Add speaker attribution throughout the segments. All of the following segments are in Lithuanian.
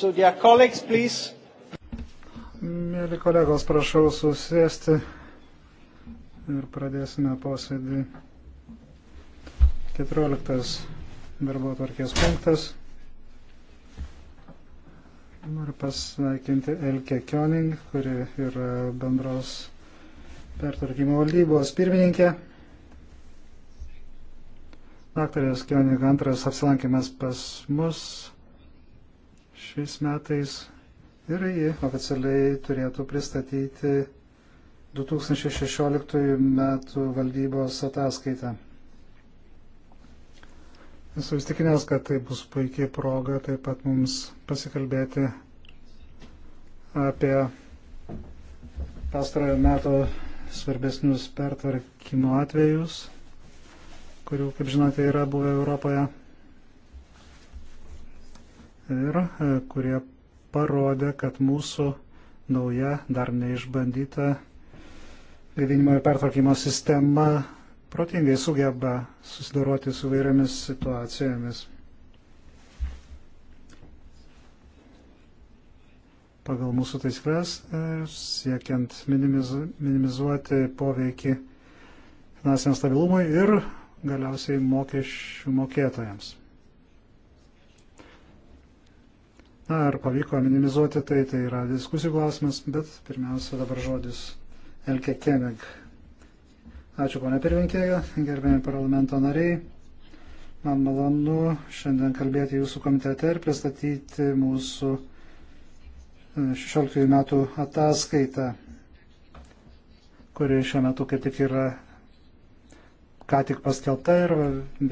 Speaker 1: So, Mėly kolegos, prašau susėsti ir pradėsime posėdį. 14 darbo tvarkės punktas. Noriu pasveikinti Elke Kioning, kuri yra bendros pertvarkymo valdybos pirmininkė. Daktarės Kioning antras apsilankimas pas mus šiais metais ir ji oficialiai turėtų pristatyti 2016 metų valdybos ataskaitą. Esu įstikinęs, kad tai bus puikiai proga taip pat mums pasikalbėti apie pastarojo meto svarbesnius pertvarkymo atvejus, kurių, kaip žinote, yra buvę Europoje ir e, kurie parodė, kad mūsų nauja, dar neišbandyta gaivinimo ir pertvarkymo sistema protingai sugeba susidoroti su vairiomis situacijomis. Pagal mūsų taisyklės, e, siekiant minimiz, minimizuoti poveikį finansiniam stabilumui ir galiausiai mokesčių mokėtojams. Na, ar pavyko minimizuoti tai, tai yra diskusijų klausimas, bet pirmiausia dabar žodis Elke Keneg. Ačiū, ponė pirminkėja, gerbėjai parlamento nariai. Man malonu šiandien kalbėti jūsų komitete ir pristatyti mūsų 16 e, metų ataskaitą, kuri šiuo metu kaip tik yra ką tik paskelbta ir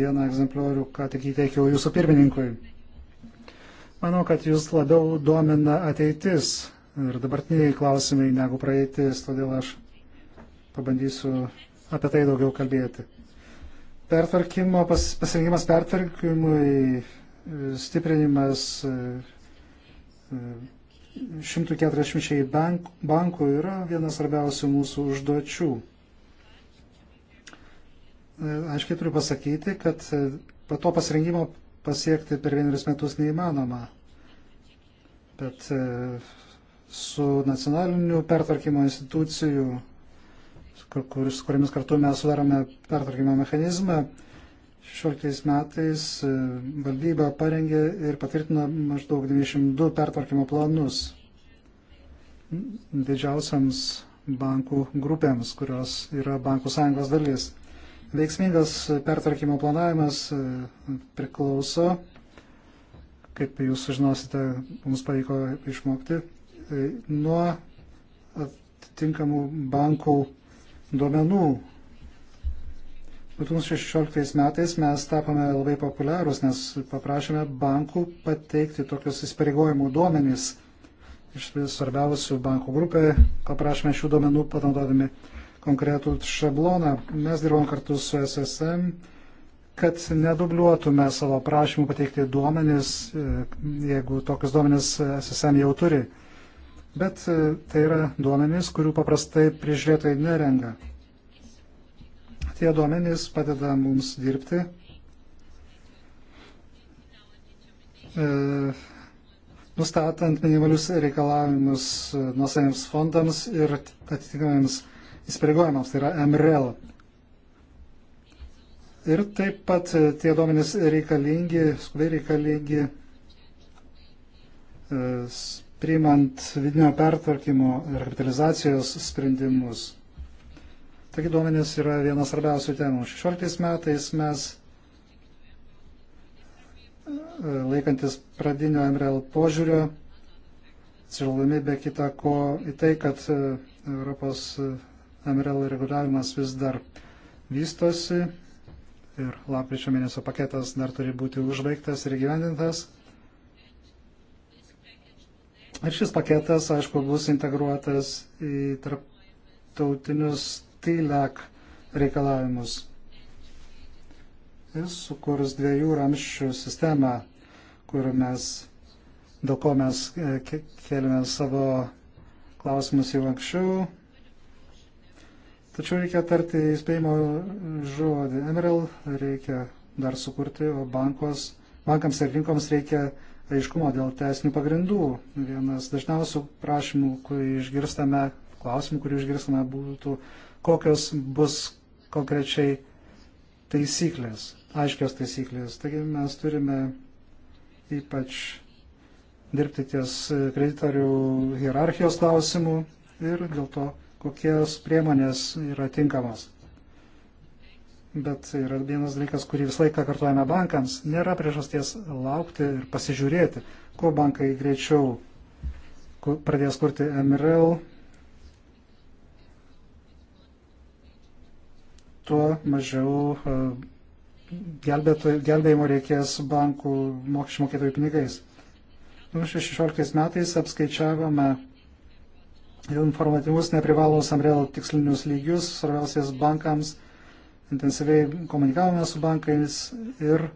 Speaker 1: vieną egzempliorių ką tik įteikiau jūsų pirmininkui. Manau, kad jūs labiau domina ateitis ir dabartiniai klausimai negu praeitis, todėl aš pabandysiu apie tai daugiau kalbėti. Pertvarkymo, pas, pasirinkimas pertvarkymui, stiprinimas 140 e, e, bank, bankų yra vienas svarbiausių mūsų užduočių. E, aiškiai turiu pasakyti, kad po to pasirinkimo pasiekti per vienerius metus neįmanoma. Bet e, su nacionaliniu pertvarkymo institucijų, kur, kur, su kuriamis kartu mes sudarome pertvarkymo mechanizmą, 16 metais e, valdyba parengė ir patvirtino maždaug 92 pertvarkymo planus didžiausiams bankų grupėms, kurios yra bankų sąjungos dalis. Veiksmingas pertvarkymo planavimas e, priklauso, kaip jūs sužinosite, mums pavyko išmokti, e, nuo atitinkamų bankų duomenų. 2016 metais mes tapome labai populiarūs, nes paprašėme bankų pateikti tokius įsipareigojimų duomenys iš svarbiausių bankų grupė, paprašome šių duomenų panaudodami konkretų šabloną. Mes dirbom kartu su SSM, kad nedubliuotume savo prašymų pateikti duomenis, e, jeigu tokius duomenis SSM jau turi. Bet e, tai yra duomenis, kurių paprastai prižiūrėtojai nerenga. Tie duomenys padeda mums dirbti. E, nustatant minimalius reikalavimus nuosaviems fondams ir atitinkamiems įsipareigojimams, tai yra MREL. Ir taip pat e, tie duomenys reikalingi, skubiai reikalingi, e, priimant vidinio pertvarkymo ir kapitalizacijos sprendimus. Taigi duomenys yra vienas svarbiausių temų. 16 metais mes e, laikantis pradinio MRL požiūrio, atsižvelgdami be kita ko į tai, kad Europos MRL reguliavimas vis dar vystosi ir lapkričio mėnesio paketas dar turi būti užbaigtas ir gyvendintas. Ir šis paketas, aišku, bus integruotas į tarptautinius TILAC e reikalavimus. Jis sukurs dviejų ramščių sistemą, kur mes, dėl ko mes e, kėlėme savo klausimus jau anksčiau Tačiau reikia tarti įspėjimo žodį. MRL reikia dar sukurti, o bankos, bankams ir rinkoms reikia aiškumo dėl teisinių pagrindų. Vienas dažniausių prašymų, kurį išgirstame, klausimų, kurį išgirstame, būtų, kokios bus konkrečiai taisyklės, aiškios taisyklės. Taigi mes turime ypač dirbti ties kreditorių hierarchijos klausimų ir dėl to kokios priemonės yra tinkamos. Bet yra vienas dalykas, kurį visą laiką kartuojame bankams, nėra priežasties laukti ir pasižiūrėti, kuo bankai greičiau pradės kurti MRL, tuo mažiau e, gelbėtų, gelbėjimo reikės bankų mokesčių mokėtojų pinigais. 2016 metais apskaičiavome informatyvus neprivalo samrėl tikslinius lygius, svarbiausias bankams, intensyviai komunikavome su bankais ir e,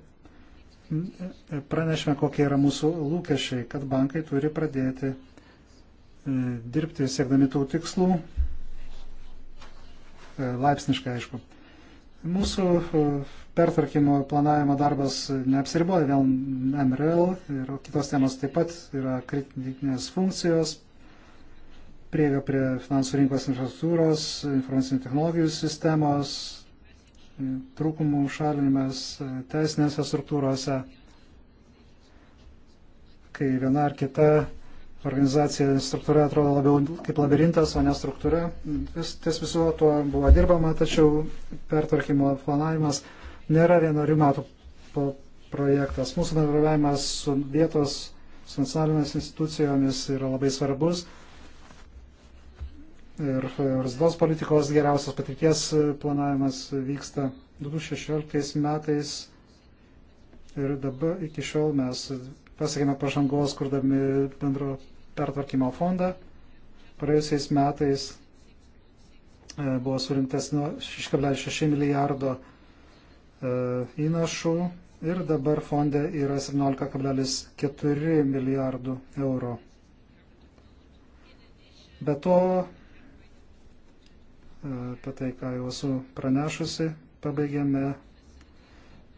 Speaker 1: pranešime, kokie yra mūsų lūkesčiai, kad bankai turi pradėti e, dirbti siekdami tų tikslų, e, laipsniškai aišku. Mūsų pertvarkymo planavimo darbas neapsiriboja vėl MRL ir kitos temos taip pat yra kritinės funkcijos, prieiga prie finansų rinkos infrastruktūros, informacinių technologijų sistemos, trūkumų šalinimas teisinėse struktūrose, kai viena ar kita organizacija struktūra atrodo labiau kaip labirintas, o ne struktūra. Vis, ties viso tuo buvo dirbama, tačiau pertvarkymo planavimas nėra vienorių metų projektas. Mūsų bendravimas su vietos, su nacionalinėmis institucijomis yra labai svarbus ir rezidos politikos geriausios patirties e, planavimas vyksta 2016 metais ir dabar iki šiol mes pasiekėme pažangos, kurdami bendro pertvarkymo fondą. Praėjusiais metais e, buvo surinktas nuo 6,6 milijardo e, įnašų ir dabar fonde yra 17,4 milijardų eurų. Be to, apie tai, ką jau esu pranešusi. Pabaigėme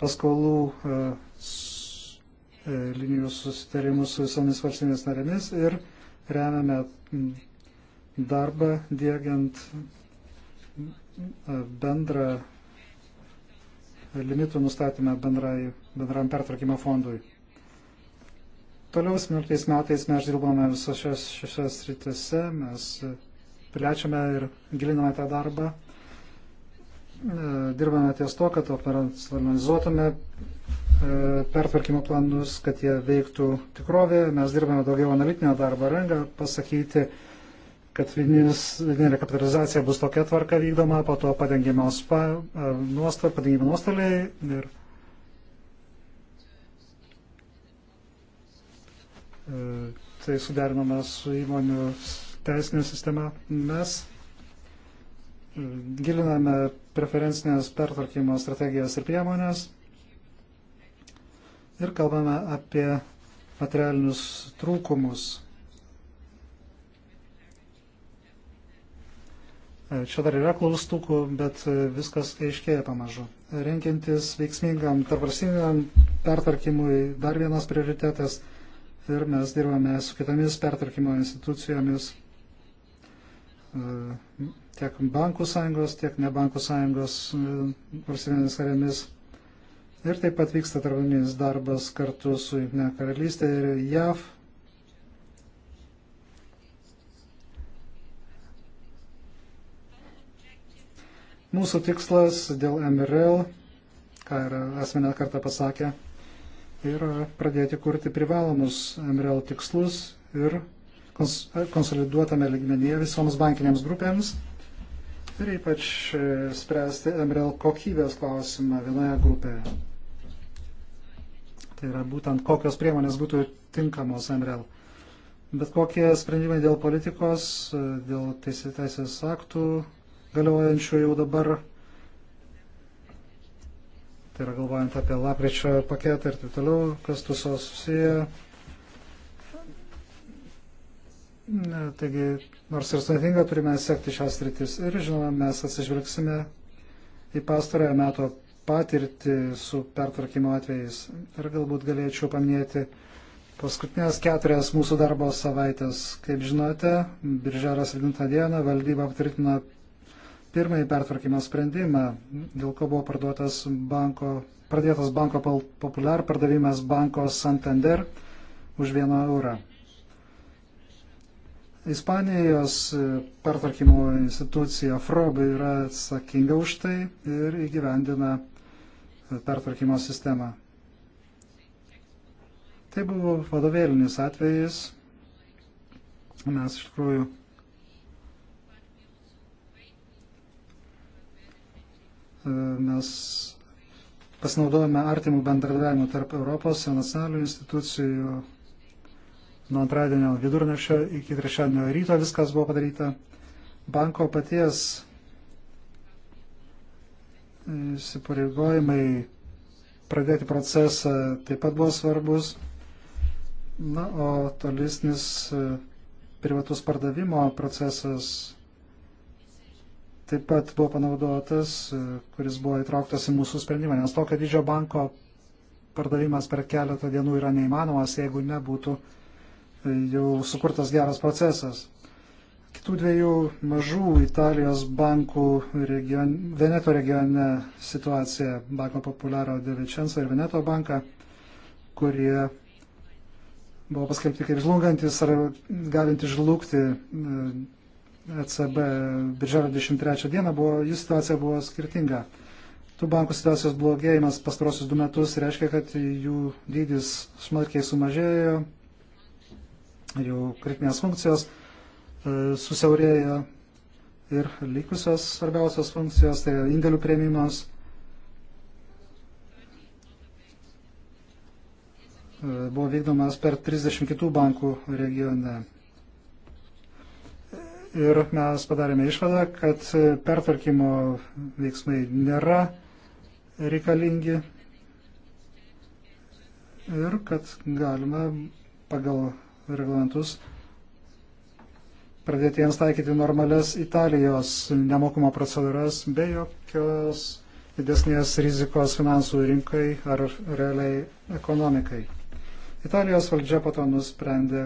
Speaker 1: paskolų e, e, linijų susitarimus su visomis valstybės narėmis ir remiame darbą dėgiant e, bendrą limitų nustatymą bendrai, bendram pertvarkymo fondui. Toliau 17 metais mes dirbame visose šiose sritise, mes plečiame ir giliname tą darbą. E, dirbame ties to, kad operacionalizuotume e, pertvarkymo planus, kad jie veiktų tikrovėje. Mes dirbame daugiau analitinio darbo rangą, pasakyti, kad vidinė rekapitalizacija bus tokia tvarka vykdoma, po to padengiamos pa, e, nuostoliai, padengiami nuostoliai ir tai suderinama su įmonių teisinė sistema. Mes e, giliname preferencinės pertvarkymo strategijas ir priemonės ir kalbame apie materialinius trūkumus. E, čia dar yra klaustukų, bet e, viskas aiškėja pamažu. Renkintis veiksmingam tarpvarsiniam pertvarkymui dar vienas prioritetas ir mes dirbame su kitomis pertvarkymo institucijomis E, tiek bankų sąjungos, tiek nebankų sąjungos e, valstybėmis karėmis. Ir taip pat vyksta tarptautinis darbas kartu su Junktinė karalystė ir JAV. Mūsų tikslas dėl MRL, ką ir asmenė kartą pasakė, yra pradėti kurti privalomus MRL tikslus ir konsoliduotame ligmenyje visoms bankinėms grupėms ir ypač e, spręsti MRL kokybės klausimą vienoje grupėje. Tai yra būtent kokios priemonės būtų tinkamos MRL. Bet kokie sprendimai dėl politikos, e, dėl teisės aktų galiojančių jau dabar, tai yra galvojant apie lapkričio paketą ir taip toliau, kas tu susiję, Taigi, nors ir sudėtinga, turime sekti šias rytis ir, žinoma, mes atsižvelgsime į pastarąją meto patirtį su pertvarkymo atvejais. Ir galbūt galėčiau paminėti paskutinės keturias mūsų darbo savaitės. Kaip žinote, birželės 7 dieną valdyba patvirtino pirmąjį pertvarkymo sprendimą, dėl ko buvo parduotas banko, pradėtas banko populiar pardavimas banko Santander už vieną eurą. Ispanijos e, pertvarkymo institucija FROB yra atsakinga už tai ir įgyvendina e, pertvarkymo sistemą. Tai buvo vadovėlinis atvejis. Mes iš tikrųjų e, mes pasinaudojame artimų bendradarbiavimų tarp Europos ir nacionalinių institucijų nuo antradienio vidurnakčio iki trečiadienio ryto viskas buvo padaryta. Banko paties e, įsipareigojimai pradėti procesą taip pat buvo svarbus. Na, o tolesnis e, privatus pardavimo procesas taip pat buvo panaudotas, e, kuris buvo įtrauktas į mūsų sprendimą, nes tokio didžio banko pardavimas per keletą dienų yra neįmanomas, jeigu nebūtų uh, Tai jau sukurtas geras procesas. Kitų dviejų mažų Italijos bankų region, Veneto regione situacija, Banko Populiaro de Vicenza ir Veneto banka, kurie buvo paskelbti kaip žlugantis ar galinti žlugti ECB e birželio 23 dieną, buvo, jų situacija buvo skirtinga. Tų bankų situacijos blogėjimas pastarosius du metus reiškia, kad jų dydis smarkiai sumažėjo ir jų kritinės funkcijos e, susiaurėja ir likusios svarbiausios funkcijos, tai indėlių prieimimas, e, buvo vykdomas per 30 kitų bankų regione. Ir mes padarėme išvadą, kad pertvarkymo veiksmai nėra reikalingi ir kad galima pagal reglamentus, pradėti jiems taikyti normales Italijos nemokumo procedūras be jokios didesnės rizikos finansų rinkai ar realiai ekonomikai. Italijos valdžia po to nusprendė,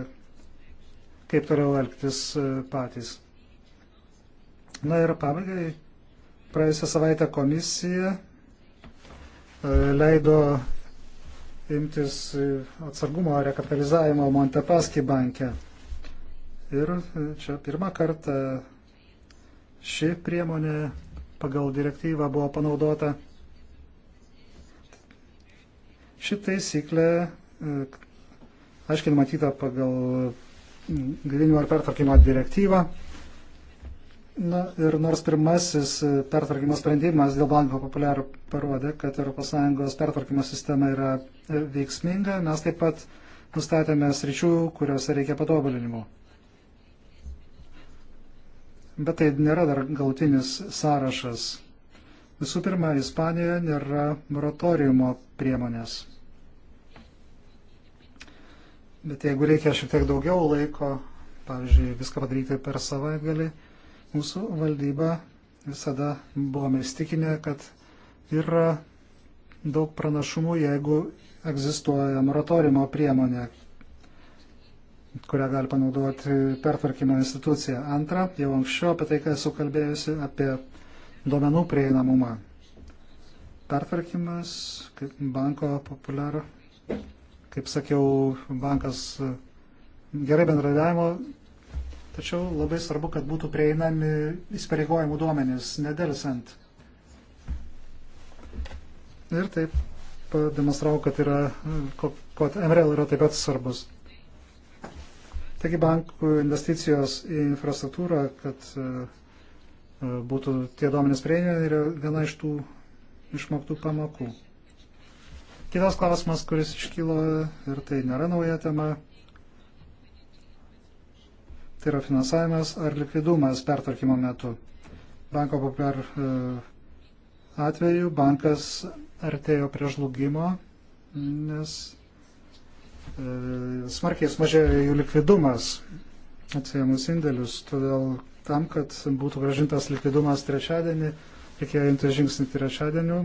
Speaker 1: kaip toliau elgtis e, patys. Na ir pabaigai, praėjusią savaitę komisija e, leido imtis atsargumo rekapitalizavimo Montepaski banke. Ir čia pirmą kartą ši priemonė pagal direktyvą buvo panaudota. Ši taisyklė, e, aiškiai numatyta pagal gavinių ar pertvarkymo direktyvą, Na ir nors pirmasis e, pertvarkymo sprendimas dėl banko populiarų parodė, kad ES pertvarkymo sistema yra e, veiksminga, mes taip pat nustatėme sričių, kuriuose reikia patobulinimų. Bet tai nėra dar galtinis sąrašas. Visų pirma, Ispanijoje nėra moratoriumo priemonės. Bet jeigu reikia šiek tiek daugiau laiko, pavyzdžiui, viską padaryti per savaitgalį, Mūsų valdyba visada buvome įstikinę, kad yra daug pranašumų, jeigu egzistuoja moratorimo priemonė, kurią gali panaudoti pertvarkymo institucija. Antra, jau anksčiau apie tai, ką esu kalbėjusi, apie duomenų prieinamumą. Pertvarkymas, kaip banko populiar, kaip sakiau, bankas gerai bendradavimo Tačiau labai svarbu, kad būtų prieinami įsipareigojimų duomenys, nedelsant. Ir taip pademonstravo, kad, yra, kad MRL yra taip pat svarbus. Taigi bankų investicijos į infrastruktūrą, kad e, būtų tie duomenys prieinami, yra viena iš tų išmoktų pamokų. Kitas klausimas, kuris iškylo ir tai nėra nauja tema tai yra finansavimas ar likvidumas pertvarkymo metu. Banko populiar e, atveju bankas artėjo prie žlugimo, nes e, smarkiai sumažėjo jų likvidumas atsiemus indėlius. Todėl tam, kad būtų gražintas likvidumas trečiadienį, reikėjo imtis žingsnį trečiadienį.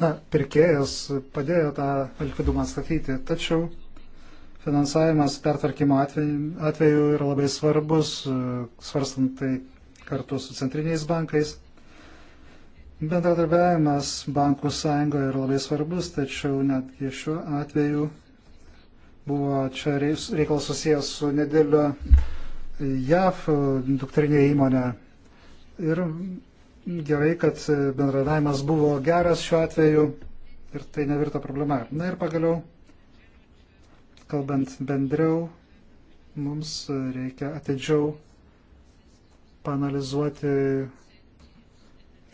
Speaker 1: Na, pirkėjas padėjo tą likvidumą atstatyti, tačiau Finansavimas pertvarkymo atveju yra labai svarbus, e, svarstant tai kartu su centriniais bankais. Bendradarbiavimas bankų sąjungoje yra labai svarbus, tačiau netgi šiuo atveju buvo čia reikalas susijęs su nedėlio JAF dukterinė įmonė. Ir gerai, kad bendradavimas buvo geras šiuo atveju ir tai nevirto problema. Na ir pagaliau Kalbant bendriau, mums reikia atidžiau panalizuoti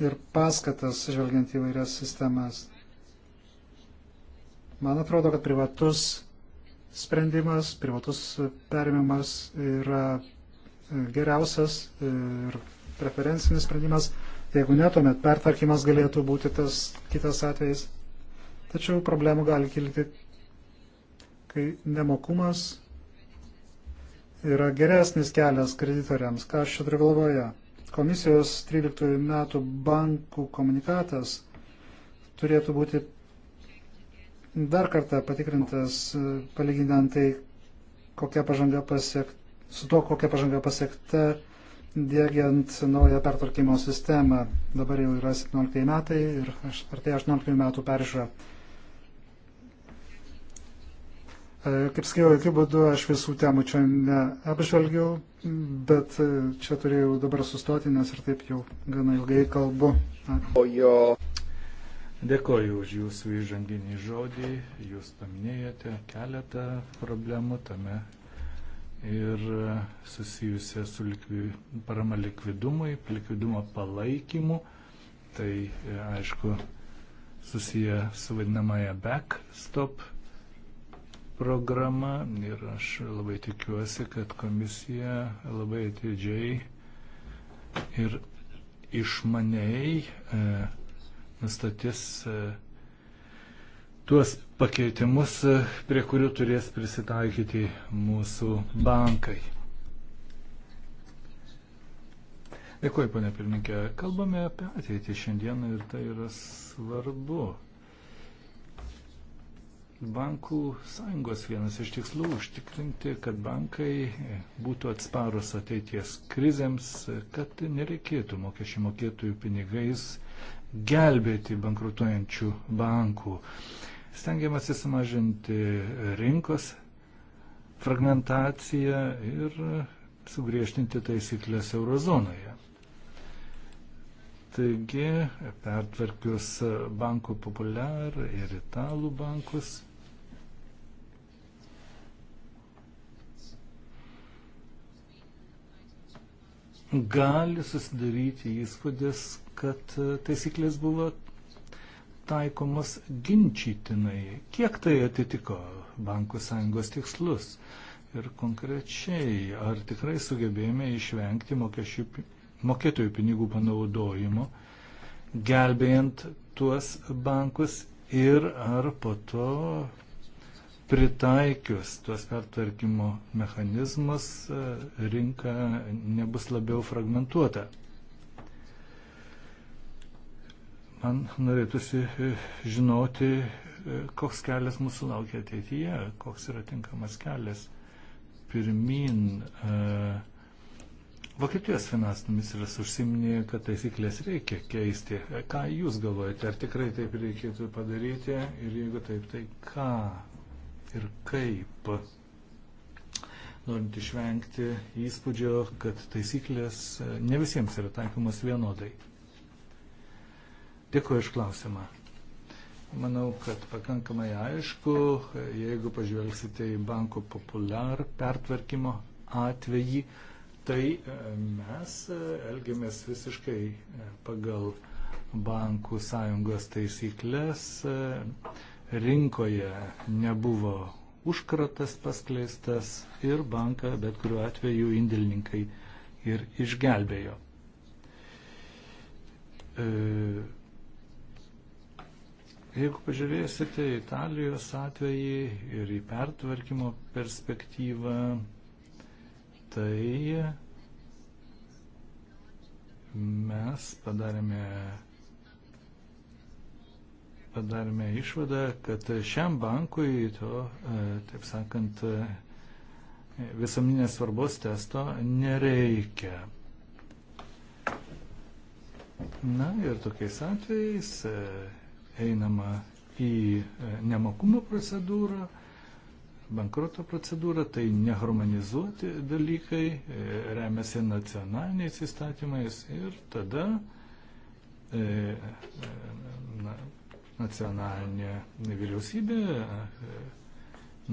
Speaker 1: ir paskatas, žvelgiant į vairias sistemas. Man atrodo, kad privatus sprendimas, privatus perimimas yra geriausias ir preferencinis sprendimas. Jeigu ne, tuomet pertvarkymas galėtų būti tas kitas atvejis. Tačiau problemų gali kilti kai nemokumas yra geresnis kelias kreditoriams. Ką aš čia turiu galvoje? Komisijos 13 metų bankų komunikatas turėtų būti dar kartą patikrintas, e, palyginant tai, kokia pažanga pasiekta, su to, kokia pažanga pasiekta, dėgiant naują pertvarkymo sistemą. Dabar jau yra 17 metai ir artėja 18 metų peržiūra. E, kaip sakiau, jokių būdų aš visų temų čia neapžvelgiau, bet e, čia turėjau dabar sustoti, nes ir taip jau gana ilgai kalbu. O jo.
Speaker 2: Dėkoju už jūsų įžanginį žodį. Jūs paminėjote keletą problemų tame ir e, susijusią su likvi, parama likvidumui, likvidumo palaikymu. Tai aišku susiję su vadinamąją backstop programa ir aš labai tikiuosi, kad komisija labai atidžiai ir išmaniai e, nustatys e, tuos pakeitimus, e, prie kurių turės prisitaikyti mūsų bankai. Dėkuoju, ponė pirmininkė. Kalbame apie ateitį šiandieną ir tai yra svarbu. Bankų sąjungos vienas iš tikslų užtikrinti, kad bankai būtų atsparus ateities krizėms, kad nereikėtų mokesčių mokėtojų pinigais gelbėti bankrutuojančių bankų. Stengiamasi sumažinti rinkos fragmentaciją ir sugriežtinti taisyklės eurozonoje. Taigi, pertvarkius bankų populiar ir italų bankus, gali susidaryti įspūdis, kad e, taisyklės buvo taikomos ginčytinai. Kiek tai atitiko bankų sąjungos tikslus? Ir konkrečiai, ar tikrai sugebėjome išvengti mokesčių, mokėtojų pinigų panaudojimo, gelbėjant tuos bankus ir ar po to Pritaikius tuos pertvarkymo mechanizmus e, rinka nebus labiau fragmentuota. Man norėtųsi e, žinoti, e, koks kelias mūsų laukia ateityje, koks yra tinkamas kelias pirmin. Vokietijos finansų ministras užsiminė, kad taisyklės reikia keisti. Ką Jūs galvojate, ar tikrai taip reikėtų padaryti ir jeigu taip, tai ką? ir kaip. Norint išvengti įspūdžio, kad taisyklės ne visiems yra taikomas vienodai. Dėkuoju iš klausimą. Manau, kad pakankamai aišku, jeigu pažvelgsite į banko populiar pertvarkymo atvejį, tai e, mes e, elgiamės visiškai e, pagal bankų sąjungos taisyklės. E, rinkoje nebuvo užkratas paskleistas ir banką bet kuriuo atveju indėlininkai ir išgelbėjo. E, jeigu pažiūrėsite į Italijos atvejį ir į pertvarkymo perspektyvą, tai mes padarėme padarėme išvadą, kad šiam bankui to, e, taip sakant, e, visuomeninės svarbos testo nereikia. Na ir tokiais atvejais e, einama į nemokumo procedūrą, bankroto procedūrą, tai neharmonizuoti dalykai, remiasi nacionaliniais įstatymais ir tada na, nacionalinė vyriausybė eh,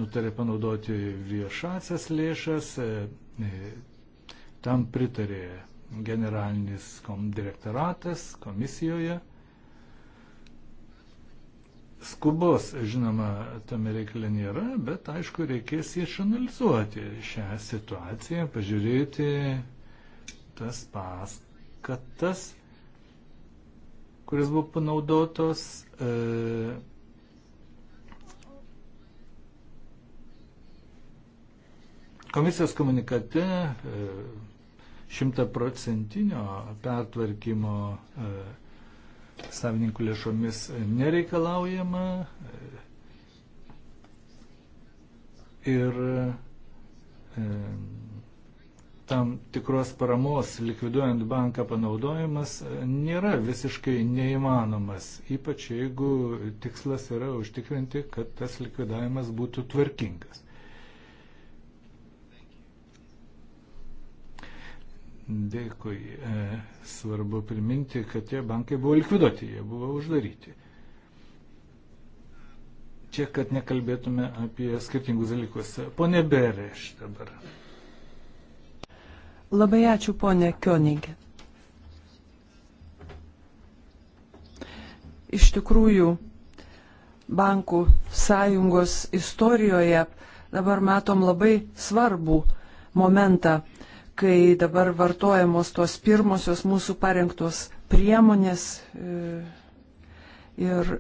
Speaker 2: nutarė panaudoti viešasias lėšas, eh, tam pritarė generalinis direktoratas komisijoje. Skubos, žinoma, tame reikale nėra, bet aišku, reikės išanalizuoti šią situaciją, pažiūrėti tas paskatas kuris buvo panaudotos. E, Komisijos komunikate e, šimtaprocentinio pertvarkymo e, savininkų lėšomis nereikalaujama e, ir tam tikros paramos likviduojant banką panaudojimas e, nėra visiškai neįmanomas, ypač jeigu tikslas yra užtikrinti, kad tas likvidavimas būtų tvarkingas. Dėkui. E, svarbu priminti, kad tie bankai buvo likviduoti, jie buvo uždaryti. Čia, kad nekalbėtume apie skirtingus dalykus. Pone Bereš dabar.
Speaker 3: Labai ačiū, ponė Kionigė. Iš tikrųjų, bankų sąjungos istorijoje dabar matom labai svarbų momentą, kai dabar vartojamos tos pirmosios mūsų parengtos priemonės e, ir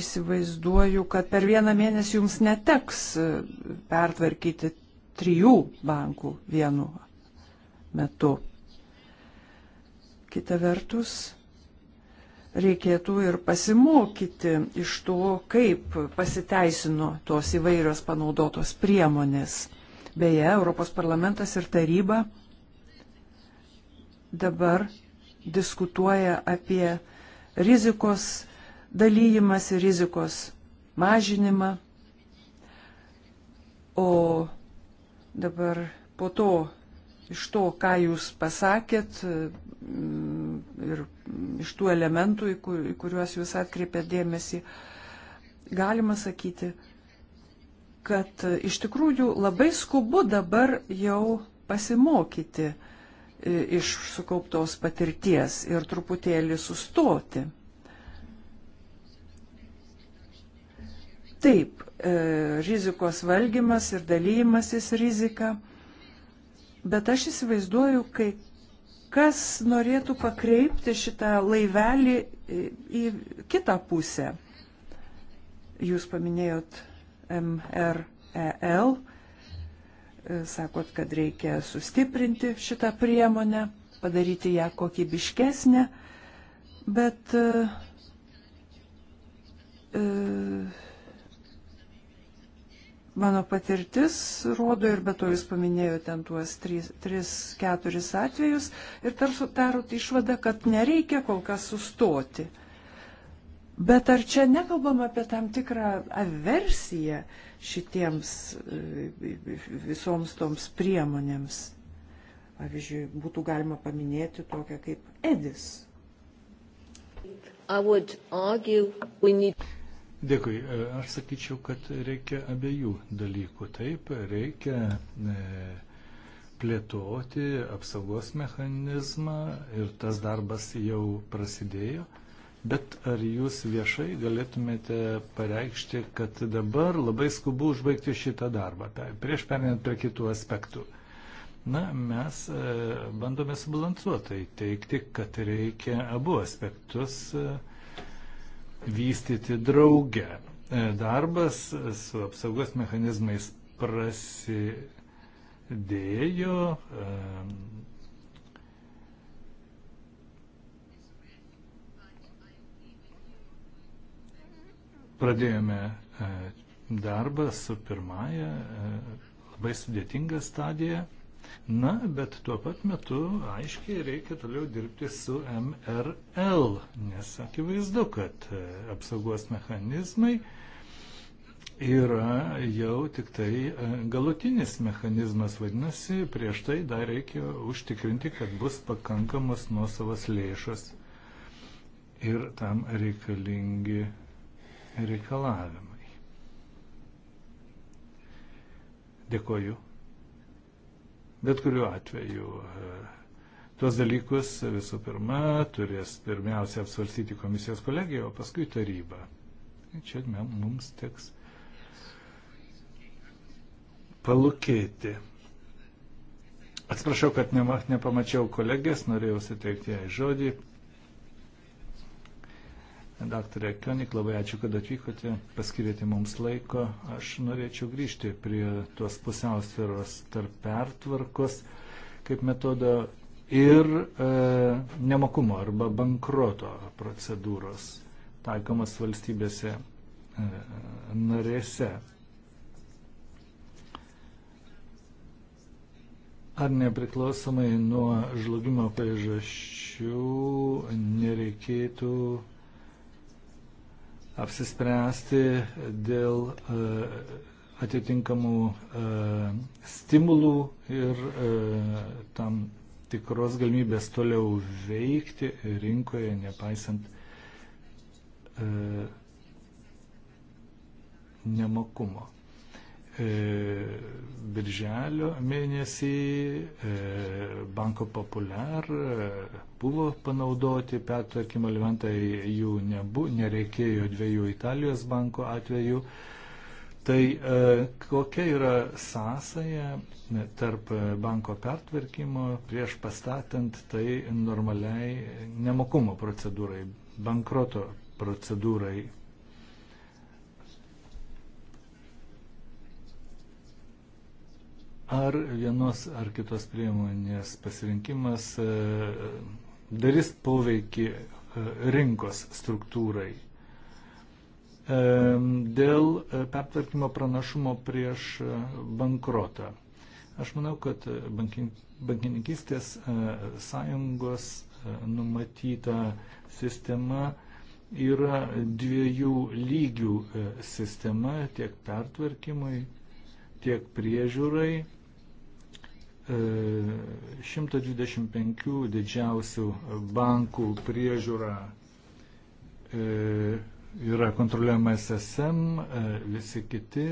Speaker 3: įsivaizduoju, kad per vieną mėnesį jums neteks e, pertvarkyti trijų bankų vienu metu. Kita vertus, reikėtų ir pasimokyti iš to, kaip pasiteisino tos įvairios panaudotos priemonės. Beje, Europos parlamentas ir taryba dabar diskutuoja apie rizikos dalyjimas ir rizikos mažinimą, o Dabar po to, iš to, ką jūs pasakėt mm, ir iš tų elementų, į, kur, į kuriuos jūs atkreipėt dėmesį, galima sakyti, kad e, iš tikrųjų labai skubu dabar jau pasimokyti e, iš sukauptos patirties ir truputėlį sustoti. Taip, E, rizikos valdymas ir dalymasis rizika. Bet aš įsivaizduoju, kai kas norėtų pakreipti šitą laivelį į kitą pusę. Jūs paminėjot MREL, e, sakot, kad reikia sustiprinti šitą priemonę, padaryti ją kokybiškesnę, bet e, e Mano patirtis rodo ir be to jūs paminėjote ten tuos 3-4 atvejus ir tarsi darot išvadą, kad nereikia kol kas sustoti. Bet ar čia nekalbam apie tam tikrą aversiją šitiems e, visoms toms priemonėms? Pavyzdžiui, būtų galima paminėti tokią kaip Edis. Need...
Speaker 2: Dėkui. E, aš sakyčiau, kad reikia abiejų dalykų. Taip, reikia e, plėtoti apsaugos mechanizmą ir tas darbas jau prasidėjo. Bet ar jūs viešai galėtumėte pareikšti, kad dabar labai skubu užbaigti šitą darbą, prieš perinant prie kitų aspektų? Na, mes e, bandome subalansuotai teikti, kad reikia abu aspektus uh, vystyti draugę. E, darbas su apsaugos mechanizmais prasidėjo. E, pradėjome e, darbą su pirmąją labai sudėtinga stadija. Na, bet tuo pat metu aiškiai reikia toliau dirbti su MRL, nes akivaizdu, kad e, apsaugos mechanizmai yra jau tik tai e, galutinis mechanizmas, vadinasi, prieš tai dar reikia užtikrinti, kad bus pakankamas nuosavas lėšas ir tam reikalingi reikalavimai. Dėkoju Bet kuriuo atveju e, tuos dalykus visų pirma turės pirmiausia apsvarstyti komisijos kolegija, o paskui taryba. Čia mums teks palūkėti. Atsiprašau, kad ne, nepamačiau kolegės, norėjau suteikti jai žodį. Daktarė Kionik, labai ačiū, kad atvykote, paskirėte mums laiko. Aš norėčiau grįžti prie tuos pusiausvėros tarp pertvarkos kaip metodo ir e, nemokumo arba bankroto procedūros taikomas valstybėse e, narėse. Ar nepriklausomai nuo žlugimo priežasčių nereikėtų apsispręsti dėl e, atitinkamų e, stimulų ir e, tam tikros galimybės toliau veikti rinkoje, nepaisant nemokumo. E, birželio mėnesį e, Banko Populiar e, buvo panaudoti pertvarkymo elementai, jų nebu, nereikėjo dviejų Italijos banko atveju. Tai kokia yra sąsaja tarp banko pertvarkymo prieš pastatant tai normaliai nemokumo procedūrai, bankroto procedūrai ar vienos ar kitos priemonės pasirinkimas e, darys poveikį e, rinkos struktūrai. E, dėl pertvarkymo pranašumo prieš bankrotą. Aš manau, kad bankininkistės sąjungos numatyta sistema yra dviejų lygių sistema tiek pertvarkymui, tiek priežiūrai 125 e, didžiausių bankų priežiūra e, yra kontroliuojama SSM, e, visi kiti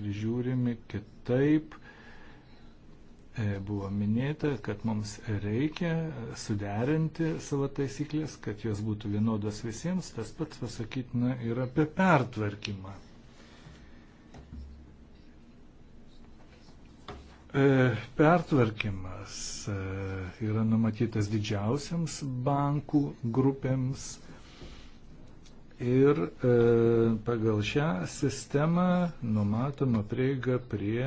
Speaker 2: prižiūrimi kitaip. Buvo minėta, kad mums reikia suderinti savo taisyklės, kad jos būtų vienodos visiems, tas pats pasakytina ir apie pertvarkymą. E, Pertvarkimas e, yra numatytas didžiausiams bankų grupėms ir e, pagal šią sistemą numatoma prieiga prie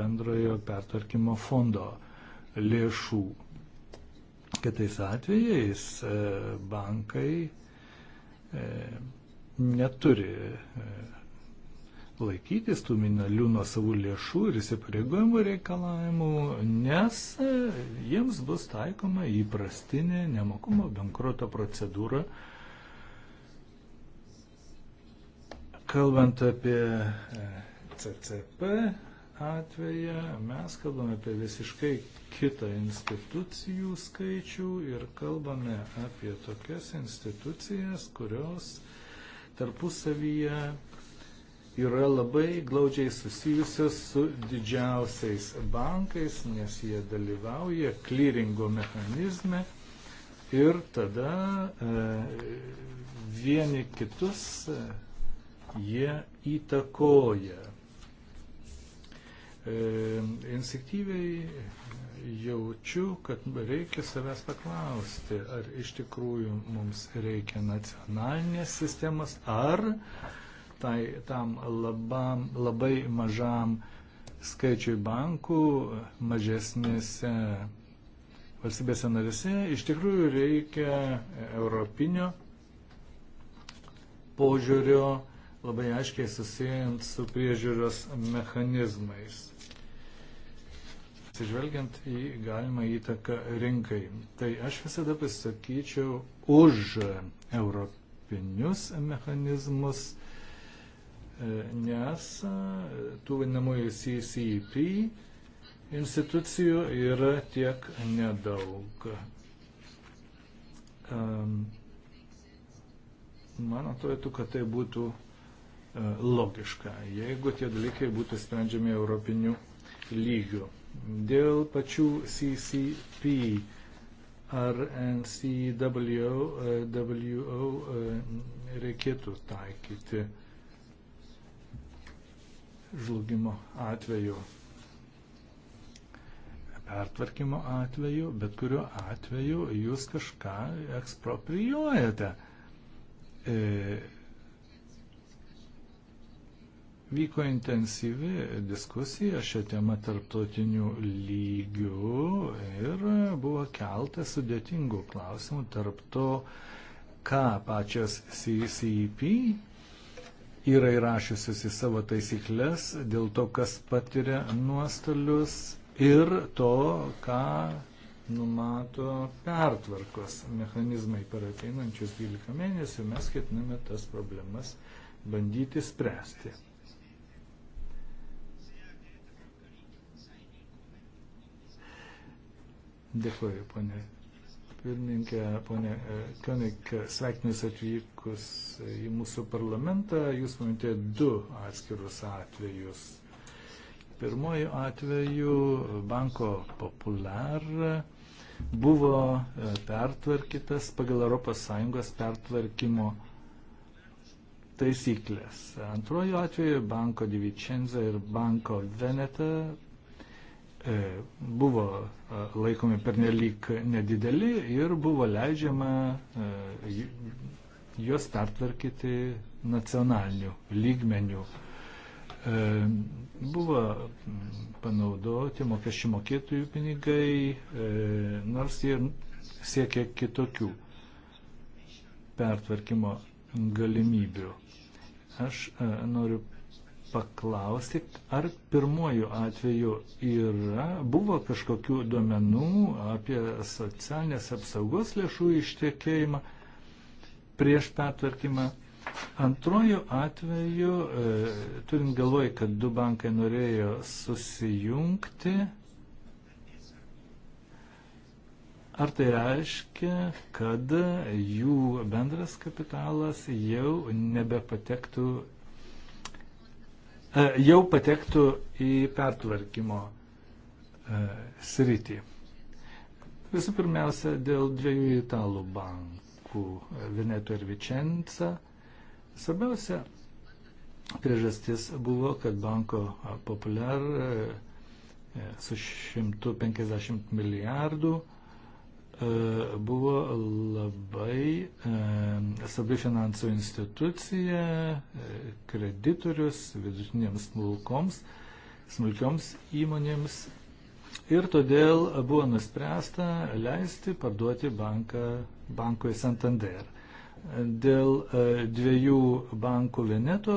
Speaker 2: bendrojo pertvarkymo fondo lėšų. Kitais atvejais bankai neturi laikytis tų minalių nuo savų lėšų ir įsipareigojimų reikalavimų, nes e, jiems bus taikoma įprastinė nemokumo bankruoto procedūra. Kalbant apie e, CCP atveją, mes kalbame apie visiškai kitą institucijų skaičių ir kalbame apie tokias institucijas, kurios tarpusavyje yra labai glaudžiai susijusios su didžiausiais bankais, nes jie dalyvauja klyringo mechanizme ir tada e, vieni kitus e, jie įtakoja. E, instinktyviai jaučiu, kad reikia savęs paklausti, ar iš tikrųjų mums reikia nacionalinės sistemas, ar e, tai, tam labam, labai mažam skaičiui bankų mažesnėse valstybėse narėse iš tikrųjų reikia europinio požiūrio labai aiškiai susijęjant su priežiūros mechanizmais. Atsižvelgiant į galimą įtaką rinkai. Tai aš visada pasakyčiau už europinius mechanizmus, nes e, tų vadinamųjų CCP institucijų yra tiek nedaug. Man atrodo, kad tai būtų e, logiška, jeigu tie dalykai būtų sprendžiami europiniu lygiu. Dėl pačių CCP ar NCWO e, reikėtų taikyti uh, žlugimo atveju, pertvarkymo atveju, bet kuriuo atveju jūs kažką ekspropriuojate. E, vyko intensyvi diskusija šią temą tarptautinių lygių ir buvo kelta sudėtingų klausimų tarp to, ką pačios CCP yra įrašiusios į savo taisyklės dėl to, kas patiria nuostolius ir to, ką numato pertvarkos mechanizmai per ateinančius 12 mėnesių, mes ketiname tas problemas bandyti spręsti. Dėkuoju, ponė pirmininkė, ponė e, Konik, sveikinus atvykus į mūsų parlamentą. Jūs paminėjote du atskirus atvejus. Pirmoju atveju banko Popular buvo e, pertvarkytas pagal ES pertvarkymo taisyklės. Antroju atveju banko Divicenza ir banko Veneta E, buvo e, laikomi pernelyg nedideli ir buvo leidžiama e, juos pertvarkyti nacionalinių lygmenių. Buvo panaudoti mokesčių mokėtojų pinigai, nors jie siekia kitokių pertvarkymo galimybių. Aš noriu paklausti, ar pirmuoju atveju yra, buvo kažkokių duomenų apie socialinės apsaugos lėšų ištiekėjimą prieš pertvarkymą. Antrojų atveju, e, turint galvoj, kad du bankai norėjo susijungti, ar tai reiškia, kad jų bendras kapitalas jau nebepatektų E, jau patektų į pertvarkymo e, sritį. Visų pirmiausia, dėl dviejų italų bankų e, - Veneto ir Vicenza. Svarbiausia priežastis buvo, kad banko Populiar su 150 milijardų E, buvo labai e, stabi finansų institucija, e, kreditorius vidutinėms smulkoms, smulkioms įmonėms ir todėl buvo nuspręsta leisti parduoti banką bankui Santander. Dėl e, dviejų bankų Veneto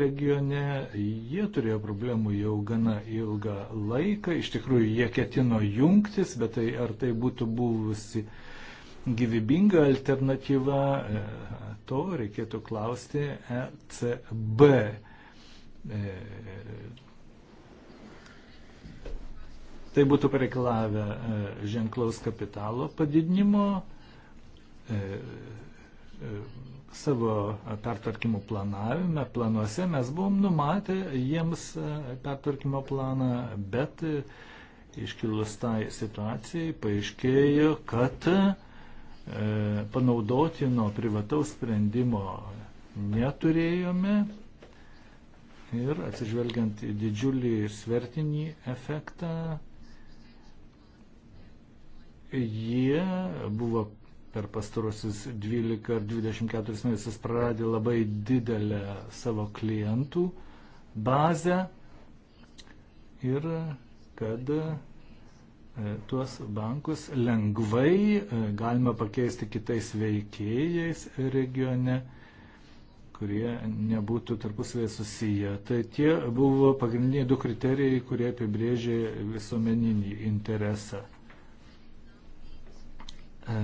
Speaker 2: regione jie turėjo problemų jau gana ilgą laiką. Iš tikrųjų, jie ketino jungtis, bet tai ar tai būtų buvusi gyvybinga alternatyva, e, to reikėtų klausti ECB. E, tai būtų pareikalavę ženklaus kapitalo padidinimo savo pertvarkymų planavime, planuose mes buvom numatę jiems e, pertvarkymo planą, bet e, iškilus tai situacijai paaiškėjo, kad e, panaudoti nuo privataus sprendimo neturėjome ir atsižvelgiant į didžiulį svertinį efektą, jie buvo per pastarosius 12 ar 24 mėnesius praradė labai didelę savo klientų bazę ir kad e, tuos bankus lengvai e, galima pakeisti kitais veikėjais regione, kurie nebūtų tarpusavėje susiję. Tai tie buvo pagrindiniai du kriterijai, kurie apibrėžė visuomeninį interesą. E,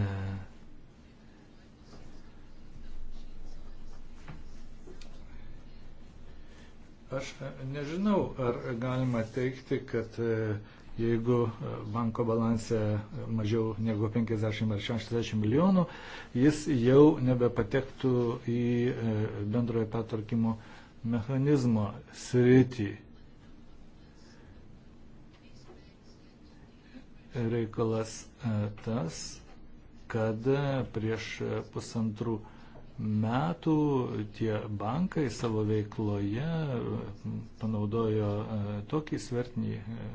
Speaker 2: Aš e, nežinau, ar galima teikti, kad e, jeigu e, banko balanse mažiau negu 50 ar 60 milijonų, jis jau nebepatektų į bendrojo patvarkymo mechanizmo sritį. Reikalas tas, kad prieš pusantrų metų metų tie bankai savo veikloje e, panaudojo e, tokį svertinį e,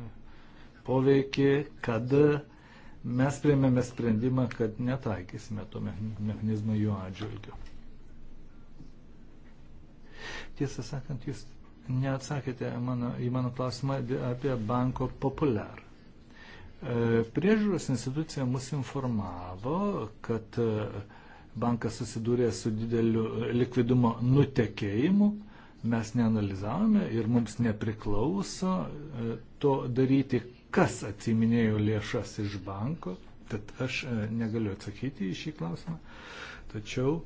Speaker 2: poveikį, kad mes priėmėme sprendimą, kad netaikysime to mechanizmo jų atžvilgiu. Tiesą sakant, jūs neatsakėte mano, į mano klausimą apie banko populiar. Priežiūros institucija mus informavo, kad e, bankas susidūrė su dideliu likvidumo nutekėjimu, mes neanalizavome ir mums nepriklauso e, to daryti, kas atsiminėjo lėšas iš banko, tad aš e, negaliu atsakyti į šį klausimą. Tačiau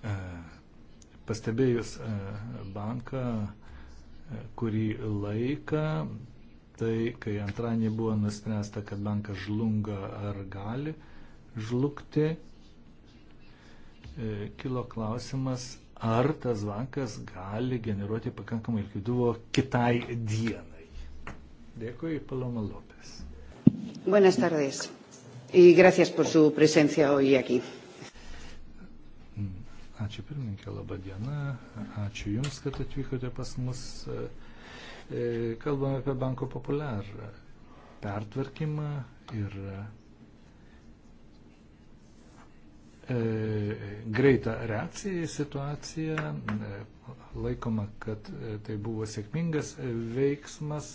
Speaker 2: e, pastebėjus banką kurį laiką, tai kai antradienį buvo nuspręsta, kad bankas žlunga ar gali, žlugti, e, kilo klausimas, ar tas bankas gali generuoti pakankamai likvidumo kitai dienai. Dėkui, Paloma Lopes.
Speaker 3: Buenas tardes y gracias por su presencia hoy aquí.
Speaker 2: Mm, ačiū pirmininkė, laba diena. Ačiū Jums, kad atvykote pas mus. E, e, kalbame apie banko populiarą pertvarkymą ir E, greitą reakciją į situaciją. E, laikoma, kad e, tai buvo sėkmingas veiksmas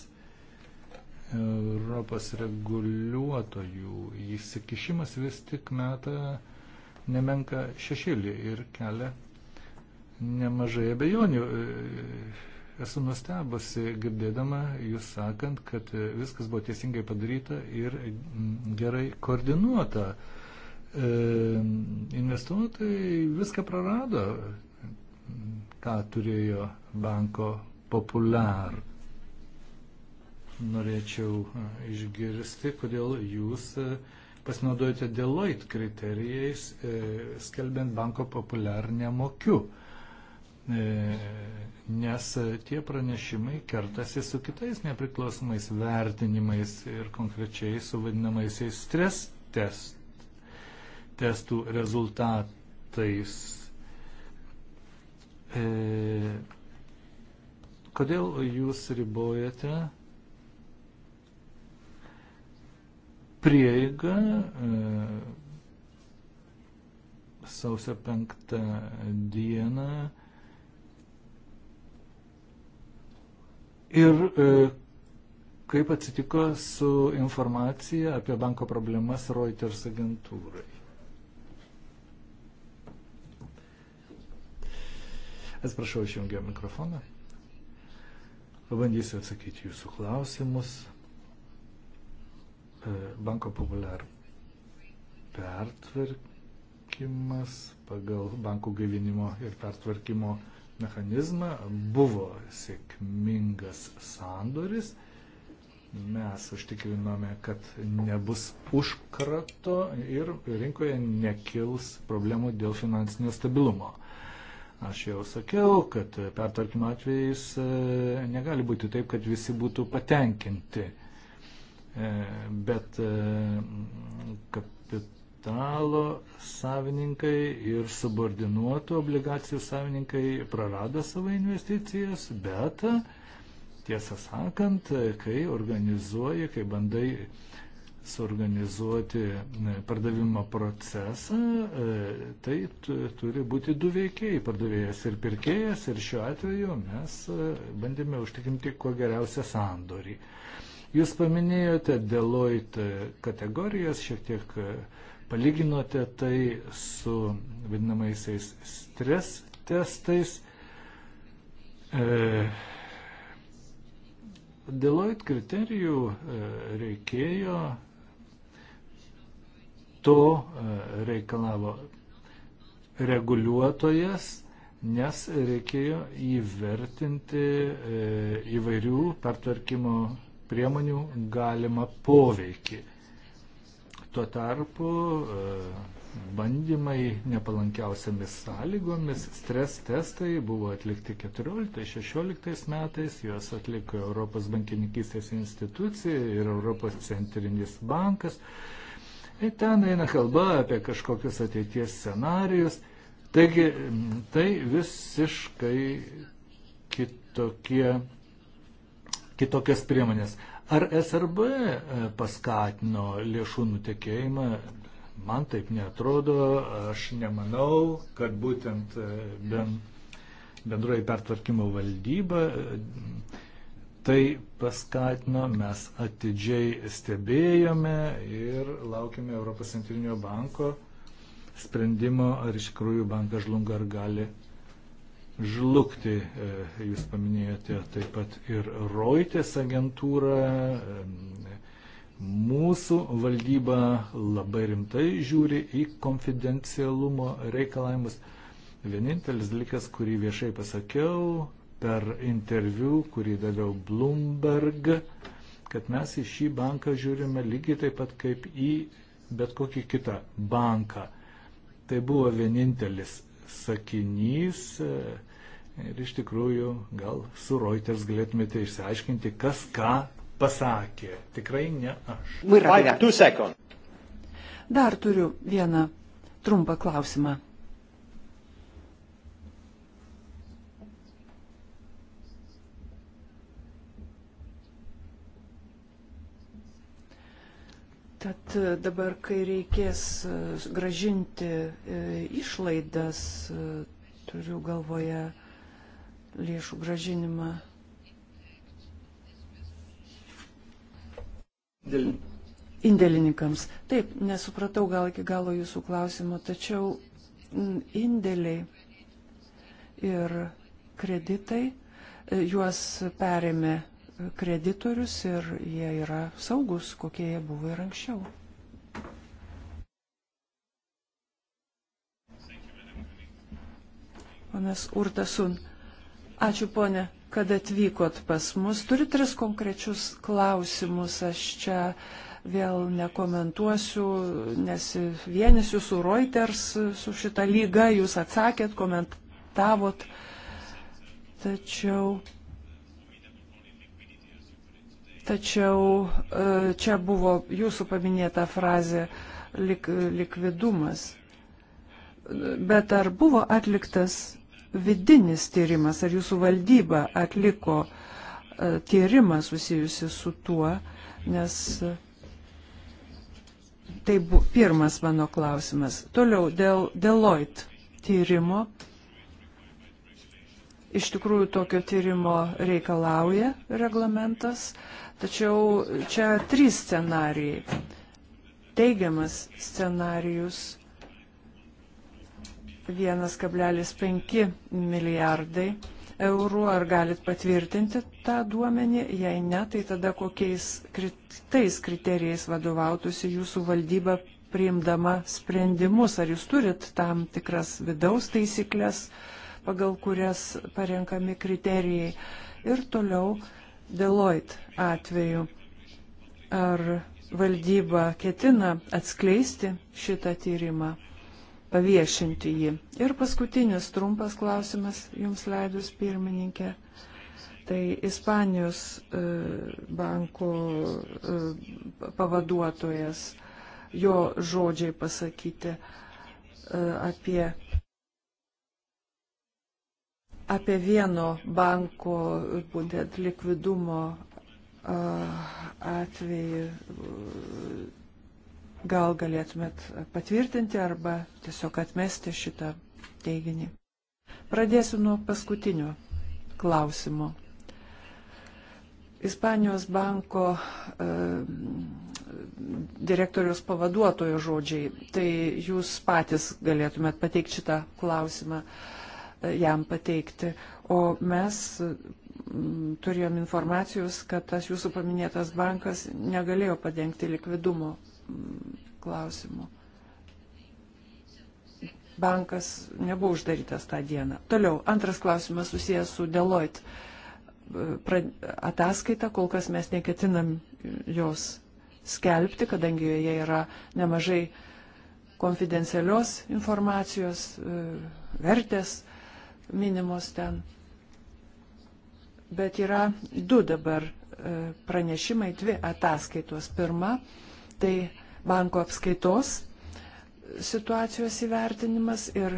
Speaker 2: Europos reguliuotojų įsikišimas vis tik meta nemenka šešėlį ir kelia nemažai abejonių. Esu nustebusi, girdėdama jūs sakant, kad viskas buvo teisingai padaryta ir gerai koordinuota. E, E, investuotojai viską prarado, ką turėjo banko populiar. Norėčiau e, išgirsti, kodėl jūs e, pasinaudojate Deloitte kriterijais, skelbiant banko populiar nemokiu. Nes tie pranešimai kertasi su kitais nepriklausomais vertinimais ir konkrečiai su vadinamaisiais stres testais testų rezultatais. E, kodėl jūs ribojate prieigą e, sausio penktą dieną ir e, kaip atsitiko su informacija apie banko problemas Reuters agentūrai? Atsiprašau, išjungiau mikrofoną. Pabandysiu atsakyti jūsų klausimus. E, Banko populiar pertvarkymas pagal bankų gaivinimo ir pertvarkymo mechanizmą buvo sėkmingas sandoris mes užtikrinome, kad nebus užkrato ir rinkoje nekils problemų dėl finansinio stabilumo. Aš jau sakiau, kad pertvarkymo atvejais e, negali būti taip, kad visi būtų patenkinti. E, bet e, kapitalo savininkai ir subordinuotų obligacijų savininkai prarado savo investicijas, bet tiesą sakant, kai organizuoji, kai bandai suorganizuoti e, pardavimo procesą, e, tai turi būti du veikėjai - pardavėjas ir pirkėjas. Ir šiuo atveju mes e, bandėme užtikrinti kuo geriausią sandorį. Jūs paminėjote Deloitte kategorijas, šiek tiek palyginote tai su vadinamaisiais stres testais. E, Deloitte kriterijų reikėjo to e, reikalavo reguliuotojas, nes reikėjo įvertinti e, įvairių pertvarkymo priemonių galimą poveikį. Tuo tarpu e, bandymai nepalankiausiamis sąlygomis, stres testai buvo atlikti 14-16 metais, juos atliko Europos bankininkystės institucija ir Europos centrinis bankas. Tai ten eina kalba apie kažkokius ateities scenarius. Taigi tai visiškai kitokie, kitokias priemonės. Ar SRB e, paskatino lėšų nutekėjimą? Man taip netrodo, aš nemanau, kad būtent e, ben, bendroji pertvarkymo valdyba tai paskatino, mes atidžiai stebėjome ir laukime Europos centrinio banko sprendimo, ar iš tikrųjų bankas žlunga ar gali žlugti. E, jūs paminėjote taip pat ir Reuters agentūrą. E, mūsų valdyba labai rimtai žiūri į konfidencialumo reikalavimus. Vienintelis dalykas, kurį viešai pasakiau, per interviu, kurį daviau Bloomberg, kad mes į šį banką žiūrime lygiai taip pat kaip į bet kokį kitą banką. Tai buvo vienintelis sakinys ir iš tikrųjų gal su Reuters galėtumėte išsiaiškinti, kas ką pasakė. Tikrai ne
Speaker 1: aš.
Speaker 3: Dar turiu vieną trumpą klausimą. Tad e, dabar, kai reikės e, gražinti e, išlaidas, turiu galvoje lėšų gražinimą. Indėlininkams. Taip, nesupratau gal iki galo jūsų klausimo, tačiau mm, indėliai ir kreditai juos perėmė kreditorius ir jie yra saugus, kokie jie buvo ir anksčiau. Ponas Urtasun, ačiū ponė, kad atvykot pas mus. Turiu tris konkrečius klausimus. Aš čia vėl nekomentuosiu, nes vienisiu su Reuters, su šita lyga, jūs atsakėt, komentavot. Tačiau Tačiau e, čia buvo jūsų paminėta frazė lik, likvidumas. Bet ar buvo atliktas vidinis tyrimas, ar jūsų valdyba atliko e, tyrimą susijusi su tuo, nes e, tai buvo pirmas mano klausimas. Toliau dėl Deloitte tyrimo Iš tikrųjų tokio tyrimo reikalauja reglamentas, tačiau čia trys scenarijai. Teigiamas scenarijus 1,5 milijardai eurų. Ar galit patvirtinti tą duomenį? Jei ne, tai tada kokiais kitais kriterijais vadovautųsi jūsų valdyba priimdama sprendimus? Ar jūs turit tam tikras vidaus taisyklės? pagal kurias parenkami kriterijai. Ir toliau Deloitte atveju. Ar valdyba ketina atskleisti šitą tyrimą, paviešinti jį? Ir paskutinis trumpas klausimas jums leidus pirmininkė tai Ispanijos e, banko e, pavaduotojas, jo žodžiai pasakyti e, apie apie vieno banko būtent likvidumo atvejį. Gal galėtumėt patvirtinti arba tiesiog atmesti šitą teiginį. Pradėsiu nuo paskutinio klausimo. Ispanijos banko e, direktorius pavaduotojo žodžiai, tai jūs patys galėtumėt pateikti šitą klausimą. E, jam pateikti. O mes mm, turėjom informacijos, kad tas jūsų paminėtas bankas negalėjo padengti likvidumo mm, klausimų. Bankas nebuvo uždarytas tą dieną. Toliau, antras klausimas susijęs su Deloitte e, ataskaita, kol kas mes neketinam jos skelbti, kadangi joje yra nemažai konfidencialios informacijos, e, vertės minimos ten. Bet yra du dabar e, pranešimai, dvi ataskaitos. Pirma, tai banko apskaitos situacijos įvertinimas ir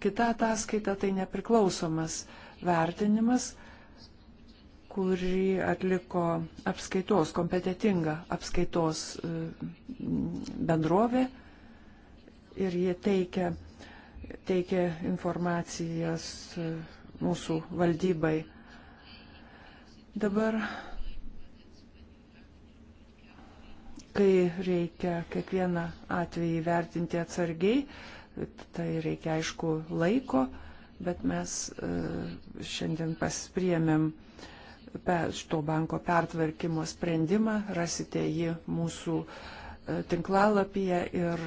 Speaker 3: kita ataskaita tai nepriklausomas vertinimas, kurį atliko apskaitos, kompetitinga apskaitos e, bendrovė ir jie teikia teikė informacijas e, mūsų valdybai. Dabar, kai reikia kiekvieną atvejį vertinti atsargiai, tai reikia aišku laiko, bet mes e, šiandien paspriemėm šito banko pertvarkymo sprendimą, rasite jį mūsų uh, tinklalapyje ir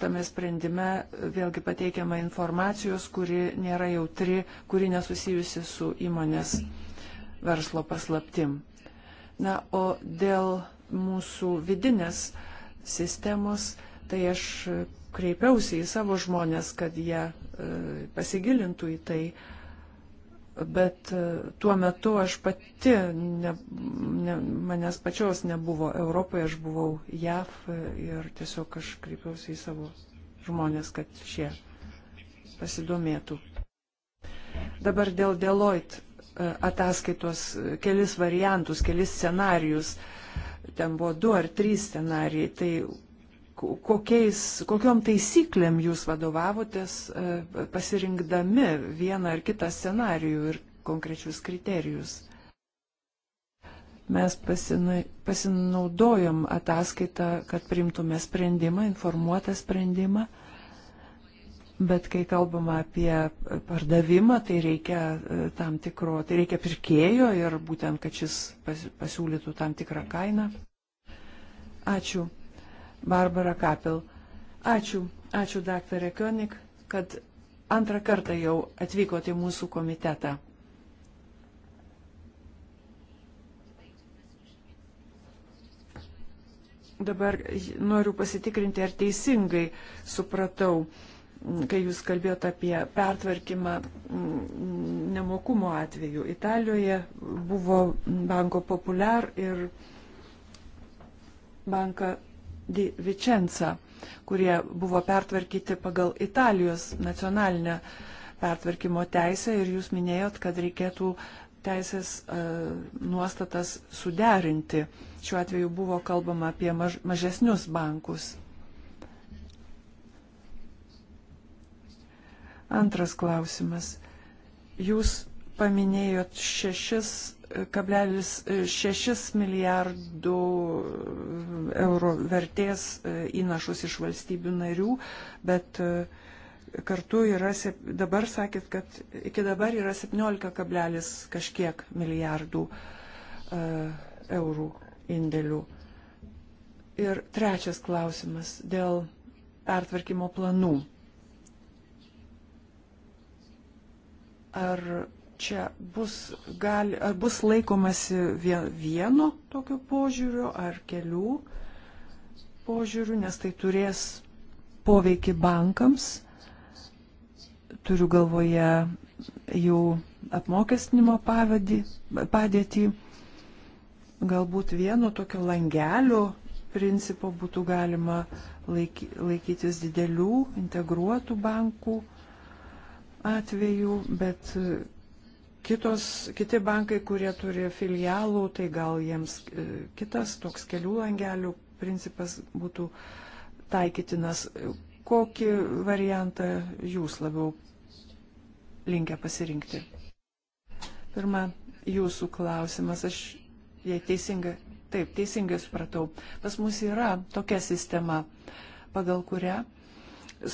Speaker 3: tame sprendime vėlgi pateikiama informacijos, kuri nėra jautri, kuri nesusijusi su įmonės verslo paslaptim. Na, o dėl mūsų vidinės sistemos, tai aš kreipiausi į savo žmonės, kad jie e, pasigilintų į tai, bet e, tuo metu aš pati, ne, ne, manęs pačios nebuvo Europoje, aš buvau JAV e, ir tiesiog aš kreipiausi į savo žmonės, kad šie pasidomėtų. Dabar dėl Deloitte e, ataskaitos kelis variantus, kelis scenarius. Ten buvo du ar trys scenarijai. Tai kokiais, kokiom taisyklėm jūs vadovavotės e, pasirinkdami vieną ar kitą scenarijų ir konkrečius kriterijus. Mes pasinaudojom ataskaitą, kad primtume sprendimą, informuotą sprendimą, bet kai kalbama apie pardavimą, tai reikia e, tam tikro, tai reikia pirkėjo ir būtent, kad šis pasiūlytų tam tikrą kainą. Ačiū. Barbara Kapil. Ačiū, ačiū daktarė Kionik, kad antrą kartą jau atvykote į mūsų komitetą. Dabar noriu pasitikrinti, ar teisingai supratau, kai jūs kalbėjote apie pertvarkymą mm, nemokumo atveju. Italijoje buvo banko populiar ir banka di Vicenza, kurie buvo pertvarkyti pagal Italijos nacionalinę pertvarkymo teisę ir jūs minėjot, kad reikėtų teisės e, nuostatas suderinti. Šiuo atveju buvo kalbama apie maž, mažesnius bankus. Antras klausimas. Jūs paminėjot šešis 1,6 milijardų eurų vertės e, įnašus iš valstybių narių, bet e, kartu yra, dabar sakėt, kad iki dabar yra 17, kažkiek milijardų e, eurų indėlių. Ir trečias klausimas dėl pertvarkymo planų. Ar čia bus, gali, ar bus laikomasi vieno tokio požiūrio ar kelių požiūrių, nes tai turės poveikį bankams, turiu galvoje jų apmokestinimo pavadį, padėtį, galbūt vieno tokio langelio principo būtų galima laiky, laikytis didelių integruotų bankų atveju, bet Kitos, kiti bankai, kurie turi filialų, tai gal jiems e, kitas toks kelių langelių principas būtų taikytinas. Kokį variantą jūs labiau linkę pasirinkti? Pirma, jūsų klausimas, aš, jei teisingai, taip, teisingai supratau, pas mus yra tokia sistema, pagal kurią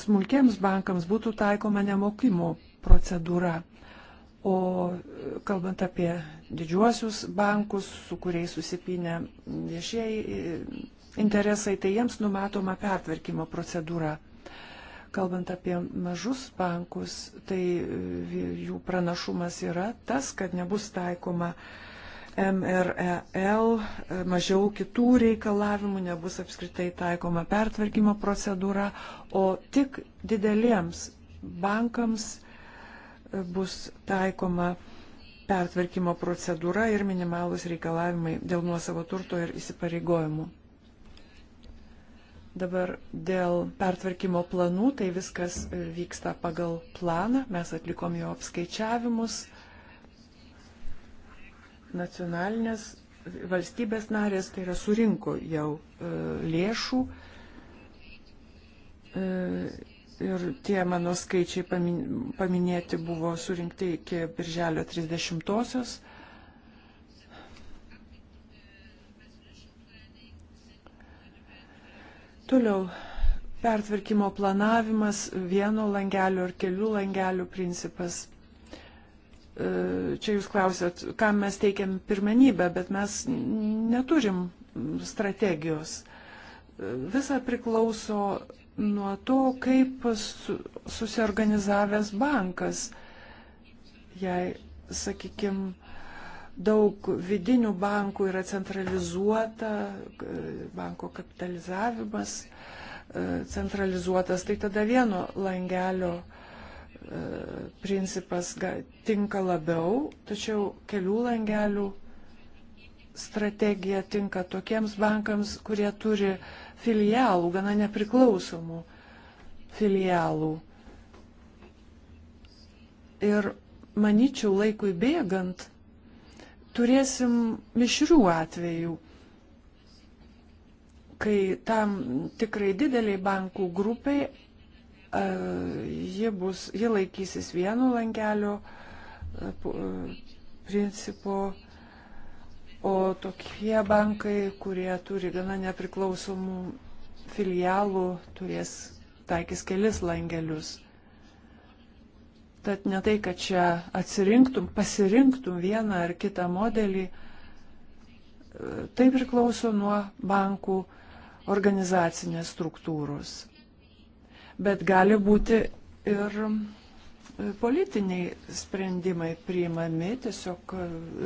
Speaker 3: smulkiems bankams būtų taikoma nemokimo procedūra. O kalbant apie didžiuosius bankus, su kuriais susipinę viešieji e, interesai, tai jiems numatoma pertvarkymo procedūra. Kalbant apie mažus bankus, tai e, jų pranašumas yra tas, kad nebus taikoma MREL, e, mažiau kitų reikalavimų, nebus apskritai taikoma pertvarkymo procedūra, o tik dideliems bankams bus taikoma pertvarkymo procedūra ir minimalus reikalavimai dėl nuosavo turto ir įsipareigojimų. Dabar dėl pertvarkymo planų, tai viskas vyksta pagal planą, mes atlikom jo apskaičiavimus. Nacionalinės valstybės narės tai yra surinko jau e, lėšų e, ir tie mano skaičiai paminėti buvo surinkti iki birželio 30-osios. Toliau pertvarkymo planavimas, vieno langelio ir kelių langelių principas. E, čia jūs klausėt, kam mes teikiam pirmenybę, bet mes neturim strategijos visa priklauso nuo to, kaip susiorganizavęs bankas. Jei, sakykime, daug vidinių bankų yra centralizuota, banko kapitalizavimas e, centralizuotas, tai tada vieno langelio e, principas tinka labiau, tačiau kelių langelių strategija tinka tokiems bankams, kurie turi filialų, gana nepriklausomų filialų. Ir manyčiau, laikui bėgant, turėsim mišrių atvejų, kai tam tikrai dideliai bankų grupiai ji, bus, ji laikysis vienu langelio principu O tokie bankai, kurie turi gana nepriklausomų filialų, turės taikys kelis langelius. Tad ne tai, kad čia atsirinktum, pasirinktum vieną ar kitą modelį, tai priklauso nuo bankų organizacinės struktūros. Bet gali būti ir politiniai sprendimai priimami tiesiog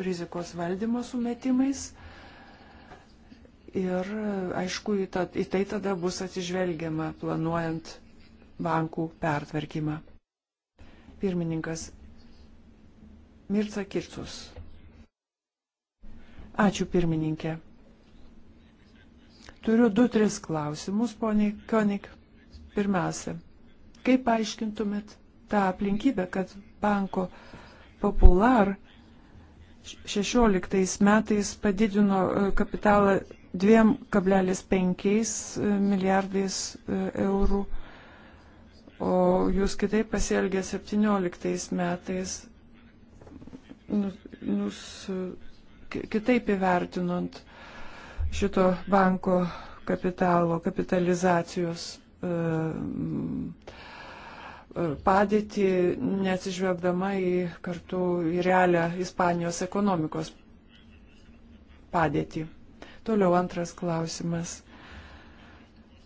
Speaker 3: rizikos valdymo sumetimais. Ir aišku, į, ta, į tai tada bus atsižvelgiama planuojant bankų pertvarkymą. Pirmininkas Mirca Kircus. Ačiū pirmininkė. Turiu du, tris klausimus, poniai Konik. Pirmiausia, kaip paaiškintumėt tą aplinkybę, kad banko Popular 16 metais padidino e, kapitalą 2,5 e, milijardais e, eurų, o jūs kitaip pasielgė 17 metais, nu, nus, kitaip įvertinant šito banko kapitalo, kapitalizacijos. Uh, padėtį, neatsižvelgdama į kartu į realią Ispanijos ekonomikos padėtį. Toliau antras klausimas.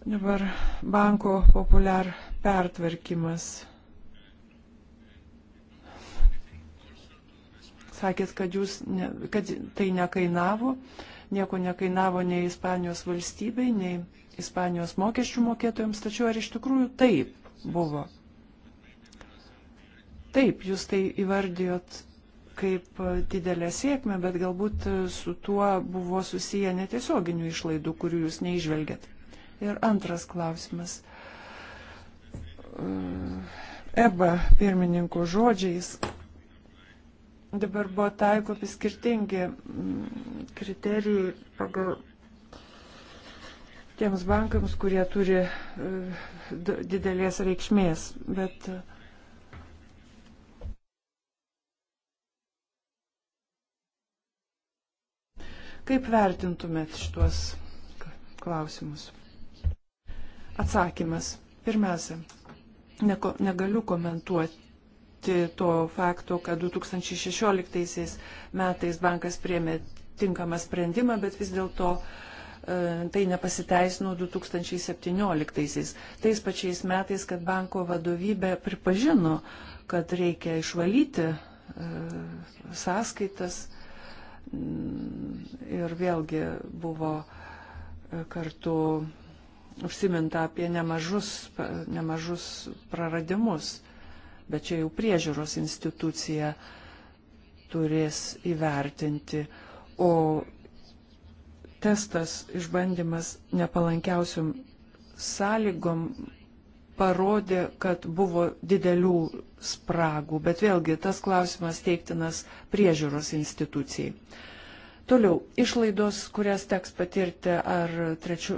Speaker 3: Dabar banko populiar pertvarkymas. Sakėt, kad, jūs ne, kad tai nekainavo, nieko nekainavo nei Ispanijos valstybei, nei Ispanijos mokesčių mokėtojams, tačiau ar iš tikrųjų taip buvo? Taip, jūs tai įvardijot kaip e, didelę sėkmę, bet galbūt e, su tuo buvo susiję netiesioginių išlaidų, kurių jūs neižvelgėt. Ir antras klausimas. E, EBA pirmininko žodžiais dabar buvo taikomi skirtingi mm, kriterijai pagal tiems bankams, kurie turi didelės reikšmės, bet uh, Kaip vertintumėt šituos klausimus? Atsakymas. Pirmiausia, neko, negaliu komentuoti to fakto, kad 2016 metais bankas priemė tinkamą sprendimą, bet vis dėlto e, tai nepasiteisino 2017-aisiais. Tais pačiais metais, kad banko vadovybė pripažino, kad reikia išvalyti e, sąskaitas ir vėlgi buvo kartu užsiminta apie nemažus, nemažus praradimus, bet čia jau priežiūros institucija turės įvertinti. O testas išbandymas nepalankiausiam sąlygom parodė, kad buvo didelių spragų, bet vėlgi tas klausimas teiktinas priežiūros institucijai. Toliau, išlaidos, kurias teks patirti ar trečių,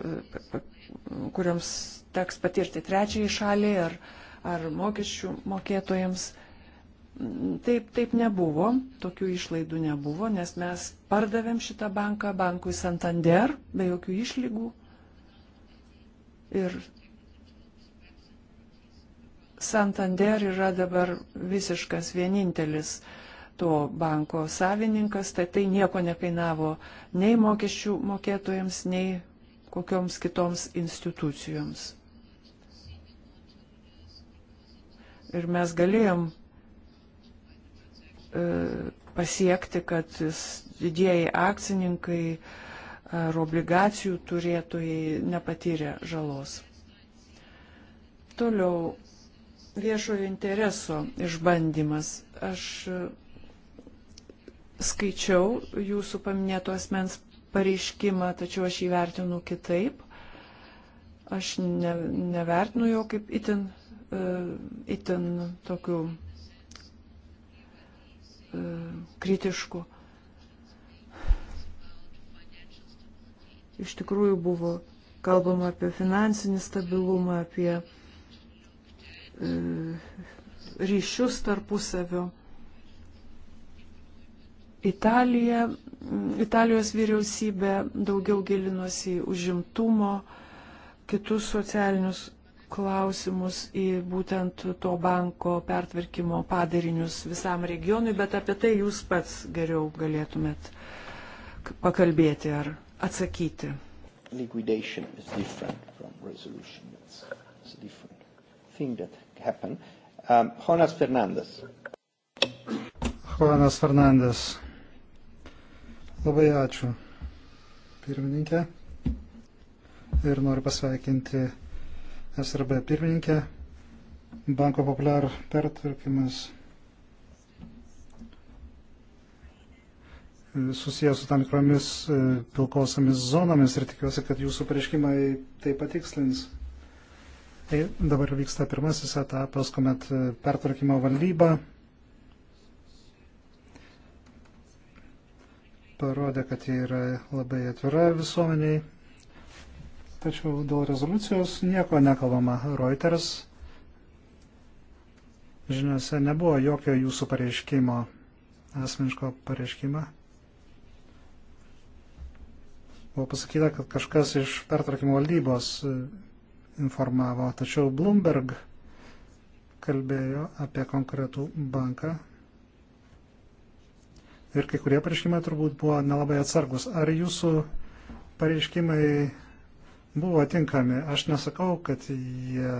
Speaker 3: kuriams teks patirti trečiai šaliai ar, ar mokesčių mokėtojams. Taip, taip nebuvo, tokių išlaidų nebuvo, nes mes pardavėm šitą banką bankui Santander be jokių išlygų. Ir Santander yra dabar visiškas vienintelis to banko savininkas, tai tai nieko nekainavo nei mokesčių mokėtojams, nei kokioms kitoms institucijoms. Ir mes galėjom e, pasiekti, kad didieji akcininkai e, ar obligacijų turėtojai nepatyrė žalos. Toliau viešojo intereso išbandymas. Aš e, skaičiau jūsų paminėto asmens pareiškimą, tačiau aš jį vertinu kitaip. Aš ne, nevertinu jo kaip itin, e, itin tokių e, kritiškų. Iš tikrųjų buvo kalbama apie finansinį stabilumą, apie E, ryšius tarpusavio. Italija, Italijos vyriausybė daugiau gilinosi į užimtumo, kitus socialinius klausimus, į būtent to banko pertvarkymo padarinius visam regionui, bet apie tai jūs pats geriau galėtumėt pakalbėti ar atsakyti. Liquidation is
Speaker 1: different from resolution. It's, it's different thing that happened. Um, Jonas Fernandes. Jonas Fernandes. Labai ačiū, pirmininkė. Ir noriu pasveikinti SRB pirmininkę. Banko Populiar pertvarkymas susijęs su tam tikromis e, pilkosomis zonomis ir tikiuosi, kad jūsų pareiškimai tai patikslins. Tai dabar vyksta pirmasis etapas, kuomet pertvarkymo valdyba parodė, kad jie yra labai atvira visuomeniai. Tačiau dėl rezoliucijos nieko nekalbama. Reuters žiniuose nebuvo jokio jūsų pareiškimo, asmeniško pareiškimo. Buvo pasakyta, kad kažkas iš pertvarkymo valdybos informavo, tačiau Bloomberg kalbėjo apie konkretų banką. Ir kai kurie pareiškimai turbūt buvo nelabai atsargus. Ar jūsų pareiškimai buvo tinkami? Aš nesakau, kad jie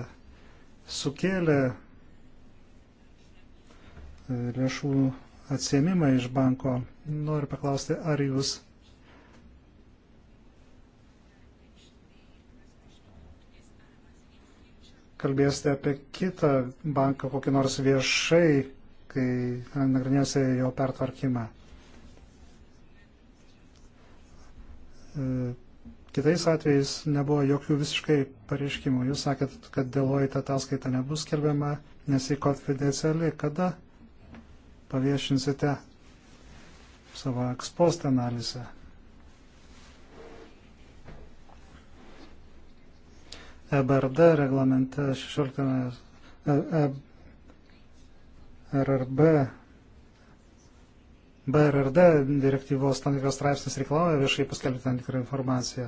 Speaker 1: sukėlė e, lėšų atsiemimą iš banko. Noriu paklausti, ar jūs kalbėsite apie kitą banką kokį nors viešai, kai nagrinėsite jo pertvarkymą. E, kitais atvejais nebuvo jokių visiškai pareiškimų. Jūs sakėt, kad Deloitte ataskaita nebus skelbiama, nes ji konfidenciali. Kada paviešinsite savo ekspostą analizę? EBRD reglamente 16 RRB BRRD direktyvos tam tikras straipsnis reikalauja viešai paskelbti tam tikrą informaciją.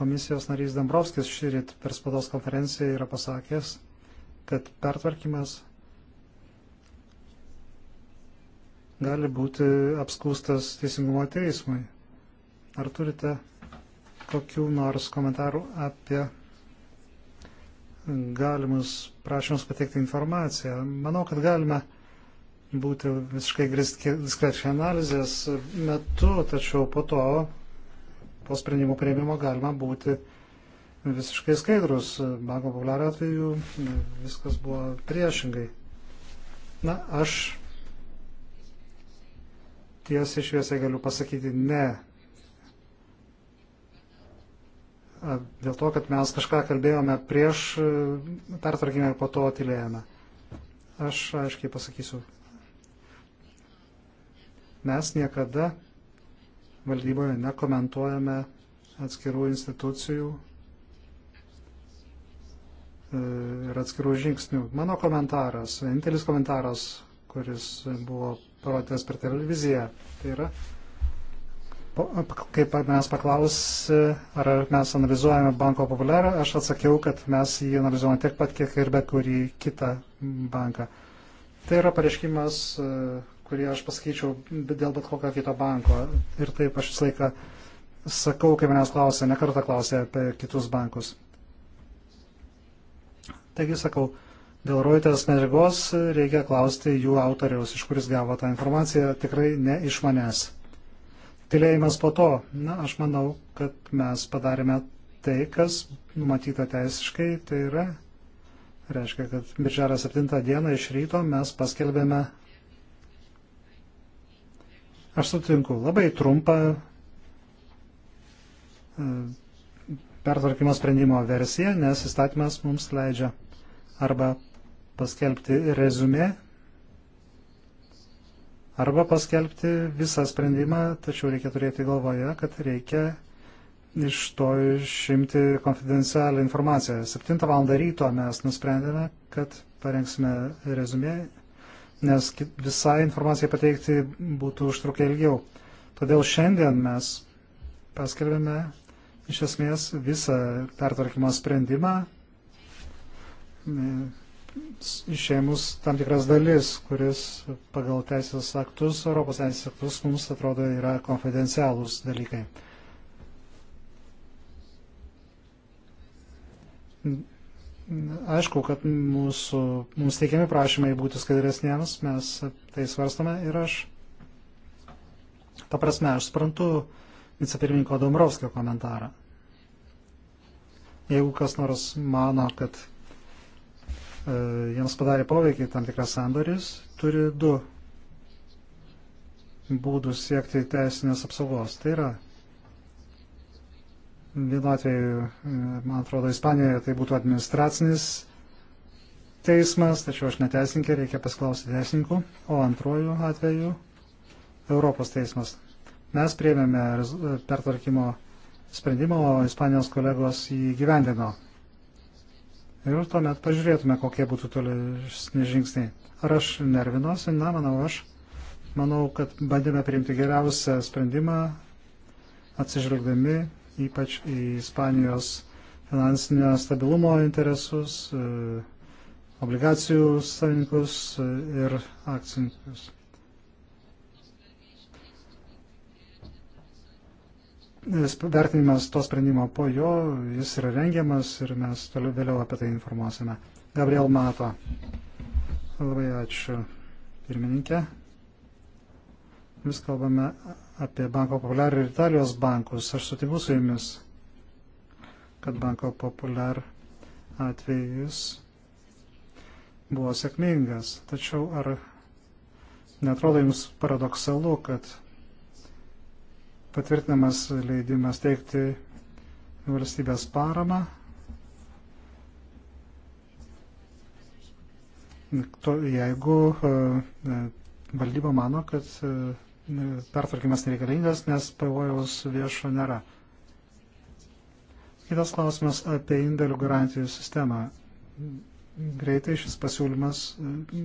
Speaker 1: Komisijos narys Dambrovskis šįryt per spados konferenciją yra pasakęs, kad pertvarkymas gali būti apskūstas teisingumo teismui. Ar turite kokių nors komentarų apie galimus prašymus pateikti informaciją. Manau, kad galime būti visiškai diskrečiai analizės metu, tačiau po to, po sprendimų prieimimo galima būti visiškai skaidrus. Banko populiario atveju viskas buvo priešingai. Na, aš tiesiai šviesiai galiu pasakyti ne dėl to, kad mes kažką kalbėjome prieš e, pertvarkymą ir po to tylėjome. Aš aiškiai pasakysiu. Mes niekada valdyboje nekomentuojame atskirų institucijų e, ir atskirų žingsnių. Mano komentaras, vienintelis komentaras, kuris buvo parodęs per televiziją, tai yra Kaip mes paklaus, e, ar mes analizuojame banko populiarą, aš atsakiau, kad mes jį analizuojame tiek pat, kiek ir bet kurį kitą banką. Tai yra pareiškimas, e, kurį aš pasakyčiau dėl bet kokio kito banko. Ir taip aš visą laiką sakau, kai manęs klausia, nekartą klausia apie kitus bankus. Taigi sakau, dėl Reuters medžiagos reikia klausti jų autoriaus, iš kuris gavo tą informaciją, tikrai ne iš manęs tylėjimas po to. Na, aš manau, kad mes padarėme tai, kas numatyta teisiškai, tai yra, reiškia, kad birželio 7 dieną iš ryto mes paskelbėme, aš sutinku, labai trumpą e, pertvarkymo sprendimo versiją, nes įstatymas mums leidžia arba paskelbti rezumė arba paskelbti visą sprendimą, tačiau reikia turėti galvoje, kad reikia iš to išimti konfidencialią informaciją. 7 val. ryto mes nusprendėme, kad parengsime rezumė, nes visą informaciją pateikti būtų užtrukę ilgiau. Todėl šiandien mes paskelbėme iš esmės visą pertvarkymo sprendimą išėmus tam tikras dalis, kuris pagal teisės aktus, Europos teisės aktus mums atrodo yra konfidencialūs dalykai. Aišku, kad mūsų, mums teikiami prašymai būti skaidresniems, mes tai svarstame ir aš, ta prasme, aš suprantu vicepirmininko Dombrovskio komentarą. Jeigu kas nors mano, kad E, jiems padarė poveikį tam tikras sandoris, turi du būdus siekti teisinės apsaugos. Tai yra, vienu atveju, e, man atrodo, Ispanijoje tai būtų administracinis teismas, tačiau aš neteisinkė, reikia pasklausyti teisininkų, o antruoju atveju Europos teismas. Mes prieimėme pertvarkymo sprendimą, o Ispanijos kolegos jį gyvendino. Ir tuomet pažiūrėtume, kokie būtų tolesni žingsniai. Ar aš nervinuosi? Na, manau, aš manau, kad bandėme priimti geriausią sprendimą, atsižvelgdami ypač į Ispanijos finansinio stabilumo interesus, e, obligacijų savininkus e, ir akcininkus. vertinimas to sprendimo po jo, jis yra rengiamas ir mes toliau vėliau apie tai informuosime. Gabriel Mato. Labai ačiū pirmininkė. Vis kalbame apie Banko Populiar ir Italijos bankus. Aš sutinku su jumis, kad Banko Populiar atvejis buvo sėkmingas. Tačiau ar netrodo jums paradoksalu, kad patvirtinamas leidimas teikti valstybės paramą. To, jeigu e, valdyba mano, kad e, pertvarkymas nereikalingas, nes pavojaus viešo nėra. Kitas klausimas apie indėlių garantijų sistemą. Greitai šis pasiūlymas e,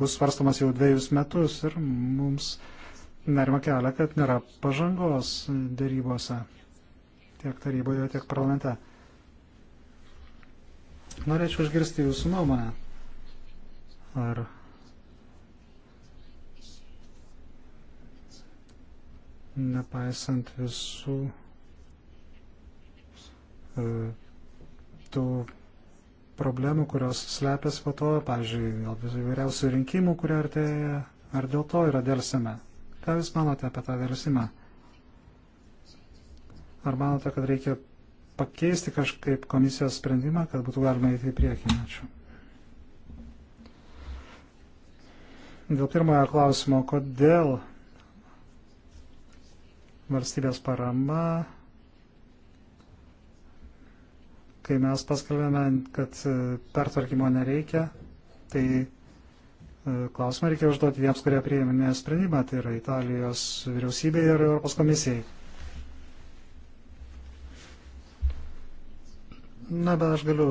Speaker 1: bus svarstamas jau dviejus metus ir mums uh, nerima kelia, kad nėra pažangos dėrybose tiek taryboje, tiek parlamente. Norėčiau išgirsti jūsų nuomonę. Ar nepaisant visų e, tų problemų, kurios slepiasi po to, pavyzdžiui, dėl įvairiausių rinkimų, kurie artėja, ar dėl to yra dėlsime. Ką Jūs manote apie tą virusimą? Ar manote, kad reikia pakeisti kažkaip komisijos sprendimą, kad būtų galima įti į priekį? Ačiū. Dėl pirmojo klausimo, kodėl valstybės parama, kai mes paskelbėme, kad pertvarkymo nereikia, tai klausimą reikia užduoti tiems, kurie priėmė sprendimą, tai yra Italijos vyriausybė ir Europos komisijai. Na, bet aš galiu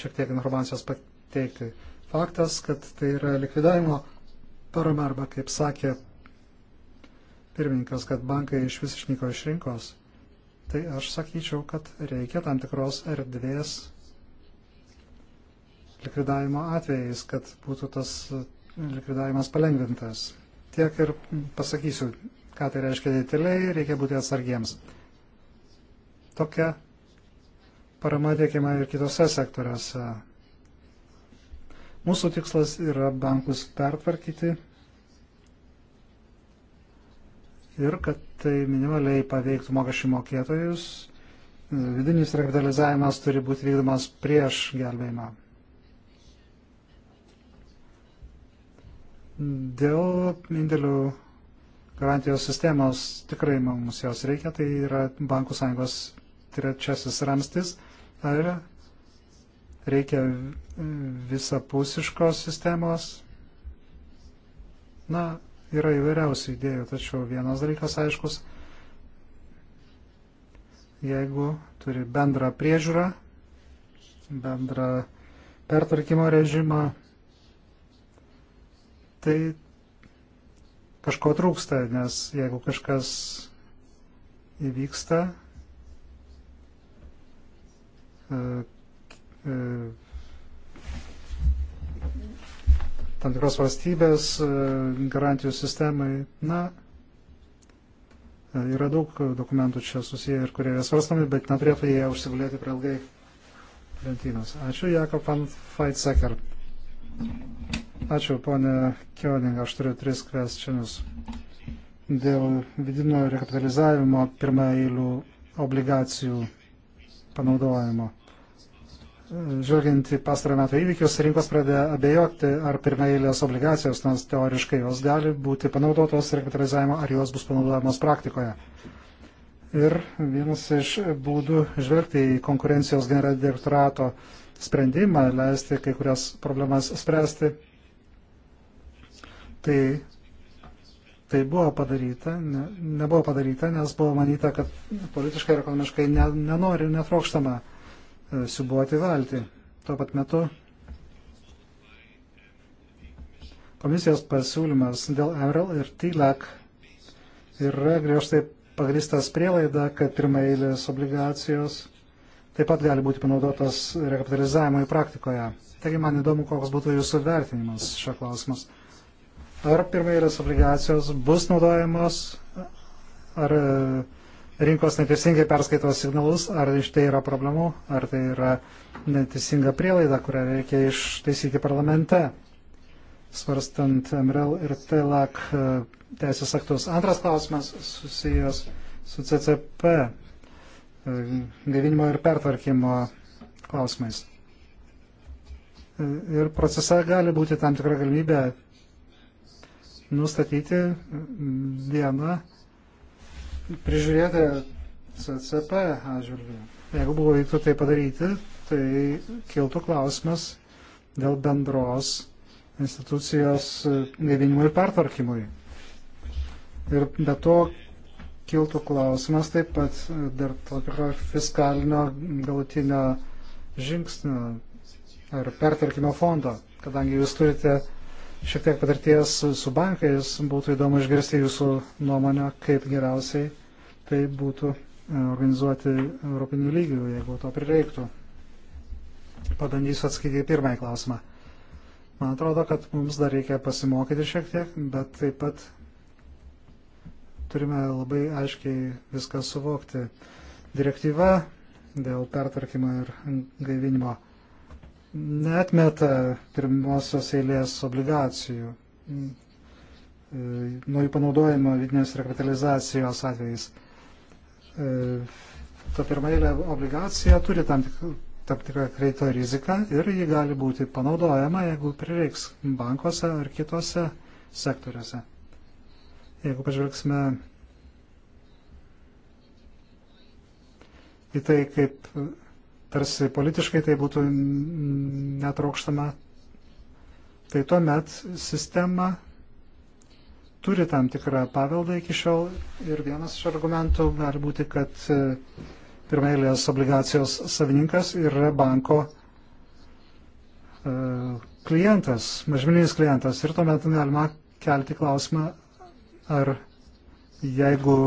Speaker 1: šiek tiek informacijos pateikti. Faktas, kad tai yra likvidavimo parama arba, kaip sakė pirmininkas, kad bankai iš vis išnyko iš rinkos, tai aš sakyčiau, kad reikia tam tikros erdvės likvidavimo atvejais, kad būtų tas likvidavimas palengvintas. Tiek ir pasakysiu, ką tai reiškia detaliai, reikia būti atsargiems. Tokia parama tiekiama ir kitose sektoriuose. Mūsų tikslas yra bankus pertvarkyti ir kad tai minimaliai paveiktų mokesčių mokėtojus. Vidinis rekapitalizavimas turi būti vykdomas prieš gelbėjimą. Dėl indėlių garantijos sistemos tikrai mums jos reikia, tai yra bankų sąjungos trečiasis ramstis. Ar reikia visapusiškos sistemos? Na, yra įvairiausių idėjų, tačiau vienas dalykas aiškus, jeigu turi bendrą priežiūrą, bendrą pertvarkymo režimą, tai kažko trūksta, nes jeigu kažkas įvyksta, e, e, tam tikros valstybės e, garantijų sistemai, na, yra daug dokumentų čia susiję ir kurie yra svarstami, bet neturėtų jie užsigulėti per ilgai lentynos. Ačiū, Jakob van Feitseker. Ačiū, ponė Kioning, aš turiu tris kvestinius. Dėl vidinio rekapitalizavimo pirmaeilių obligacijų panaudojimo. Žvelgiant į pastarą metą įvykius, rinkos pradėjo abejoti, ar pirmaeilės obligacijos, nors teoriškai jos gali būti panaudotos rekapitalizavimo, ar jos bus panaudojamos praktikoje. Ir vienas iš būdų žvelgti į konkurencijos generalinio direktorato sprendimą, leisti kai kurias problemas spręsti, Tai, tai buvo padaryta, ne, nebuvo padaryta, nes buvo manyta, kad politiškai ir ekonomiškai ne, nenori, netrokštama e, siubuoti valti. Tuo pat metu komisijos pasiūlymas dėl Emerald ir TILAC yra griežtai pagristas prielaida, kad pirmaeilės obligacijos taip pat gali būti panaudotos rekapitalizavimui praktikoje. Taigi man įdomu, koks būtų jūsų vertinimas šio klausimas ar pirmailės obligacijos bus naudojamos, ar e, rinkos neteisingai perskaito signalus, ar iš tai yra problemų, ar tai yra neteisinga prielaida, kurią reikia ištaisyti parlamente, svarstant MRL ir TELAC e, teisės aktus. Antras klausimas susijęs su CCP e, gaivinimo ir pertvarkymo klausimais. Ir procese gali būti tam tikra galimybė nustatyti dieną, prižiūrėti CCP atžvilgių. Jeigu buvo vyktų tai padaryti, tai kiltų klausimas dėl bendros institucijos gaivinimui ir pertvarkymui. Ir be to kiltų klausimas taip pat dar tokio fiskalinio galutinio žingsnio ar pertvarkymo fondo, kadangi jūs turite šiek tiek patirties su, su bankais, būtų įdomu išgirsti jūsų nuomonę, kaip geriausiai tai būtų e, organizuoti Europinių lygių, jeigu to prireiktų. Pabandysiu atskaityti pirmąjį klausimą. Man atrodo, kad mums dar reikia pasimokyti šiek tiek, bet taip pat turime labai aiškiai viską suvokti. Direktyva dėl pertvarkymo ir gaivinimo netmeta pirmosios eilės obligacijų e, nuo jų panaudojimo vidinės rekapitalizacijos atvejais. E, ta pirmailė obligacija turi tam, tik, tam tikrą kredito riziką ir ji gali būti panaudojama, jeigu prireiks bankuose ar kitose sektoriuose. Jeigu pažvelgsime į tai, kaip tarsi politiškai tai būtų netraukštama, tai tuomet sistema turi tam tikrą paveldą iki šiol ir vienas iš argumentų gali būti, kad e, pirmėlės obligacijos savininkas yra banko e, klientas, mažmeninis klientas ir tuomet galima kelti klausimą, ar jeigu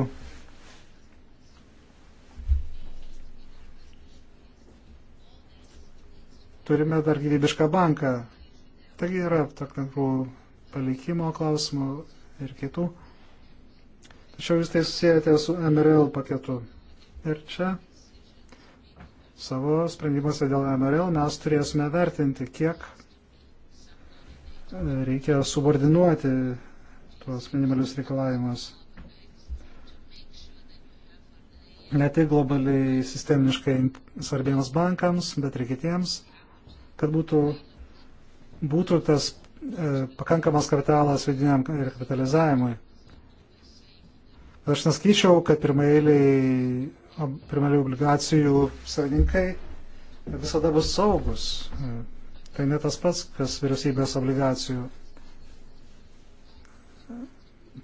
Speaker 1: turime dar gyvybišką banką. Taigi yra tokių palikimo klausimų ir kitų. Tačiau vis tai susijęte su MRL paketu. Ir čia savo sprendimuose dėl MRL mes turėsime vertinti, kiek e, reikia subordinuoti tuos minimalius reikalavimus. Ne tik globaliai sistemiškai svarbiems bankams, bet ir kitiems kad būtų, būtų tas e, pakankamas kapitalas vidiniam rekapitalizavimui. Aš neskyčiau, kad pirmąjį obligacijų savininkai visada bus saugus. E, tai ne tas pats, kas vyriausybės obligacijų.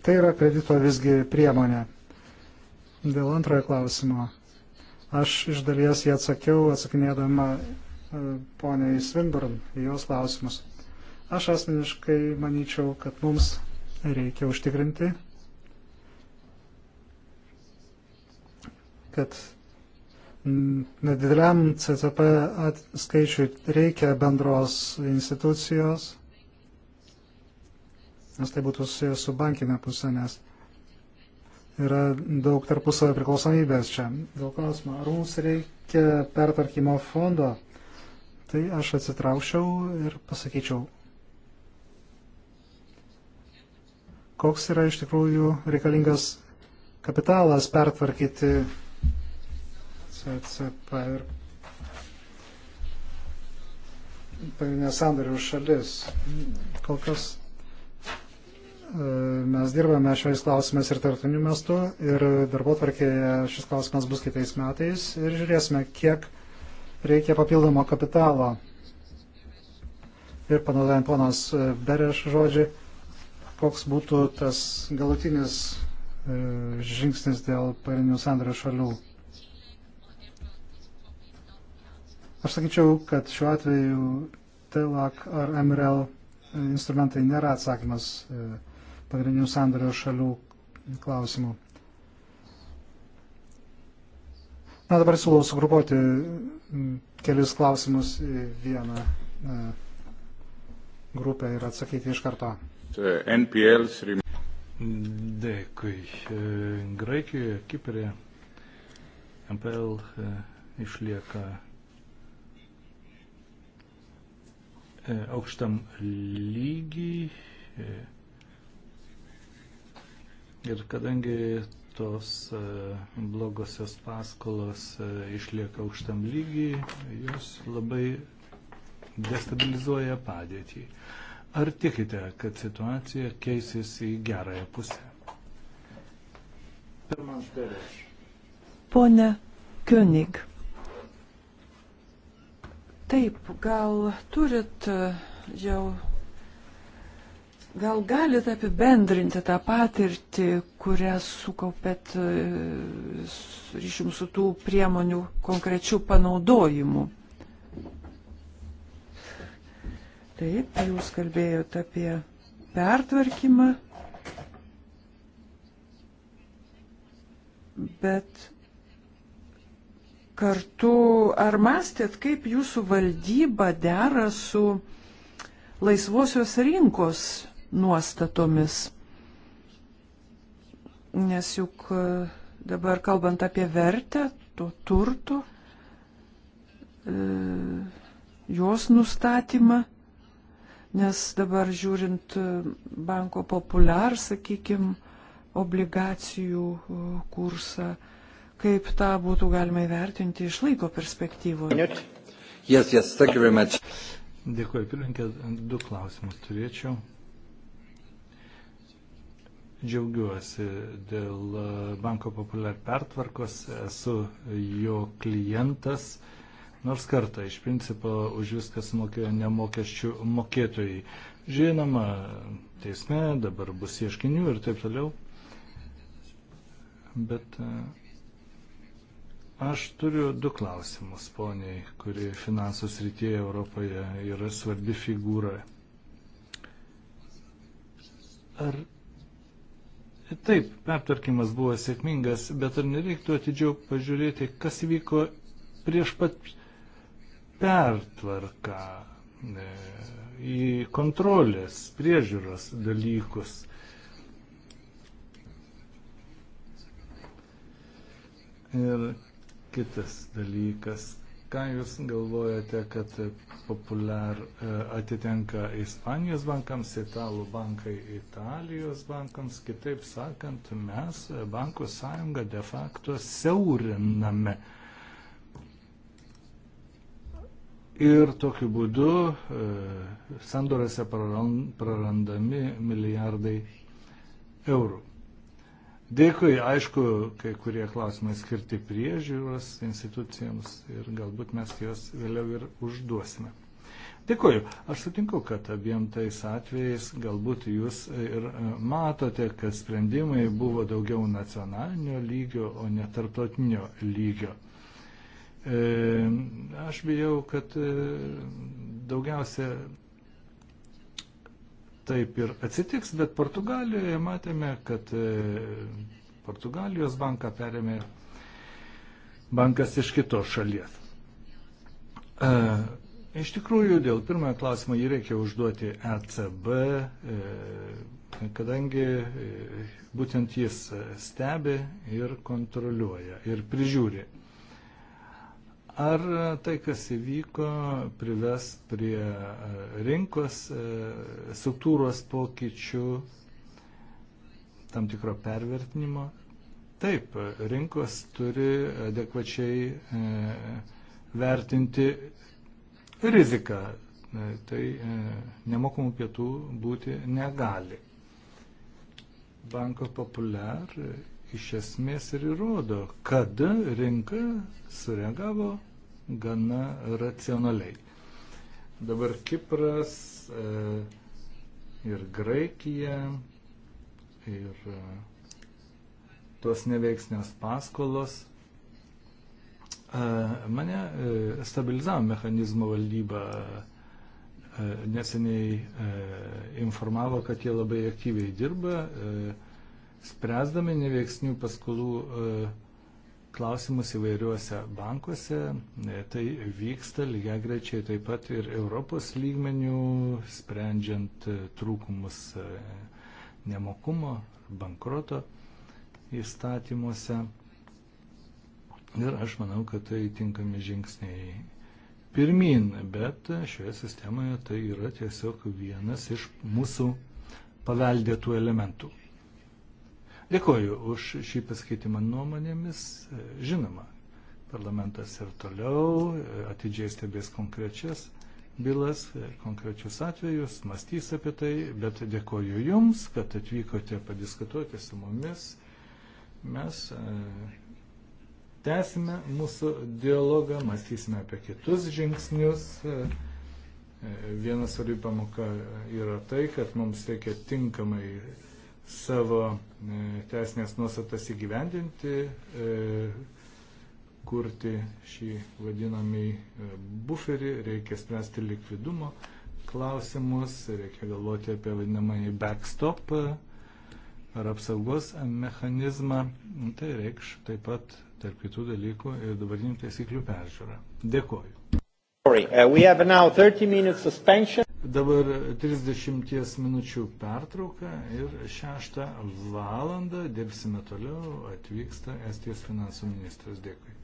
Speaker 1: Tai yra kredito visgi priemonė. Dėl antrojo klausimo. Aš iš dalies jį atsakiau, atsakinėdama E, poniai Svinburn į jos klausimus. Aš asmeniškai manyčiau, kad mums reikia užtikrinti, kad nedideliam CCP skaičiui reikia bendros institucijos, nes tai būtų susijęs su bankinė pusė, nes yra daug tarpusavio priklausomybės čia. Dėl klausimo, ar mums reikia pertvarkymo fondo, tai aš atsitraukčiau ir pasakyčiau, koks yra iš tikrųjų reikalingas kapitalas pertvarkyti CCP ir pagrindinės sandarių šalis. Kol kas e, mes dirbame šiais klausimais ir tartuniu mastu ir darbo tvarkėje šis klausimas bus kitais metais ir žiūrėsime, kiek reikia papildomo kapitalo. Ir panaudojant ponas Bereš žodžiai, koks būtų tas galutinis e, žingsnis dėl parinių sandarių šalių. Aš sakyčiau, kad šiuo atveju TELAC ar MRL e, instrumentai nėra atsakymas e, pagrindinių sandario šalių klausimų. Na, dabar siūlau sugrupuoti mm, kelius klausimus į vieną e, grupę ir atsakyti iš karto.
Speaker 2: E, NPLs. Dėkui. E, Graikijoje, Kiprė, NPL išlieka aukštam lygiai. Ir kadangi tos e, blogosios paskolos e, išlieka aukštam lygiai, jos labai destabilizuoja padėtį. Ar tikite, kad situacija keisis į gerąją pusę?
Speaker 3: Pirmas perėš. Pone König. Taip, gal turit e, jau Gal galite apibendrinti tą patirtį, kurią sukaupėt e, ryšim su tų priemonių konkrečių panaudojimų? Taip, jūs kalbėjote apie pertvarkymą, bet kartu ar mąstėt, kaip jūsų valdyba dera su laisvosios rinkos nuostatomis. Nes juk e, dabar kalbant apie vertę to turto, e, jos nustatymą, nes dabar žiūrint e, banko populiar, sakykime, obligacijų kursą, kaip tą būtų galima įvertinti iš laiko perspektyvoje.
Speaker 2: Yes, yes, Dėkuoju, pirmininkė, du klausimus turėčiau. Džiaugiuosi dėl e, Banko Populiar pertvarkos, esu jo klientas, nors kartą iš principo už viską sumokėjo nemokesčių mokėtojai. Žinoma, teisme dabar bus ieškinių ir taip toliau, bet e, Aš turiu du klausimus, poniai, kuri finansų srityje Europoje yra svarbi figūra. Ar Taip, pertvarkymas buvo sėkmingas, bet ar nereiktų atidžiau pažiūrėti, kas vyko prieš pat pertvarką e, į kontrolės, priežiūros dalykus. Ir kitas dalykas, Ką Jūs galvojate, kad populiar e, atitenka Ispanijos bankams, Italų bankai Italijos bankams? Kitaip sakant, mes e, bankų sąjungą de facto siauriname. Ir tokiu būdu e, sandorėse prarandami milijardai eurų. Dėkui, aišku, kai kurie klausimai skirti priežiūros institucijoms ir galbūt mes juos vėliau ir užduosime. Dėkuoju. Aš sutinku, kad abiem tais atvejais galbūt jūs ir e, matote, kad sprendimai buvo daugiau nacionalinio lygio, o ne tarptautinio lygio. E, aš bijau, kad e, daugiausia taip ir atsitiks, bet Portugalijoje matėme, kad e, Portugalijos banką perėmė bankas iš kitos šalies. E, iš tikrųjų, dėl pirmojo klausimo jį reikia užduoti ECB, e, kadangi e, būtent jis stebi ir kontroliuoja ir prižiūri Ar tai, kas įvyko, prives prie e, rinkos e, struktūros pokyčių, tam tikro pervertinimo? Taip, rinkos turi adekvačiai e, vertinti riziką. Tai nemokamų pietų būti negali. Banko Populiar iš esmės ir įrodo, kad rinka sureagavo gana racionaliai. Dabar Kipras e, ir Graikija ir e, tos neveiksnios paskolos. E, mane e, stabilizavo mechanizmo valdyba. E, neseniai e, informavo, kad jie labai aktyviai dirba, e, spręsdami neveiksnių paskolų e, klausimus įvairiuose bankuose. E, tai vyksta lygiai grečiai taip pat ir Europos lygmenių, sprendžiant e, trūkumus nemokumo, bankroto įstatymuose. Ir aš manau, kad tai tinkami žingsniai pirmin, bet šioje sistemoje tai yra tiesiog vienas iš mūsų paveldėtų elementų. Dėkuoju už šį paskaitimą nuomonėmis. Žinoma, parlamentas ir toliau e, atidžiai stebės konkrečias bylas, e, konkrečius atvejus, mąstys apie tai, bet dėkoju Jums, kad atvykote padiskutuoti su mumis. Mes e, tęsime mūsų dialogą, mąstysime apie kitus žingsnius. Viena svarbi pamoka yra tai, kad mums reikia tinkamai savo E, teisinės nuostatas įgyvendinti, e, kurti šį vadinamąjį e, buferį, reikia spręsti likvidumo klausimus, reikia galvoti apie vadinamąjį backstop ar apsaugos mechanizmą. Tai reikš taip pat tarp kitų dalykų ir dabartinių taisyklių peržiūrą. Dėkoju. Sorry, uh, Dabar 30 minučių pertrauka ir 6 valandą dirbsime toliau, atvyksta Estijos finansų ministras. Dėkui.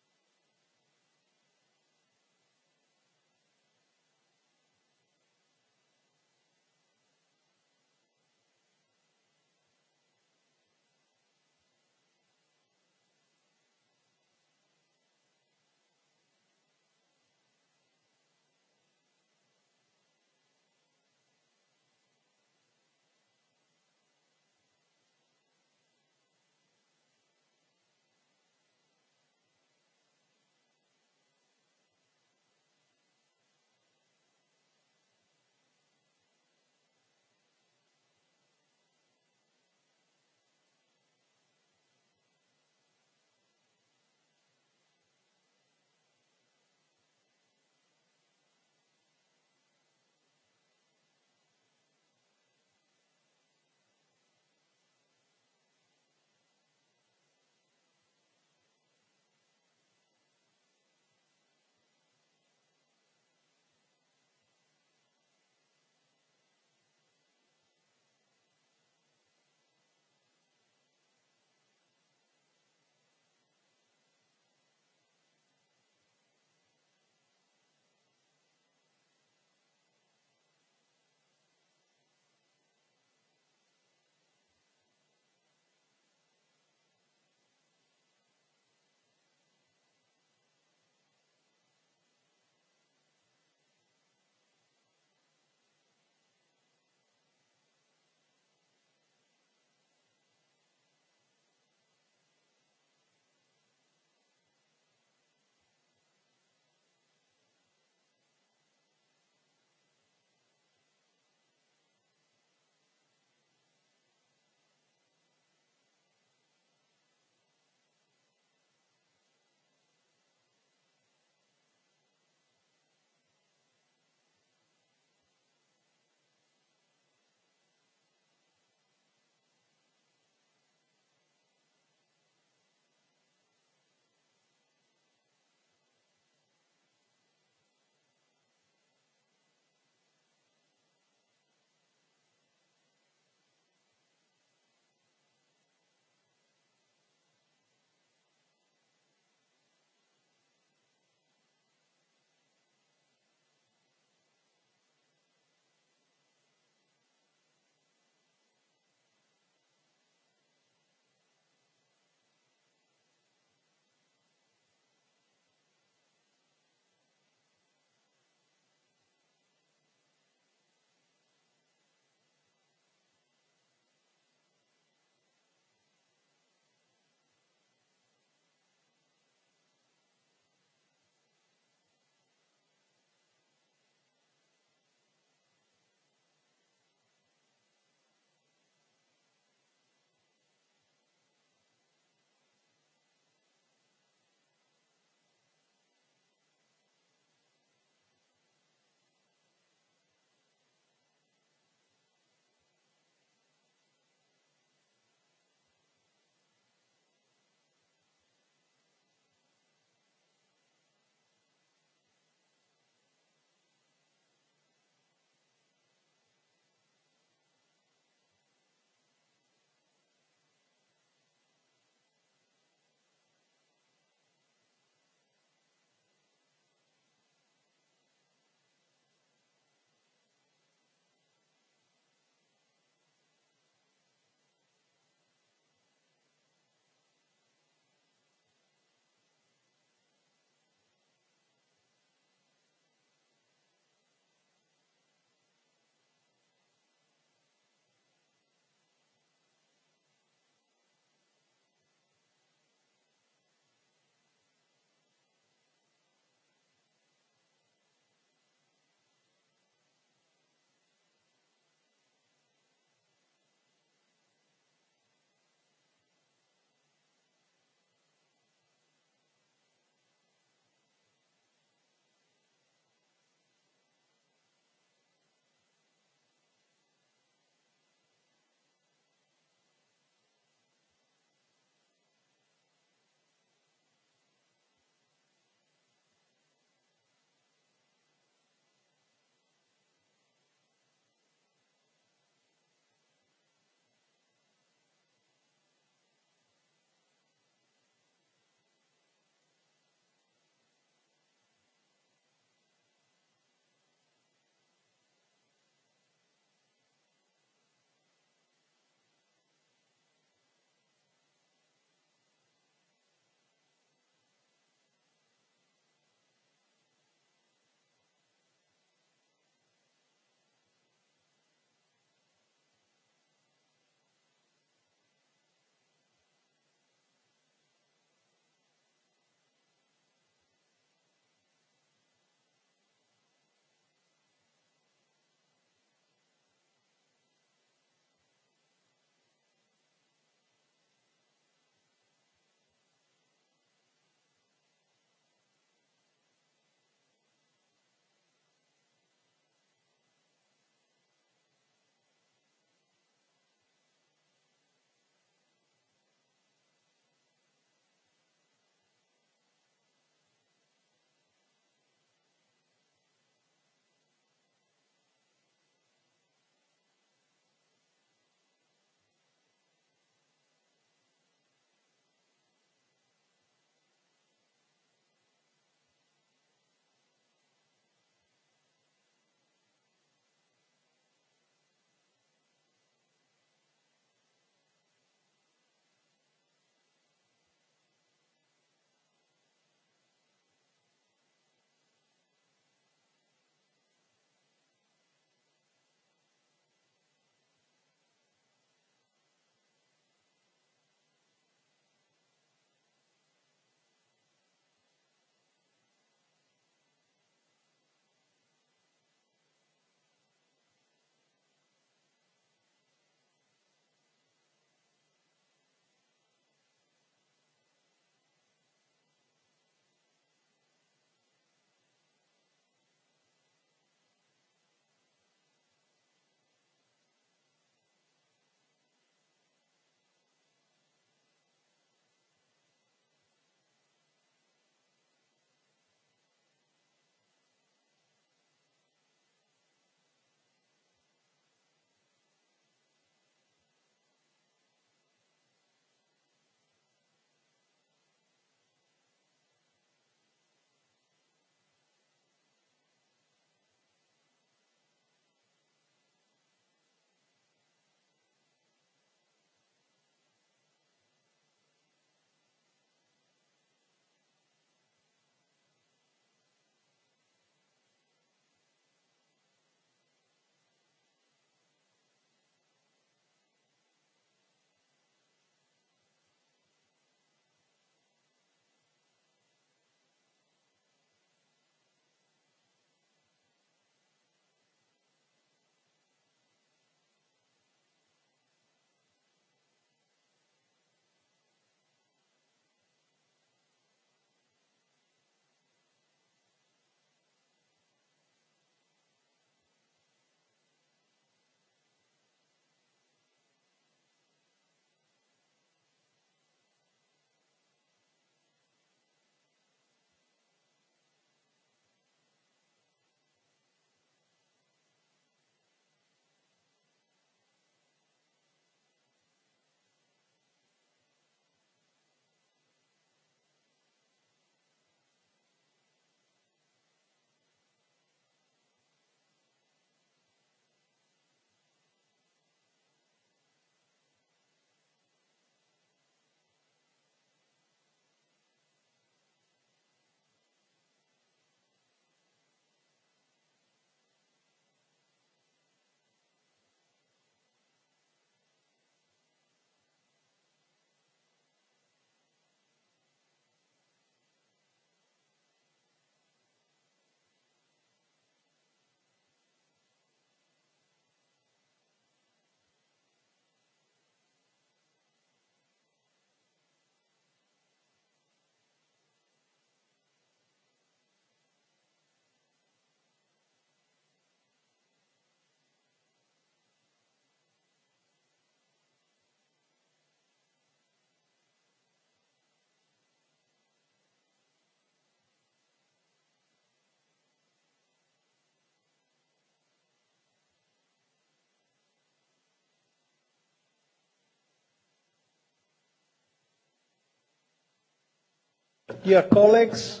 Speaker 1: Dear colleagues,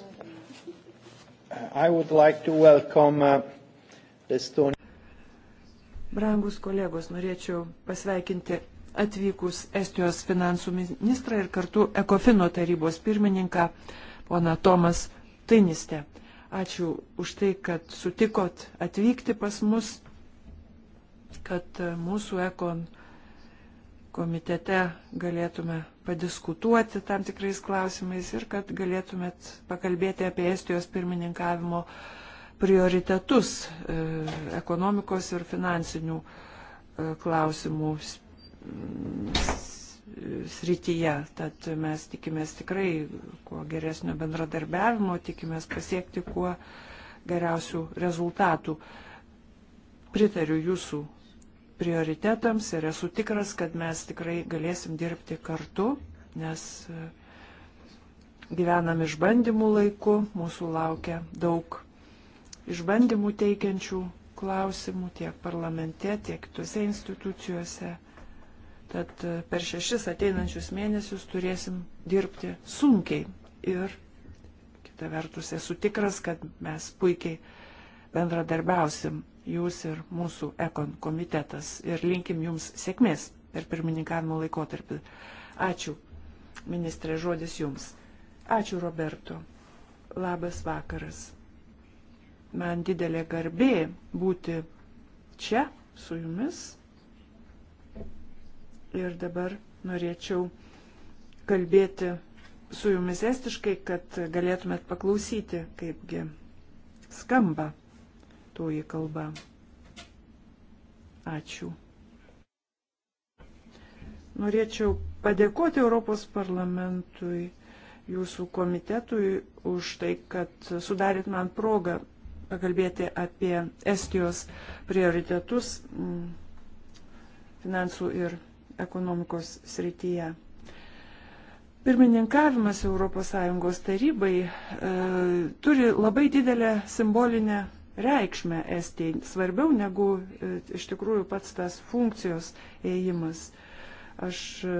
Speaker 1: I would like to welcome uh, Estonia.
Speaker 3: Brangus kolegos, norėčiau pasveikinti atvykus Estijos finansų ministrą ir kartu Ekofino tarybos pirmininką, pona Tomas Tainiste. Ačiū už tai, kad sutikot atvykti pas mus, kad uh, mūsų ekon uh, komitete galėtume padiskutuoti tam tikrais klausimais ir kad galėtumėt pakalbėti apie Estijos pirmininkavimo prioritetus e, ekonomikos ir finansinių e, klausimų srityje. Tad mes tikimės tikrai kuo geresnio bendradarbiavimo, tikimės pasiekti kuo geriausių rezultatų. Pritariu jūsų prioritetams ir esu tikras, kad mes tikrai galėsim dirbti kartu, nes e, gyvenam išbandymų laiku, mūsų laukia daug išbandymų teikiančių klausimų tiek parlamente, tiek kitose institucijose. Tad e, per šešis ateinančius mėnesius turėsim dirbti sunkiai ir kita vertus esu tikras, kad mes puikiai bendradarbiausim jūs ir mūsų ekon komitetas ir linkim jums sėkmės per pirmininkavimo laikotarpį. Ačiū, ministrė, žodis jums. Ačiū, Roberto. Labas vakaras. Man didelė garbė būti čia su jumis. Ir dabar norėčiau kalbėti su jumis estiškai, kad galėtumėt paklausyti, kaipgi skamba toji kalba. Ačiū. Norėčiau padėkoti Europos parlamentui, jūsų komitetui už tai, kad sudarit man progą pakalbėti apie Estijos prioritetus mm, finansų ir ekonomikos srityje. Pirmininkavimas ES tarybai e, turi labai didelę simbolinę reikšmę Estijai, svarbiau negu e, iš tikrųjų pats tas funkcijos ėjimas. Aš e,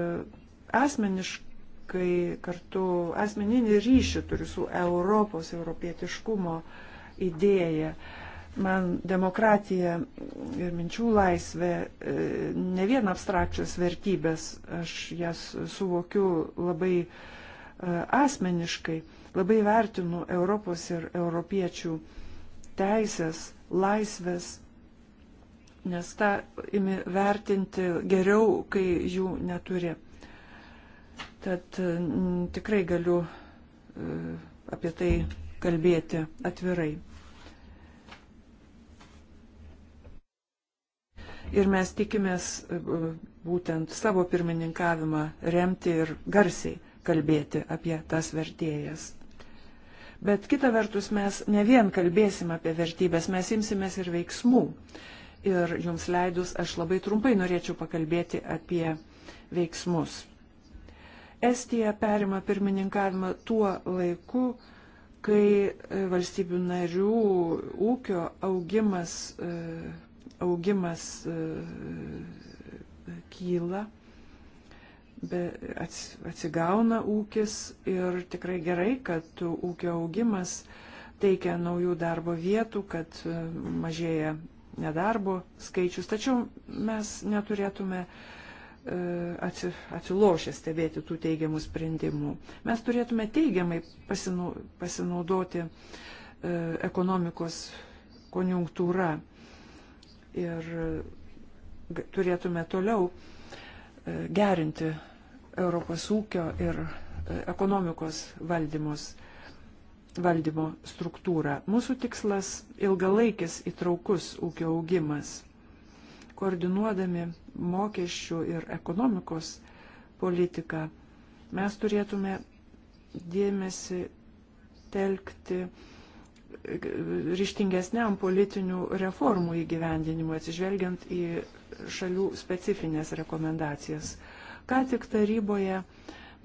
Speaker 3: asmeniškai kartu asmeninį ryšį turiu su Europos europietiškumo idėja. Man demokratija ir minčių laisvė e, ne vien abstrakčios vertybės, aš jas suvokiu labai asmeniškai, labai vertinu Europos ir europiečių teisės, laisvės, nes tą imi vertinti geriau, kai jų neturi. Tad m, mm, tikrai galiu m, e, apie tai kalbėti atvirai. Ir mes tikimės e, būtent savo pirmininkavimą remti ir garsiai kalbėti apie tas vertėjas. Bet kita vertus, mes ne vien kalbėsim apie vertybės, mes imsimės ir veiksmų. Ir jums leidus, aš labai trumpai norėčiau pakalbėti apie veiksmus. Estija perima pirmininkavimą tuo laiku, kai e, valstybių narių ūkio augimas, e, augimas e, kyla atsigauna ūkis ir tikrai gerai, kad ūkio augimas teikia naujų darbo vietų, kad e, mažėja nedarbo skaičius. Tačiau mes neturėtume e, atsilošę stebėti tų teigiamų sprendimų. Mes turėtume teigiamai pasinaudoti e, ekonomikos konjunktūra ir turėtume toliau E, gerinti Europos ūkio ir e, ekonomikos valdymos, valdymo struktūrą. Mūsų tikslas - ilgalaikis įtraukus ūkio augimas. Koordinuodami mokesčių ir ekonomikos politiką, mes turėtume dėmesį telkti e, ryštingesniam politinių reformų įgyvendinimui, atsižvelgiant į šalių specifines rekomendacijas. Ką tik taryboje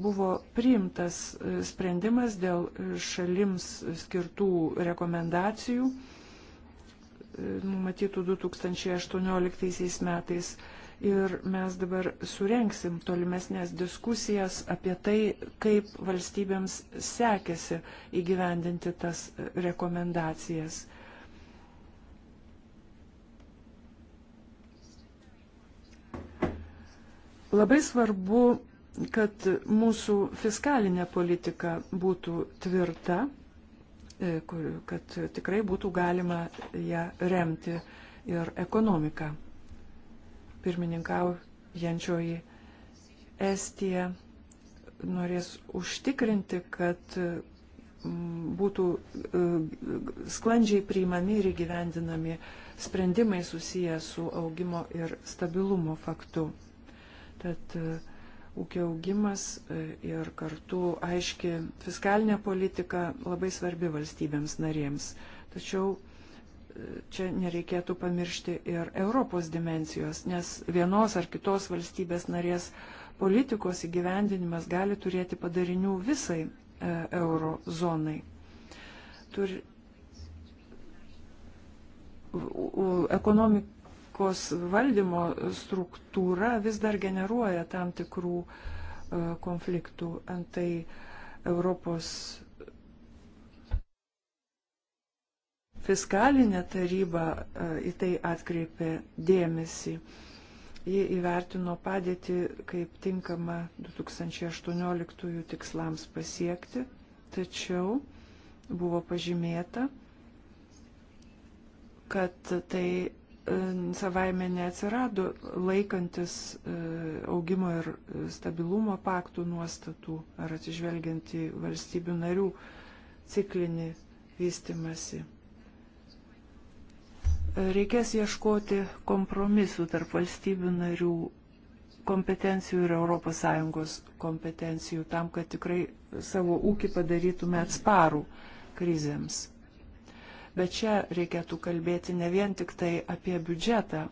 Speaker 3: buvo priimtas e, sprendimas dėl e, šalims skirtų rekomendacijų, e, numatytų 2018 metais. Ir mes dabar surenksim tolimesnės diskusijas apie tai, kaip valstybėms sekėsi įgyvendinti tas rekomendacijas. Labai svarbu, kad mūsų fiskalinė politika būtų tvirta, e, kad tikrai būtų galima ją remti ir ekonomiką. Pirmininkaujančioji Estija norės užtikrinti, kad būtų e, sklandžiai priimami ir įgyvendinami sprendimai susiję su augimo ir stabilumo faktu. Tad e, ūkio augimas e, ir kartu aiški fiskalinė politika labai svarbi valstybėms narėms. Tačiau e, čia nereikėtų pamiršti ir Europos dimensijos, nes vienos ar kitos valstybės narės politikos įgyvendinimas gali turėti padarinių visai euro zonai. Turi, ekonomik, rizikos valdymo struktūra vis dar generuoja tam tikrų e, konfliktų. Antai Europos fiskalinė taryba e, į tai atkreipė dėmesį. Ji įvertino padėtį kaip tinkama 2018 tikslams pasiekti, tačiau buvo pažymėta, kad tai E, savaime neatsirado laikantis e, augimo ir stabilumo paktų nuostatų ar atsižvelgiant į valstybių narių ciklinį vystimasi. Reikės ieškoti kompromisų tarp valstybių narių kompetencijų ir ES kompetencijų tam, kad tikrai savo ūkį padarytume atsparų krizėms bet čia reikėtų kalbėti ne vien tik tai apie biudžetą.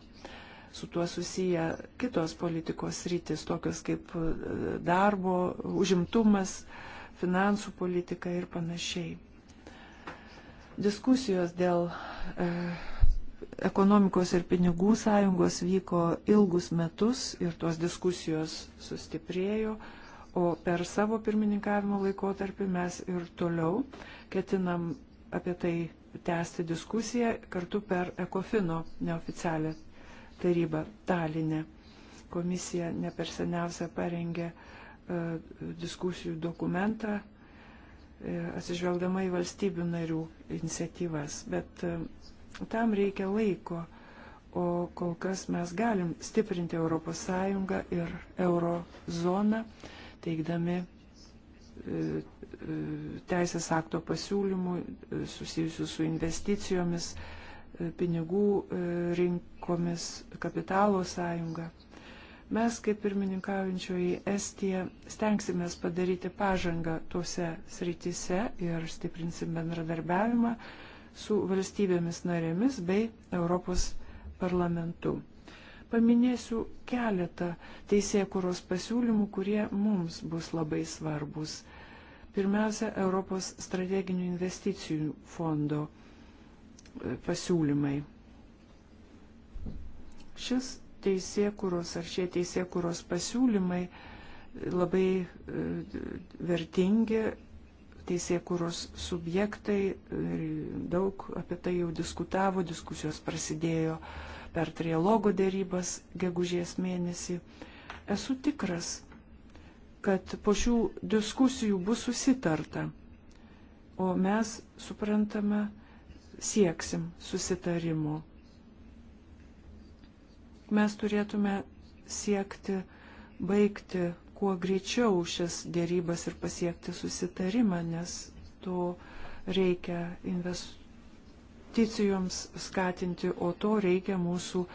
Speaker 3: Su tuo susiję kitos politikos rytis, tokios kaip e, darbo, užimtumas, finansų politika ir panašiai. Diskusijos dėl e, ekonomikos ir pinigų sąjungos vyko ilgus metus ir tos diskusijos sustiprėjo, o per savo pirmininkavimo laikotarpį mes ir toliau ketinam apie tai tęsti diskusiją kartu per Ekofino neoficialią tarybą Talinę. Komisija ne per seniausia parengė e, diskusijų dokumentą e, atsižvelgdama į valstybių narių iniciatyvas, bet e, tam reikia laiko, o kol kas mes galim stiprinti ES ir eurozoną, teikdami teisės akto pasiūlymų e, susijusių su investicijomis, e, pinigų e, rinkomis, kapitalo sąjunga. Mes, kaip pirmininkaujančioji Estija, stengsimės padaryti pažangą tose srityse ir stiprinsim bendradarbiavimą su valstybėmis narėmis bei Europos parlamentu paminėsiu keletą teisėkuros pasiūlymų, kurie mums bus labai svarbus. Pirmiausia, Europos strateginių investicijų fondo e, pasiūlymai. Šis teisėkuros ar šie teisėkuros pasiūlymai e, labai e, vertingi teisėkuros subjektai ir daug apie tai jau diskutavo, diskusijos prasidėjo per trialogo dėrybas gegužės mėnesį. Esu tikras, kad po šių diskusijų bus susitarta, o mes, suprantama, sieksim susitarimo. Mes turėtume siekti baigti kuo greičiau šias dėrybas ir pasiekti susitarimą, nes to reikia investicijoms skatinti, o to reikia mūsų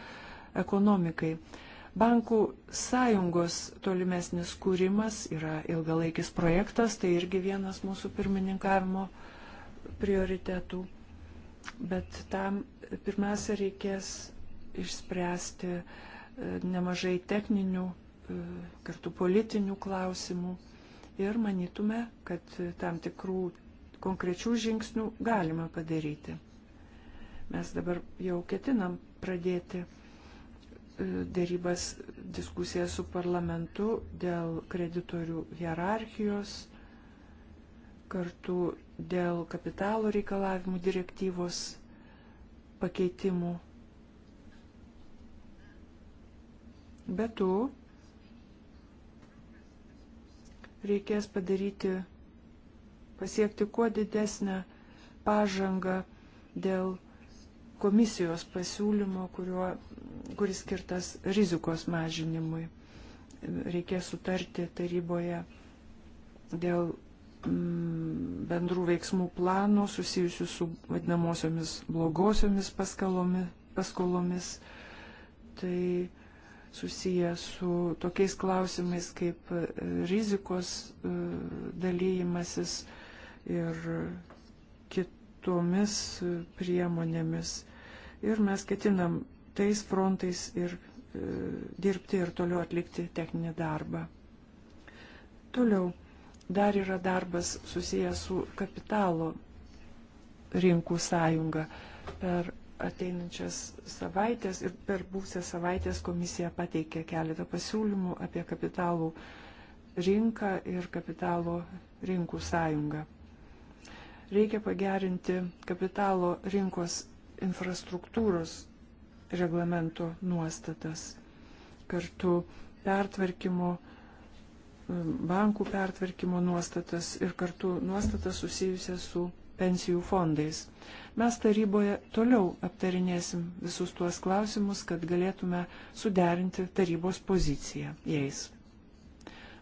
Speaker 3: ekonomikai. Bankų sąjungos tolimesnis kūrimas yra ilgalaikis projektas, tai irgi vienas mūsų pirmininkavimo prioritetų. Bet tam pirmiausia reikės išspręsti e, nemažai techninių, e, kartu politinių klausimų. Ir manytume, kad tam tikrų konkrečių žingsnių galima padaryti. Mes dabar jau ketinam pradėti dėrybas diskusiją su parlamentu dėl kreditorių hierarchijos, kartu dėl kapitalo reikalavimų direktyvos pakeitimų. Be to, reikės padaryti, pasiekti kuo didesnę pažangą dėl komisijos pasiūlymo, kuriuo kuris skirtas rizikos mažinimui. Reikės sutarti taryboje dėl mm, bendrų veiksmų plano susijusių su vadinamosiomis blogosiomis paskolomis. Tai susiję su tokiais klausimais kaip e, rizikos e, dalymasis ir kitomis priemonėmis. Ir mes ketinam tais frontais ir e, dirbti ir toliau atlikti techninį darbą. Toliau dar yra darbas susijęs su kapitalo rinkų sąjunga. Per ateinančias savaitės ir per būsę savaitės komisija pateikė keletą pasiūlymų apie kapitalų rinką ir kapitalo rinkų sąjungą. Reikia pagerinti kapitalo rinkos infrastruktūros reglamento nuostatas. Kartu pertvarkymo, bankų pertvarkymo nuostatas ir kartu nuostatas susijusias su pensijų fondais. Mes taryboje toliau aptarinėsim visus tuos klausimus, kad galėtume suderinti tarybos poziciją jais.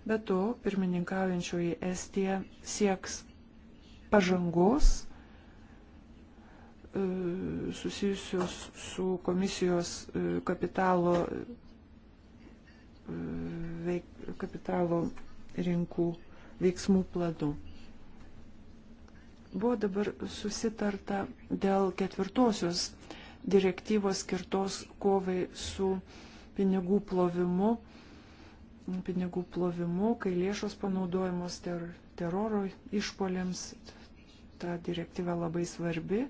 Speaker 3: Be to, pirmininkaujančioji Estija sieks pažangos E, susijusios su komisijos e, kapitalo, e, veik, kapitalo rinkų veiksmų planu. Buvo dabar susitarta dėl ketvirtosios direktyvos skirtos kovai su pinigų plovimu, pinigų plovimu, kai lėšos panaudojamos ter, teroro išpoliams. Ta direktyva labai svarbi.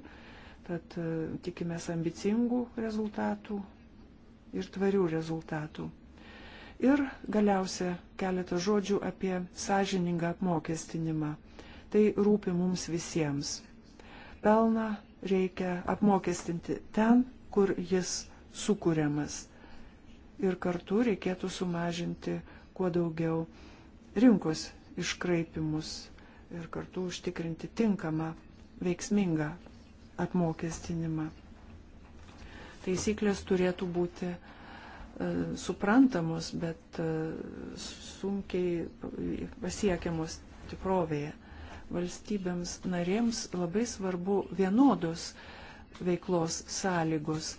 Speaker 3: Tad e, tikimės ambicingų rezultatų ir tvarių rezultatų. Ir galiausia keletą žodžių apie sąžiningą apmokestinimą. Tai rūpi mums visiems. Pelną reikia apmokestinti ten, kur jis sukūriamas. Ir kartu reikėtų sumažinti kuo daugiau rinkos iškraipimus ir kartu užtikrinti tinkamą, veiksmingą apmokestinimą. Taisyklės turėtų būti e, suprantamos, bet e, sunkiai pasiekiamos tikrovėje. Valstybėms narėms labai svarbu vienodos veiklos sąlygos.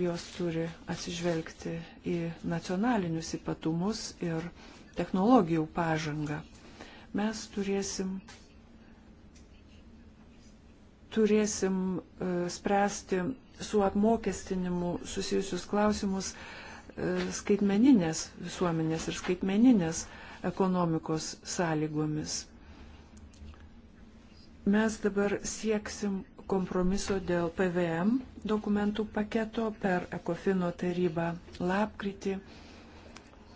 Speaker 3: Jos turi atsižvelgti į nacionalinius ypatumus ir technologijų pažangą. Mes turėsim turėsim e, spręsti su apmokestinimu susijusius klausimus e, skaitmeninės visuomenės ir skaitmeninės ekonomikos sąlygomis. Mes dabar sieksim kompromiso dėl PVM dokumentų paketo per Ekofino tarybą lapkritį.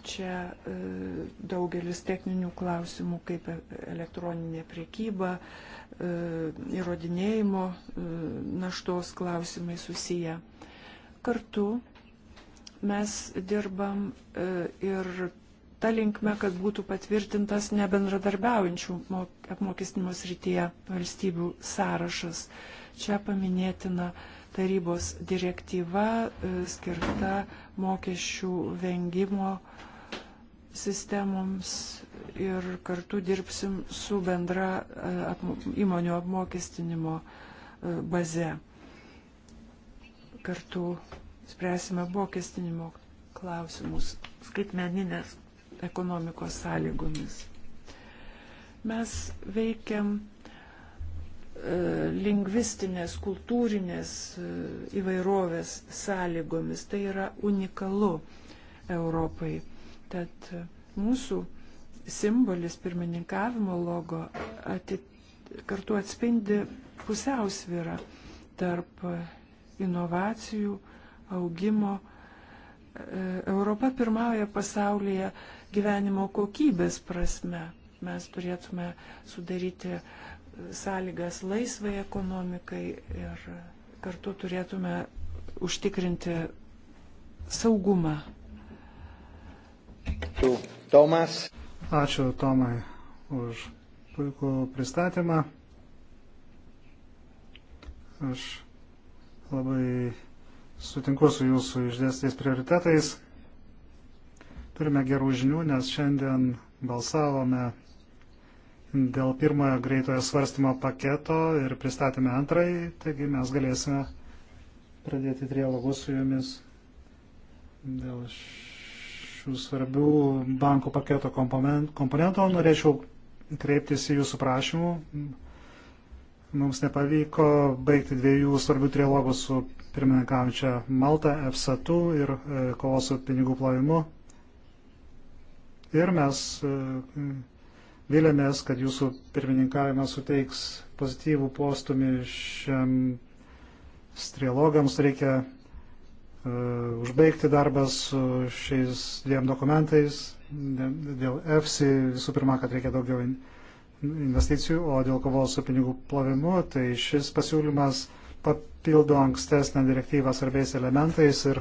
Speaker 3: Čia e, daugelis techninių klausimų kaip elektroninė priekyba, E, įrodinėjimo e, naštos klausimai susiję. Kartu mes dirbam e, ir ta linkme, kad būtų patvirtintas nebendradarbiaujančių apmokestinimo srityje valstybių sąrašas. Čia paminėtina tarybos direktyva skirta mokesčių vengimo uh, sistemoms ir kartu dirbsim su bendra e, įmonių apmokestinimo e, baze. Kartu spręsime apmokestinimo klausimus skaitmeninės ekonomikos sąlygomis. Mes veikiam e, lingvistinės, kultūrinės įvairovės sąlygomis. Tai yra unikalu Europai. Tad e, mūsų simbolis pirmininkavimo logo atit, kartu atspindi pusiausvyrą tarp e, inovacijų, augimo. E, Europa pirmauja pasaulyje gyvenimo kokybės prasme. Mes turėtume sudaryti sąlygas laisvai ekonomikai ir kartu turėtume užtikrinti saugumą
Speaker 1: To Tomas. Ačiū Tomai už puikų pristatymą. Aš labai sutinku su jūsų išdėstais prioritetais. Turime gerų žinių, nes šiandien balsavome dėl pirmojo greitojo svarstymo paketo ir pristatėme antrąjį, taigi mes galėsime pradėti trialogus su jumis dėl š šių svarbių bankų paketo komponento. Norėčiau kreiptis į jūsų prašymų. Mums nepavyko baigti dviejų svarbių trilogų su pirmininkaujančia Malta, EFSATU ir e, kovos su pinigų plovimu. Ir mes e, vilėmės, kad jūsų pirmininkavimas suteiks pozityvų postumį šiam trilogams. Reikia E, užbaigti darbą su šiais dviem dokumentais. Dėl EFSI visų pirma, kad reikia daugiau investicijų, o dėl kovos su pinigų plovimu, tai šis pasiūlymas papildo ankstesnę direktyvą svarbiais elementais ir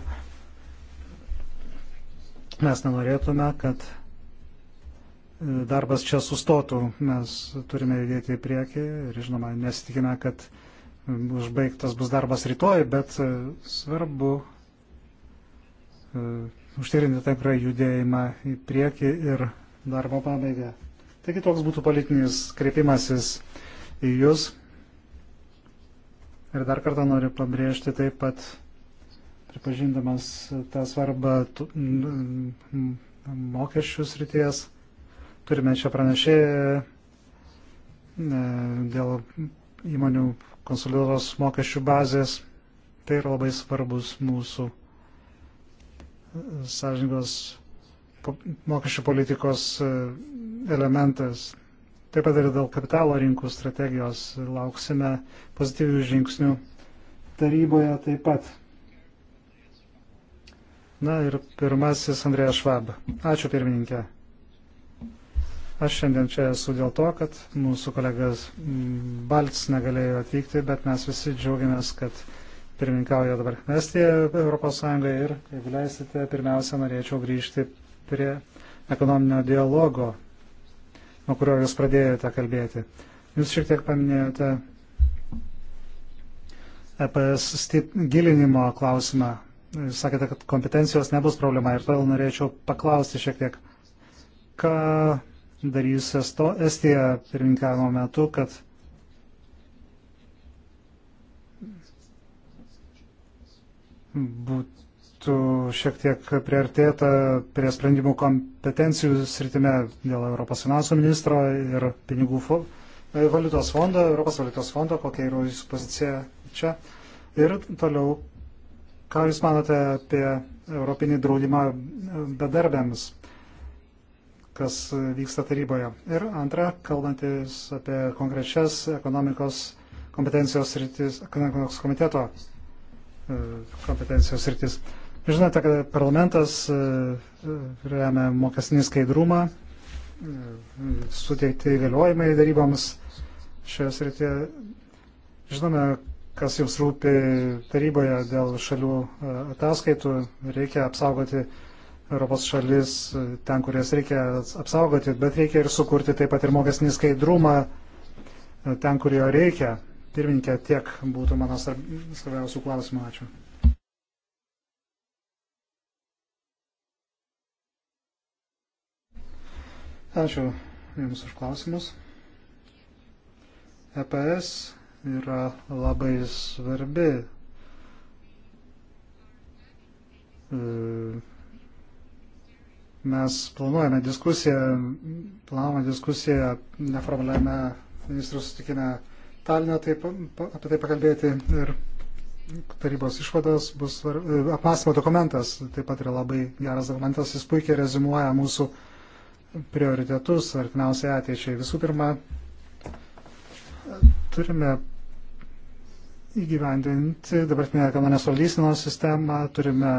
Speaker 1: mes nenorėtume, kad e, darbas čia sustotų. Mes turime judėti į priekį ir, žinoma, nesitikime, kad užbaigtas bus darbas rytoj, bet e, svarbu E, užtikrinti tam tikrą judėjimą į priekį ir darbo pabaigą. Taigi toks būtų politinis kreipimasis į Jūs. Ir dar kartą noriu pabrėžti taip pat, pripažindamas tą svarbą mokesčių srities, turime čia pranešėją e, dėl įmonių konsoliduotos mokesčių bazės. Tai yra labai svarbus mūsų sąžingos mokesčių politikos e, elementas. Taip pat ir dėl kapitalo rinkų strategijos lauksime pozityvių žingsnių taryboje taip pat. Na ir pirmasis Andrėja Švab. Ačiū pirmininkė. Aš šiandien čia esu dėl to, kad mūsų kolegas Balts negalėjo atvykti, bet mes visi džiaugiamės, kad pirmininkauja dabar Estija Europos Sąjungoje ir, jeigu leisite, pirmiausia, norėčiau grįžti prie ekonominio dialogo, nuo kurio jūs pradėjote kalbėti. Jūs šiek tiek paminėjote EPS gilinimo klausimą. Jūs sakėte, kad kompetencijos nebus problema ir todėl norėčiau paklausti šiek tiek, ką darys Estija pirmininkavimo metu, kad būtų šiek tiek priartėta prie sprendimų kompetencijų sritime dėl Europos finansų ministro ir pinigų fo, e, valiutos fondo, Europos valiutos fondo, kokia yra jūsų pozicija čia. Ir toliau, ką jūs manote apie Europinį draudimą bedarbiams, kas vyksta taryboje. Ir antra, kalbantis apie konkrečias ekonomikos kompetencijos rytis, ekonomikos komiteto kompetencijos rytis. Žinote, kad parlamentas e, e, remia mokestinį skaidrumą, e, suteikti įgaliojimai daryboms šioje srityje. Žinome, kas jums rūpi taryboje dėl šalių ataskaitų. Reikia apsaugoti Europos šalis ten, kurias reikia apsaugoti, bet reikia ir sukurti taip pat ir mokestinį skaidrumą ten, kur jo reikia pirmininkė, tiek būtų mano svarbiausių klausimų. Ačiū. Ačiū Jums už klausimus. EPS yra labai svarbi e, mes planuojame diskusiją, planuojame diskusiją neformaliame ministrų sutikime Talinę taip, apie tai pakalbėti ir tarybos išvados bus e, apmąstymo dokumentas, taip pat yra labai geras dokumentas, jis puikiai rezimuoja mūsų prioritetus artimiausiai ateičiai. Visų pirma, turime įgyvendinti dabartinę ekonominės valdysinos sistemą, turime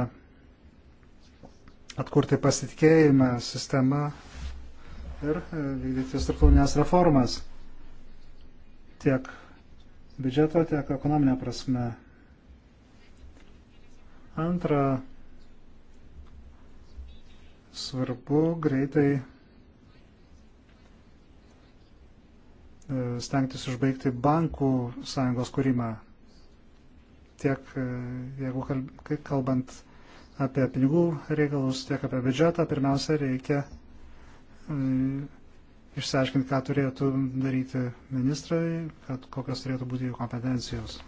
Speaker 1: atkurti pasitikėjimą sistemą ir e, vykdyti struktūrinės reformas tiek biudžeto, tiek ekonominė prasme. Antra, svarbu greitai e, stengtis užbaigti bankų sąjungos kūrimą. Tiek, e, jeigu kalbant apie pinigų reikalus, tiek apie biudžetą, pirmiausia, reikia e, išsiaiškinti, ką turėtų daryti ministrai, kad kokios turėtų būti jų kompetencijos.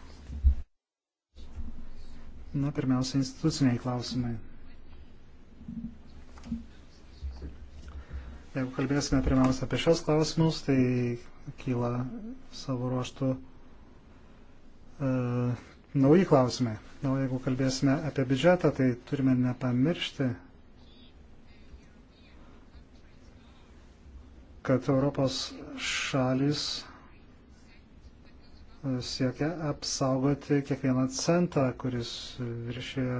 Speaker 1: Na, pirmiausia, instituciniai klausimai. Jeigu kalbėsime pirmiausia apie šios klausimus, tai kyla savo ruoštų e, nauji klausimai. Na, jeigu kalbėsime apie biudžetą, tai turime nepamiršti, kad Europos šalis e, siekia apsaugoti kiekvieną centą, kuris viršyje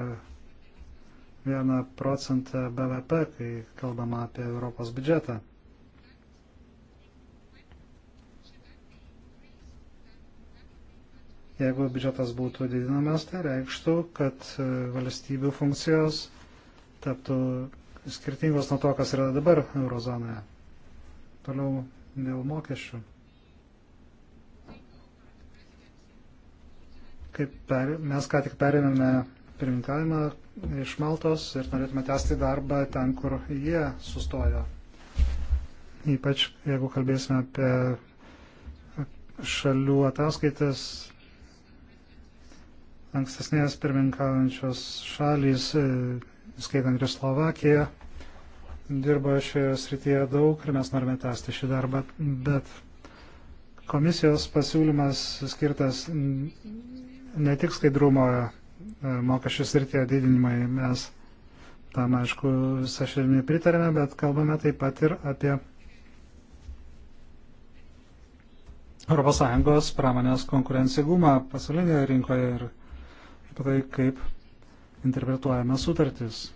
Speaker 1: vieną procentą BVP, kai kalbama apie Europos biudžetą. Jeigu biudžetas būtų didinamas, tai reikštų, kad e, valstybių funkcijos taptų skirtingos nuo to, kas yra dabar eurozonoje. Toliau dėl mokesčių. Kaip per, mes ką tik perėmėme pirmininkavimą iš Maltos ir norėtume tęsti darbą ten, kur jie sustojo. Ypač jeigu kalbėsime apie šalių ataskaitas, ankstesnės pirmininkaujančios šalys, e, skaitant ir Slovakiją, dirba šioje srityje daug ir mes norime tęsti šį darbą, bet komisijos pasiūlymas skirtas ne tik skaidrumo e, mokesčių srityje didinimai, mes tam aišku visą širdimi pritarėme, bet kalbame taip pat ir apie ES pramonės konkurencingumą pasaulinėje rinkoje ir apie tai, kaip interpretuojame sutartis.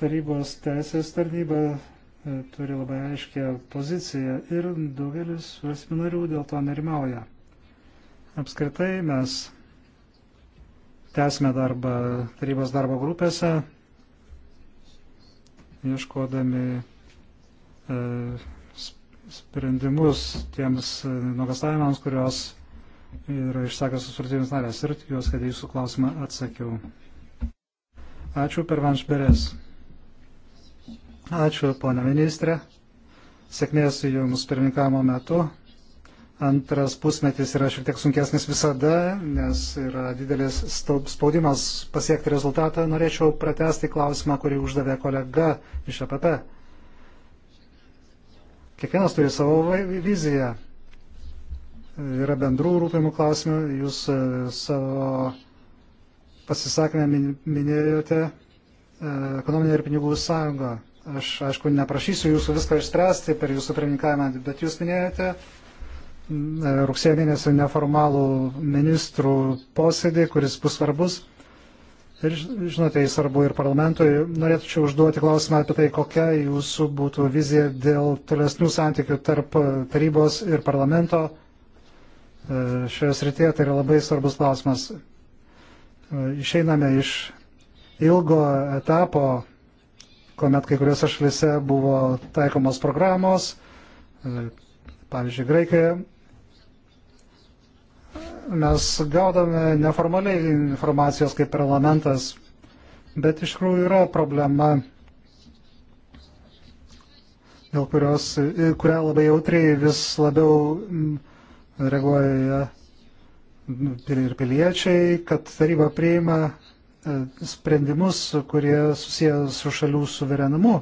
Speaker 1: Tarybos teisės tarnyba e, turi labai aiškę poziciją ir daugelis valstybinarių dėl to nerimauja. Apskritai mes tęsime darbą tarybos darbo grupėse, ieškodami e, sprendimus tiems nuogastavimams, kurios yra išsakęs susvartyvinis narės. Ir tikiuosi, kad jūsų klausimą atsakiau. Ačiū per Vanšberės. Ačiū, ponia ministrė. Sėkmės jums pirmininkavimo metu. Antras pusmetis yra šiek tiek sunkesnis visada, nes yra didelis spaudimas pasiekti rezultatą. Norėčiau pratesti klausimą, kurį uždavė kolega iš APP. Kiekvienas turi savo viziją. Yra bendrų rūpimų klausimų. Jūs e, savo pasisakymę minėjote e, ekonominė ir pinigų sąjunga. Aš, aišku, neprašysiu jūsų viską išspręsti per jūsų pirmininkavimą, bet jūs minėjote e, rugsėjo mėnesio neformalų ministrų posėdį, kuris bus svarbus. Ir žinote, jis svarbu ir parlamentui. Norėčiau užduoti klausimą apie tai, kokia jūsų būtų vizija dėl tolesnių santykių tarp tarybos ir parlamento. E, šioje srityje tai yra labai svarbus klausimas. E, išeiname iš ilgo etapo kuomet kai kuriuose šalise buvo taikomos programos, e, pavyzdžiui, Graikijoje, mes gaudame neformaliai informacijos kaip parlamentas, bet iš tikrųjų yra problema, dėl kurios, kurią labai jautriai vis labiau mm, reaguoja ir piliečiai, kad taryba priima E, sprendimus, kurie susiję su šalių suverenumu,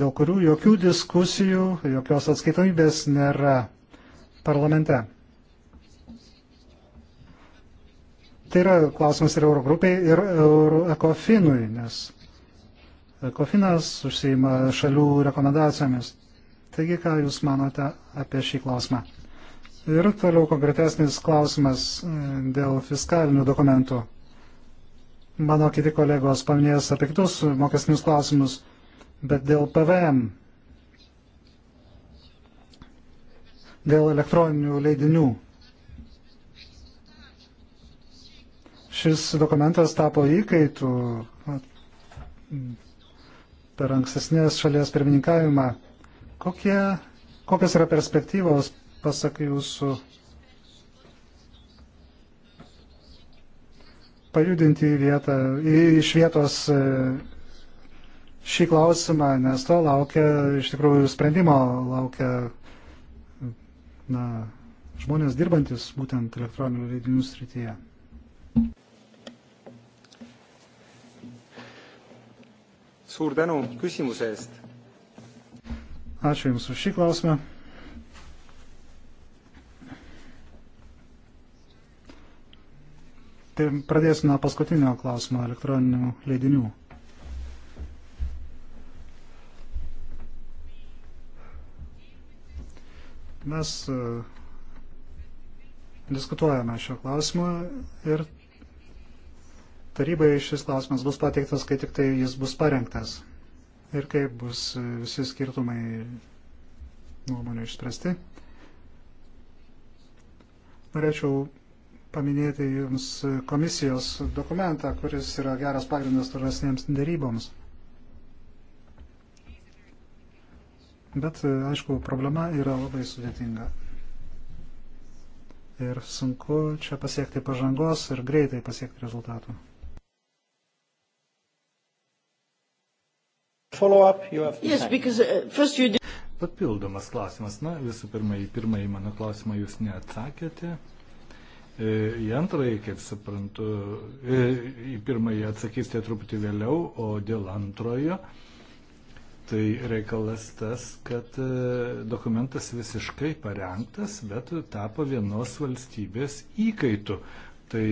Speaker 1: dėl kurių jokių diskusijų, jokios atskaitomybės nėra parlamente. Tai yra klausimas ir Eurogrupiai, ir Euroekofinui, nes Ekofinas užsieima šalių rekomendacijomis. Taigi, ką Jūs manote apie šį klausimą? Ir toliau konkretesnis klausimas e, dėl fiskalinių dokumentų. Mano kiti kolegos paminės apie kitus mokesnius klausimus, bet dėl PVM, dėl elektroninių leidinių. Šis dokumentas tapo įkaitų per ankstesnės šalies pirmininkavimą. Kokie, kokios yra perspektyvos, pasak jūsų pajudinti į vietą, iš vietos e, šį klausimą, nes to laukia, iš tikrųjų, sprendimo laukia na, žmonės dirbantis būtent elektroninių leidinių srityje.
Speaker 2: Suur tänu küsimuse eest.
Speaker 1: Ačiū Jums už šį klausimą. Tai pradėsiu nuo paskutinio klausimo elektroninių leidinių. Mes e, diskutuojame šio klausimą ir tarybai šis klausimas bus pateiktas, kai tik tai jis bus parengtas ir kaip bus e, visi skirtumai nuomonių išspręsti. Norėčiau paminėti Jums komisijos dokumentą, kuris yra geras pagrindas tolesnėms daryboms. Bet, aišku, problema yra labai sudėtinga. Ir sunku čia pasiekti pažangos ir greitai pasiekti rezultatų.
Speaker 2: Yes, because, uh, Papildomas klausimas. Na, visų pirma, į pirmąjį mano klausimą jūs neatsakėte. E, į antrąjį, kaip suprantu, e, į pirmąjį atsakysite tai truputį vėliau, o dėl antrojo, tai reikalas tas, kad e, dokumentas visiškai parengtas, bet tapo vienos valstybės įkaitu. Tai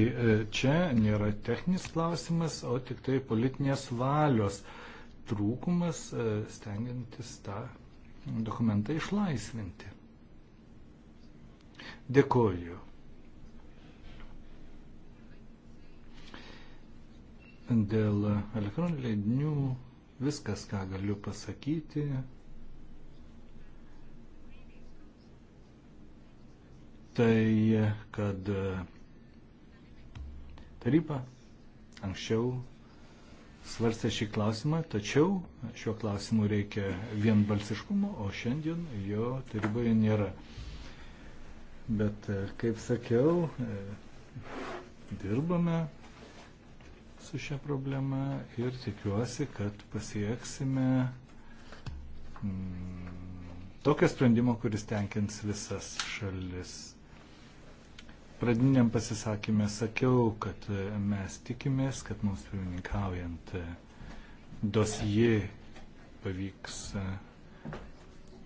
Speaker 2: čia nėra techninis klausimas, o tik tai politinės valios trūkumas, stengiantis tą dokumentą išlaisvinti. Dėkoju. Dėl elektroninių leidinių viskas, ką galiu pasakyti. Tai, kad taryba anksčiau svarstė šį klausimą, tačiau šiuo klausimu reikia vienbalsiškumo, o šiandien jo taryboje nėra. Bet, kaip sakiau, dirbame su šia problema ir tikiuosi, kad pasieksime mm, tokio sprendimo, kuris tenkins visas šalis. Pradiniam pasisakymė sakiau, kad mes tikimės, kad mums pirmininkaujant dosijai pavyks e,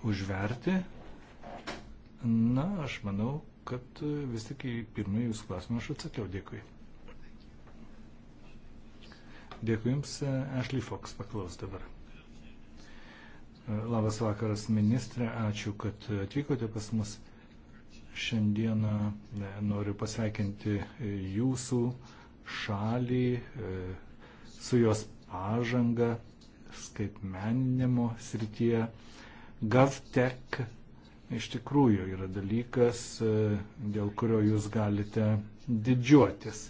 Speaker 2: užverti. Na, aš manau, kad vis tik į pirmąjį jūsų klausimą aš atsakiau. Dėkui. Dėkui Jums, e, Ashley Fox paklaus dabar. E, labas vakaras, ministrė, ačiū, kad atvykote pas mus. Šiandieną e, noriu pasveikinti Jūsų šalį su jos pažanga skaitmeninimo srityje. GovTech iš tikrųjų yra dalykas, dėl kurio jūs galite didžiuotis.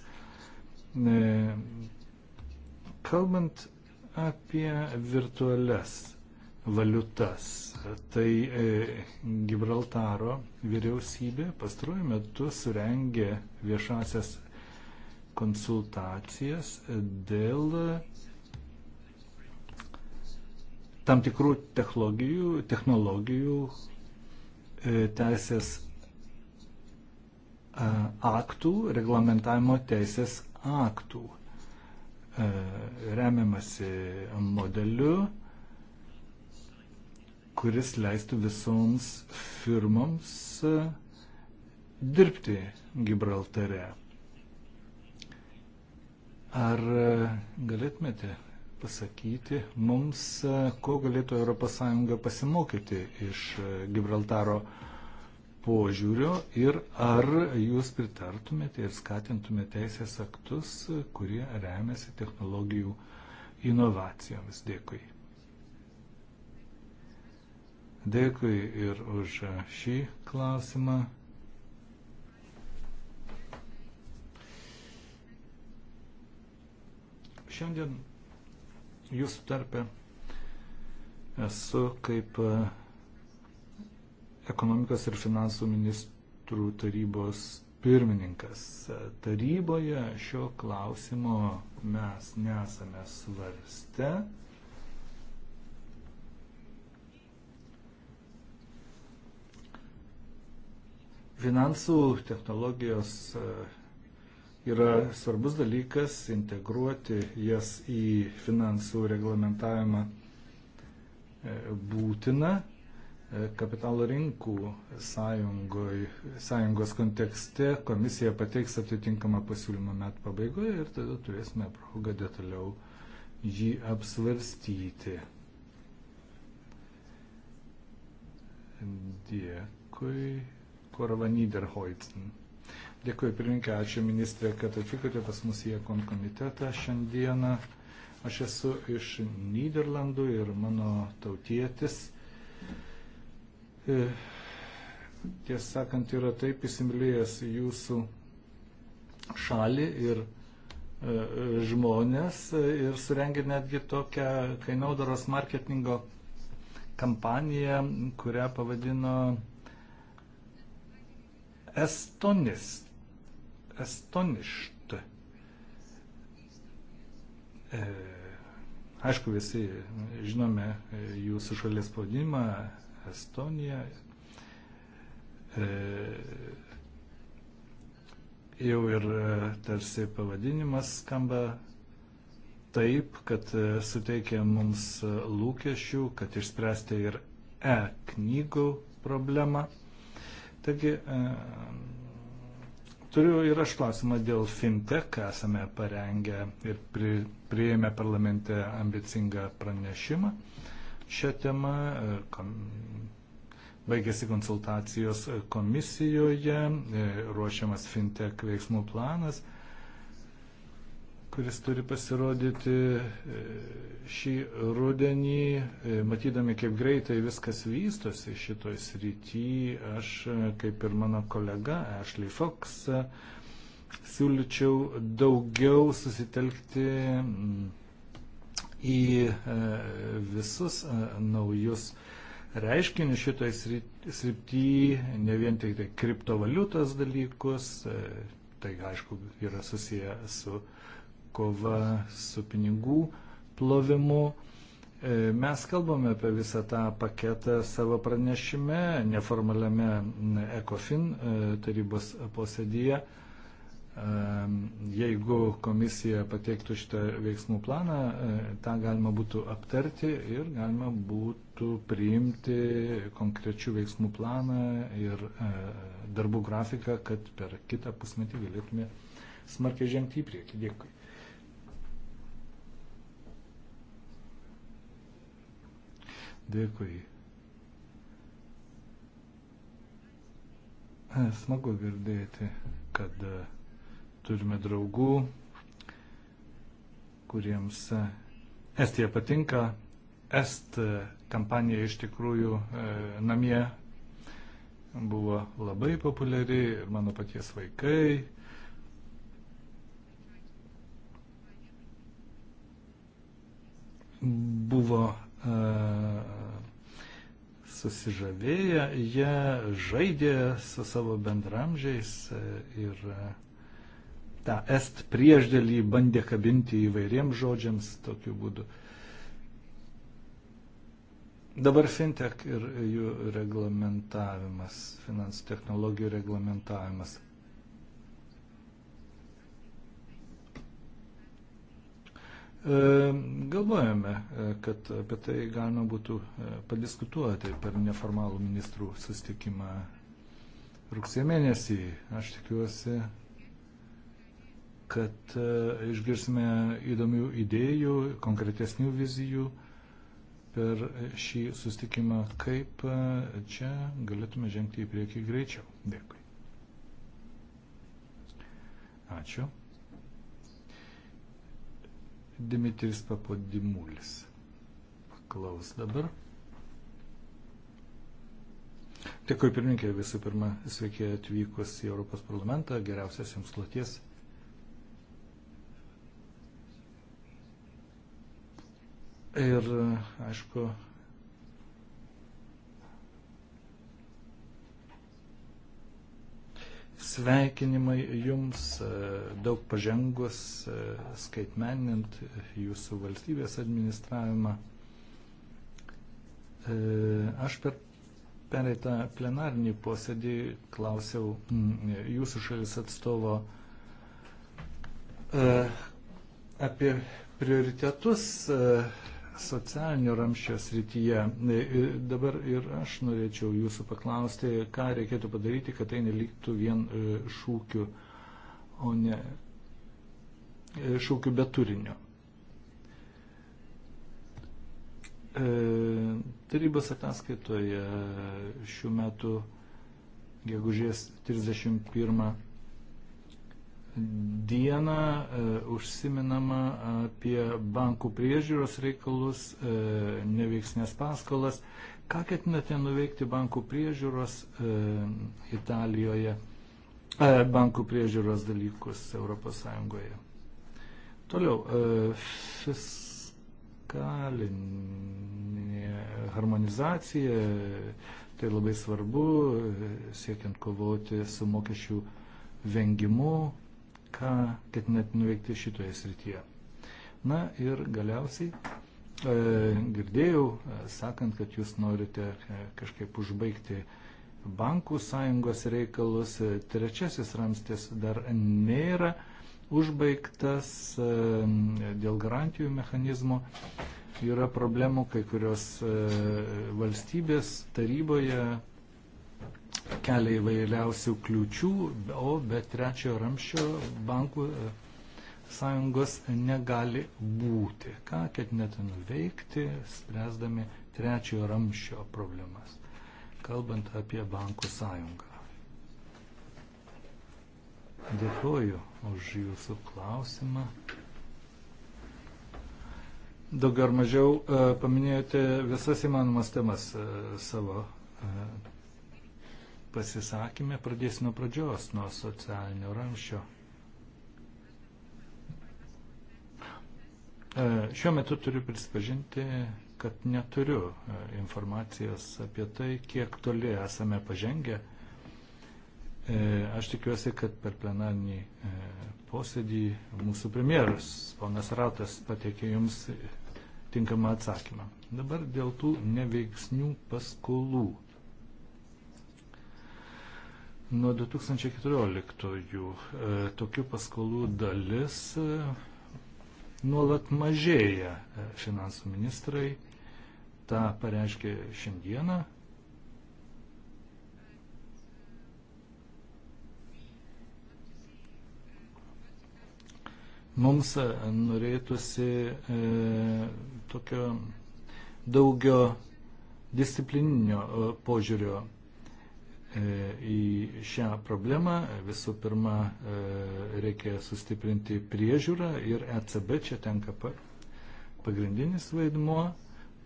Speaker 2: Kalbant apie virtualias valiutas, tai e, Gibraltaro vyriausybė pastaruoju metu surengė viešasias konsultacijas dėl tam tikrų technologijų, technologijų e, teisės e, aktų, reglamentavimo teisės aktų. E, remiamasi modeliu, kuris leistų visoms firmoms e, dirbti Gibraltare. Ar e, galėtumėte pasakyti mums, ko galėtų ES pasimokyti iš Gibraltaro uh, požiūrio ir ar jūs pritartumėte ir skatintumėte teisės aktus, kurie remiasi technologijų inovacijomis. Dėkui. Dėkui ir už šį klausimą. Šiandien jūsų tarpe esu kaip ekonomikos ir finansų ministrų tarybos pirmininkas. Taryboje šio klausimo mes nesame svarste. Finansų technologijos e, yra svarbus dalykas integruoti jas į finansų reglamentavimą e, būtina, E, kapitalo rinkų sąjungoj, sąjungos kontekste komisija pateiks atitinkamą pasiūlymą met pabaigoje ir tada turėsime progą detaliau jį apsvarstyti. Dėkui, Korva Niederhoitzen. Dėkui, pirmininkė, ačiū ministrė, kad atvykote pas mus į Ekon komitetą šiandieną. Aš esu iš Niderlandų ir mano tautietis. Uh, E, tiesą sakant, yra taip įsimylėjęs jūsų šalį ir e, žmonės e, ir surengė netgi tokią kainodaros marketingo kampaniją, kurią pavadino Estonis. Estoništ. Aišku, visi žinome jūsų šalies pavadinimą Estonija e, jau ir e, tarsi pavadinimas skamba taip, kad e, suteikia mums e, lūkesčių, kad išspręsti ir e-knygų problemą. Taigi, e, turiu ir aš klausimą dėl fintech, esame parengę ir pri, prieėmę parlamente ambicingą pranešimą. E, šią temą. E, baigėsi konsultacijos e, komisijoje, e, ruošiamas fintech veiksmų planas, kuris turi pasirodyti šį rudenį. Matydami, kaip greitai viskas vystosi šitoj srity, aš, kaip ir mano kolega Ashley Fox, siūlyčiau daugiau susitelkti į e, visus e, naujus reiškinius šitoj srity, ne vien tik tai kriptovaliutos dalykus, e, tai aišku yra susiję su kova su pinigų plovimu. Mes kalbame apie visą tą paketą savo pranešime, neformaliame ECOFIN tarybos posėdyje. Jeigu komisija pateiktų šitą veiksmų planą, e, tą galima būtų aptarti ir galima būtų priimti konkrečių veiksmų planą ir e, darbų grafiką, kad per kitą pusmetį galėtume smarkiai žengti į priekį. Dėkui. Dėkui. E, smagu girdėti, kad Turime draugų, kuriems e, Estija patinka. Est e, kampanija iš tikrųjų e, namie buvo labai populiari ir mano paties vaikai. buvo susižavėję, jie žaidė su savo bendramžiais ir tą est prieždėlį bandė kabinti įvairiems žodžiams tokiu būdu. Dabar fintech ir jų reglamentavimas, finansų technologijų reglamentavimas. E, galvojame, e, kad apie tai galima būtų e, padiskutuoti per neformalų ministrų sustikimą rugsėjo mėnesį. Aš tikiuosi, kad e, išgirsime įdomių idėjų, konkretesnių vizijų per šį sustikimą, kaip e, čia galėtume žengti į priekį greičiau. Dėkui. Ačiū. Dimitris Papodimulis. Paklaus dabar. Dėkui pirmininkė, visų pirma, sveiki atvykus į Europos parlamentą, geriausias jums kloties. Ir, aišku, sveikinimai jums daug pažengus skaitmeninant jūsų valstybės administravimą. Aš per pereitą plenarinį posėdį klausiau mm, jūsų šalis atstovo e, apie prioritetus e, socialinio ramščio srityje. E, e, dabar ir aš norėčiau jūsų paklausti, ką reikėtų padaryti, kad tai neliktų vien e, šūkių, o ne šūkių be turinio. Tarybos ataskaitoje šių metų gegužės 31 dieną e, užsiminama apie bankų priežiūros reikalus, e, neveiksnės paskolas. Ką ketinate nuveikti bankų priežiūros e, Italijoje, bankų priežiūros dalykus ES? Toliau, fiskalinė harmonizacija, tai labai svarbu, siekiant kovoti su mokesčių vengimu, ką ketinat nuveikti šitoje srityje. Na ir galiausiai e, girdėjau, e, sakant, kad jūs norite e, kažkaip užbaigti bankų sąjungos reikalus. E, trečiasis ramstis dar nėra užbaigtas e, dėl garantijų mechanizmo. Yra problemų, kai kurios e, valstybės taryboje kelia įvairiausių kliučių, o be trečiojo ramščio bankų e, sąjungos negali būti. Ką ketinate nuveikti, spręsdami trečiojo ramščio problemas, kalbant apie bankų sąjungą? Dėkuoju už jūsų klausimą. Daugiau ar mažiau e, paminėjote visas įmanomas temas e, savo pasisakymę. Pradėsiu nuo pradžios, nuo socialinio ramščio. E, šiuo metu turiu prisipažinti, kad neturiu e, informacijos apie tai, kiek toli esame pažengę. E, aš tikiuosi, kad per plenarnį posėdį mūsų premjeras, ponas Ratas, patiekė jums tinkamą atsakymą. Dabar dėl tų neveiksnių paskolų. Nuo 2014-ųjų e, tokių paskolų dalis e, nuolat mažėja. E, finansų ministrai tą pareiškė šiandieną. Mums norėtųsi e, tokio daugio disciplininio požiūrio E, į šią problemą. Visų pirma, e, reikia sustiprinti priežiūrą ir ECB čia tenka pagrindinis vaidmuo.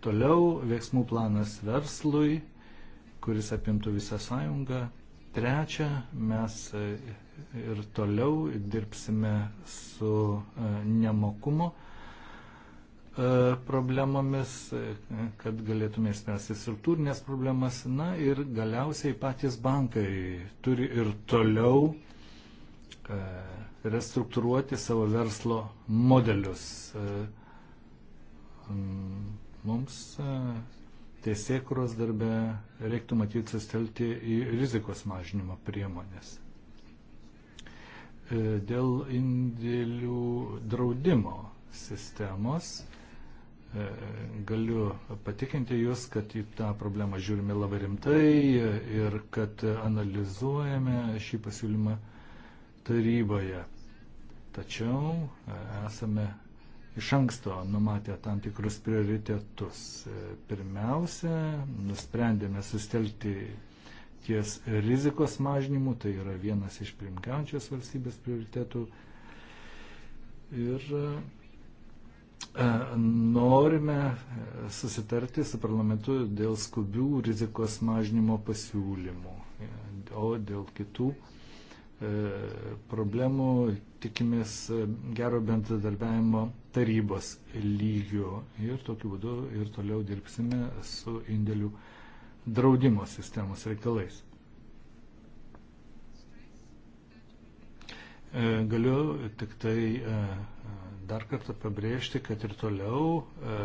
Speaker 2: Toliau veiksmų planas verslui, kuris apimtų visą sąjungą. Trečia, mes e, ir toliau dirbsime su nemokumo E, problemomis, e, kad galėtume išspręsti struktūrinės problemas. Na ir galiausiai patys bankai turi ir toliau e, restruktūruoti savo verslo modelius. Mums tiesiekros darbe reiktų matyti sustelti į rizikos mažinimo priemonės. Dėl indėlių draudimo sistemos E, galiu patikinti Jūs, kad į tą problemą žiūrime labai rimtai ir kad analizuojame šį pasiūlymą taryboje. Tačiau e, esame iš anksto numatę tam tikrus prioritetus. E, pirmiausia, nusprendėme sustelti ties rizikos mažinimu, tai yra vienas iš primkiančios valstybės prioritetų. Ir E, norime e, susitarti su parlamentu dėl skubių rizikos mažinimo pasiūlymų, e, o dėl kitų problemų tikimės gero bendradarbiavimo tarybos lygio ir tokiu būdu ir toliau dirbsime su indėlių draudimo sistemos reikalais. Galiu tik tai dar kartą pabrėžti, kad ir toliau e,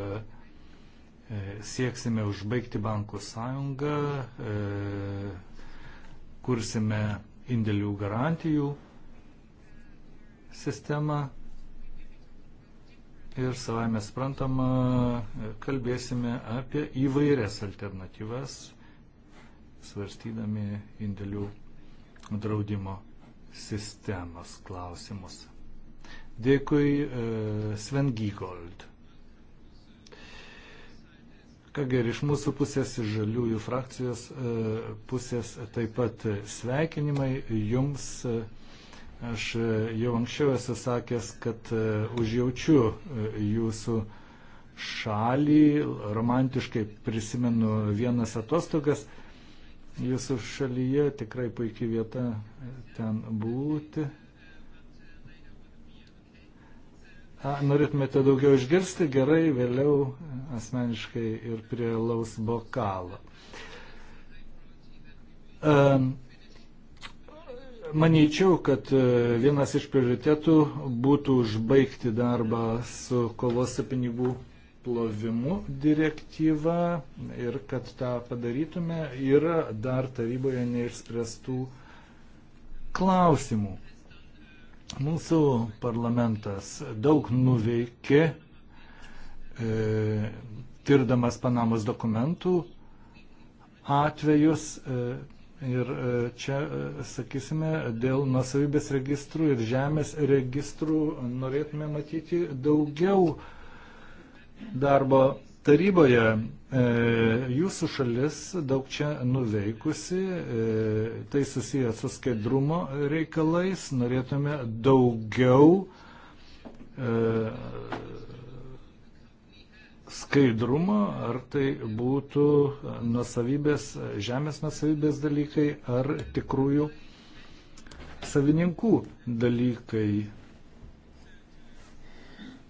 Speaker 2: e, sieksime užbaigti bankų sąjungą, e, kursime indėlių garantijų sistemą ir savai mes sprantama kalbėsime apie įvairias alternatyvas, svarstydami indėlių draudimo sistemos klausimus. Dėkui e, Sven Gygold. Kągi ir iš mūsų pusės, iš žaliųjų frakcijos e, pusės taip pat sveikinimai jums. Aš jau anksčiau esu sakęs, kad e, užjaučiu jūsų šalį, romantiškai prisimenu vienas atostogas jūsų šalyje, tikrai puikia vieta ten būti. norėtumėte daugiau išgirsti, gerai, vėliau asmeniškai ir prie laus bokalo. Manyčiau, kad e, vienas iš prioritetų būtų užbaigti darbą su kovos su pinigų plovimu direktyva ir kad tą padarytume, yra dar taryboje neišspręstų klausimų. Mūsų parlamentas daug nuveikė, e, tirdamas Panamos dokumentų atvejus e, ir e, čia, e, sakysime, dėl nusavybės registrų ir žemės registrų norėtume matyti daugiau darbo Taryboje e, jūsų šalis daug čia nuveikusi, e, tai susiję su skaidrumo reikalais, norėtume daugiau e, skaidrumo, ar tai būtų nusavybės, žemės nusavybės dalykai, ar tikrųjų savininkų dalykai.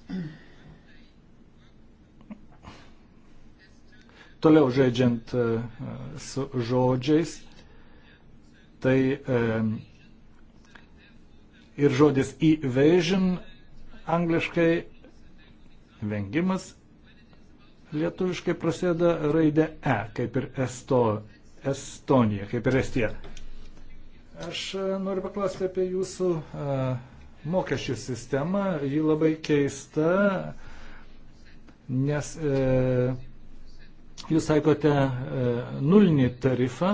Speaker 2: Mm. Toliau žaidžiant e, su žodžiais, tai e, ir žodis evasion angliškai vengimas lietuviškai prasideda raidė E, kaip ir Esto, Estonija, kaip ir Estija. Aš e, noriu paklausti apie jūsų a, mokesčių sistemą. Ji labai keista, nes e, Jūs sakote e, nulinį tarifą,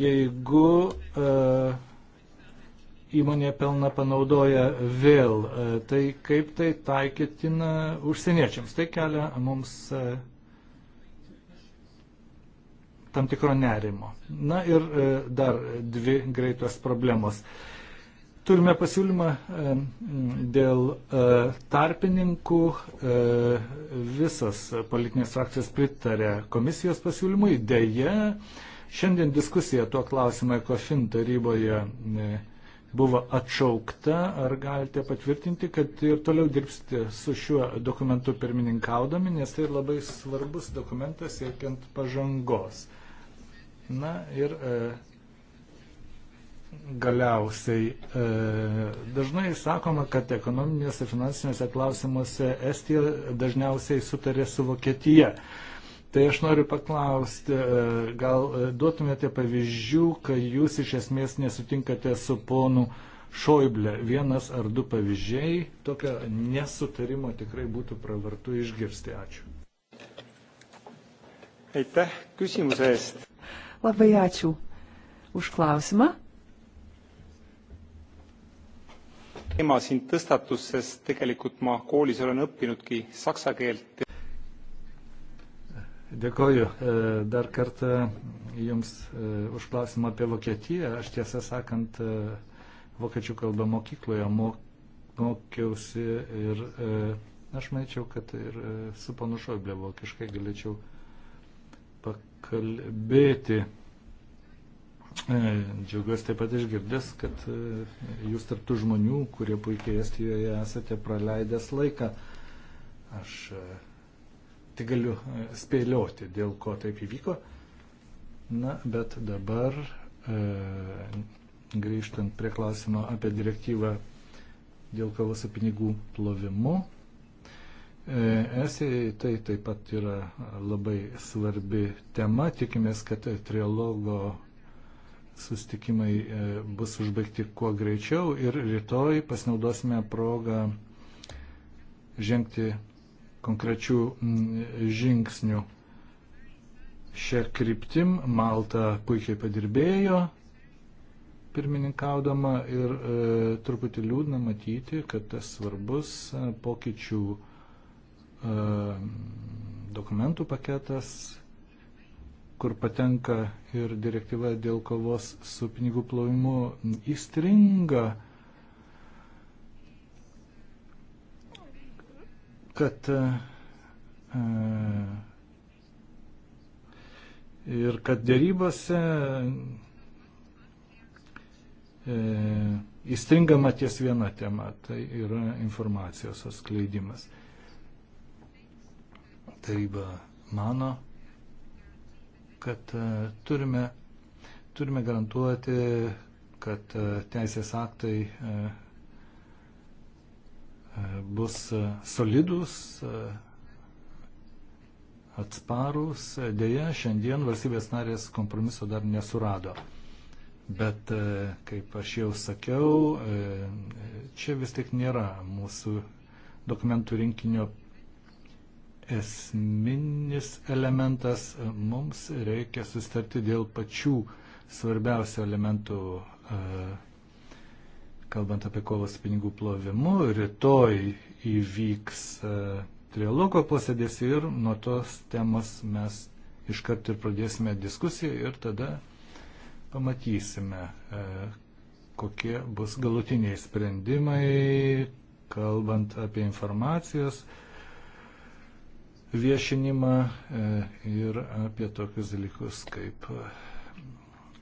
Speaker 2: jeigu e, įmonė pelną panaudoja vėl, e, tai kaip tai taikytina užsieniečiams. Tai kelia mums tam tikro nerimo. Na ir dar dvi greitos problemos. Turime pasiūlymą e, dėl e, tarpininkų. E, Visas politinės frakcijas pritarė komisijos pasiūlymui. Deja, šiandien diskusija tuo klausimu ECOFIN taryboje buvo atšaukta. Ar galite patvirtinti, kad ir toliau dirbsite su šiuo dokumentu pirmininkaudami, nes tai labai svarbus dokumentas siekiant pažangos. Na ir Galiausiai e, dažnai sakoma, kad ekonominėse finansinėse klausimuose Estija dažniausiai sutarė su Vokietija. Tai aš noriu paklausti, e, gal e, duotumėte pavyzdžių, kai jūs iš esmės nesutinkate su ponu Šoiblė. Vienas ar du pavyzdžiai tokio nesutarimo tikrai būtų pravartu išgirsti. Ačiū. Eite, küsimus eest.
Speaker 3: Labai ačiū už klausimą.
Speaker 2: teema siin tõstatus, sest tegelikult ma koolis olen õppinudki saksa keelt. Dėkoju e, dar kartą Jums e, už klausimą apie Vokietiją. Aš tiesą sakant, e, vokiečių kalbą mokykloje mokiausi ir aš manyčiau, kad ir su panu Šoiblė vokiškai galėčiau pakalbėti. E, džiaugiuosi taip pat išgirdęs, kad e, jūs tarptų žmonių, kurie puikiai Estijoje esate praleidęs laiką. Aš e, tik galiu spėlioti, dėl ko taip įvyko. Na, bet dabar e, grįžtant prie klausimo apie direktyvą dėl kovos su pinigų plovimu. Estijai tai taip pat yra labai svarbi tema. Tikimės, kad trialogo sustikimai e, bus užbaigti kuo greičiau ir rytoj pasinaudosime progą žengti konkrečių žingsnių. Šią kryptim Malta puikiai padirbėjo pirmininkaudama ir e, truputį liūdna matyti, kad tas svarbus e, pokyčių e, dokumentų paketas kur patenka ir direktyva dėl kovos su pinigų plovimu, įstringa, kad e, ir kad dėrybose e, įstringama ties viena tema, tai yra informacijos atskleidimas. Taryba mano, kad e, turime, turime garantuoti, kad e, teisės aktai e, bus solidus, atsparus. Deja, šiandien valstybės narės kompromiso dar nesurado. Bet, kaip aš jau sakiau, čia vis tik nėra mūsų dokumentų rinkinio esminis elementas. Mums reikia sustarti dėl pačių svarbiausių elementų, e, kalbant apie kovos pinigų plovimu. Rytoj įvyks e, trialogo posėdės ir nuo tos temos mes iškart ir pradėsime diskusiją ir tada pamatysime, e, kokie bus galutiniai sprendimai, kalbant apie informacijos viešinimą e, ir apie tokius dalykus kaip e,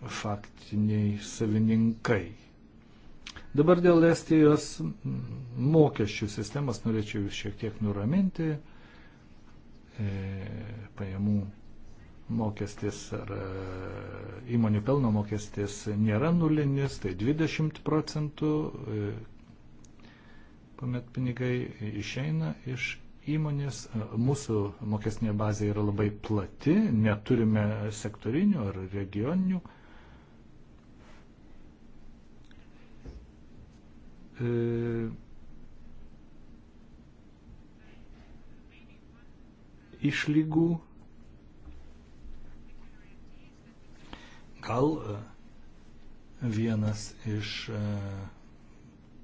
Speaker 2: faktiniai savininkai. Dabar dėl Estijos mokesčių sistemas norėčiau jūs šiek tiek nuraminti. E, pajamų mokestis ar e, įmonių pelno mokestis nėra nulinis, tai 20 procentų, e, kuomet pinigai išeina iš įmonės. Mūsų mokestinė bazė yra labai plati, neturime sektorinių ar regioninių. E, išlygų gal e, vienas iš e,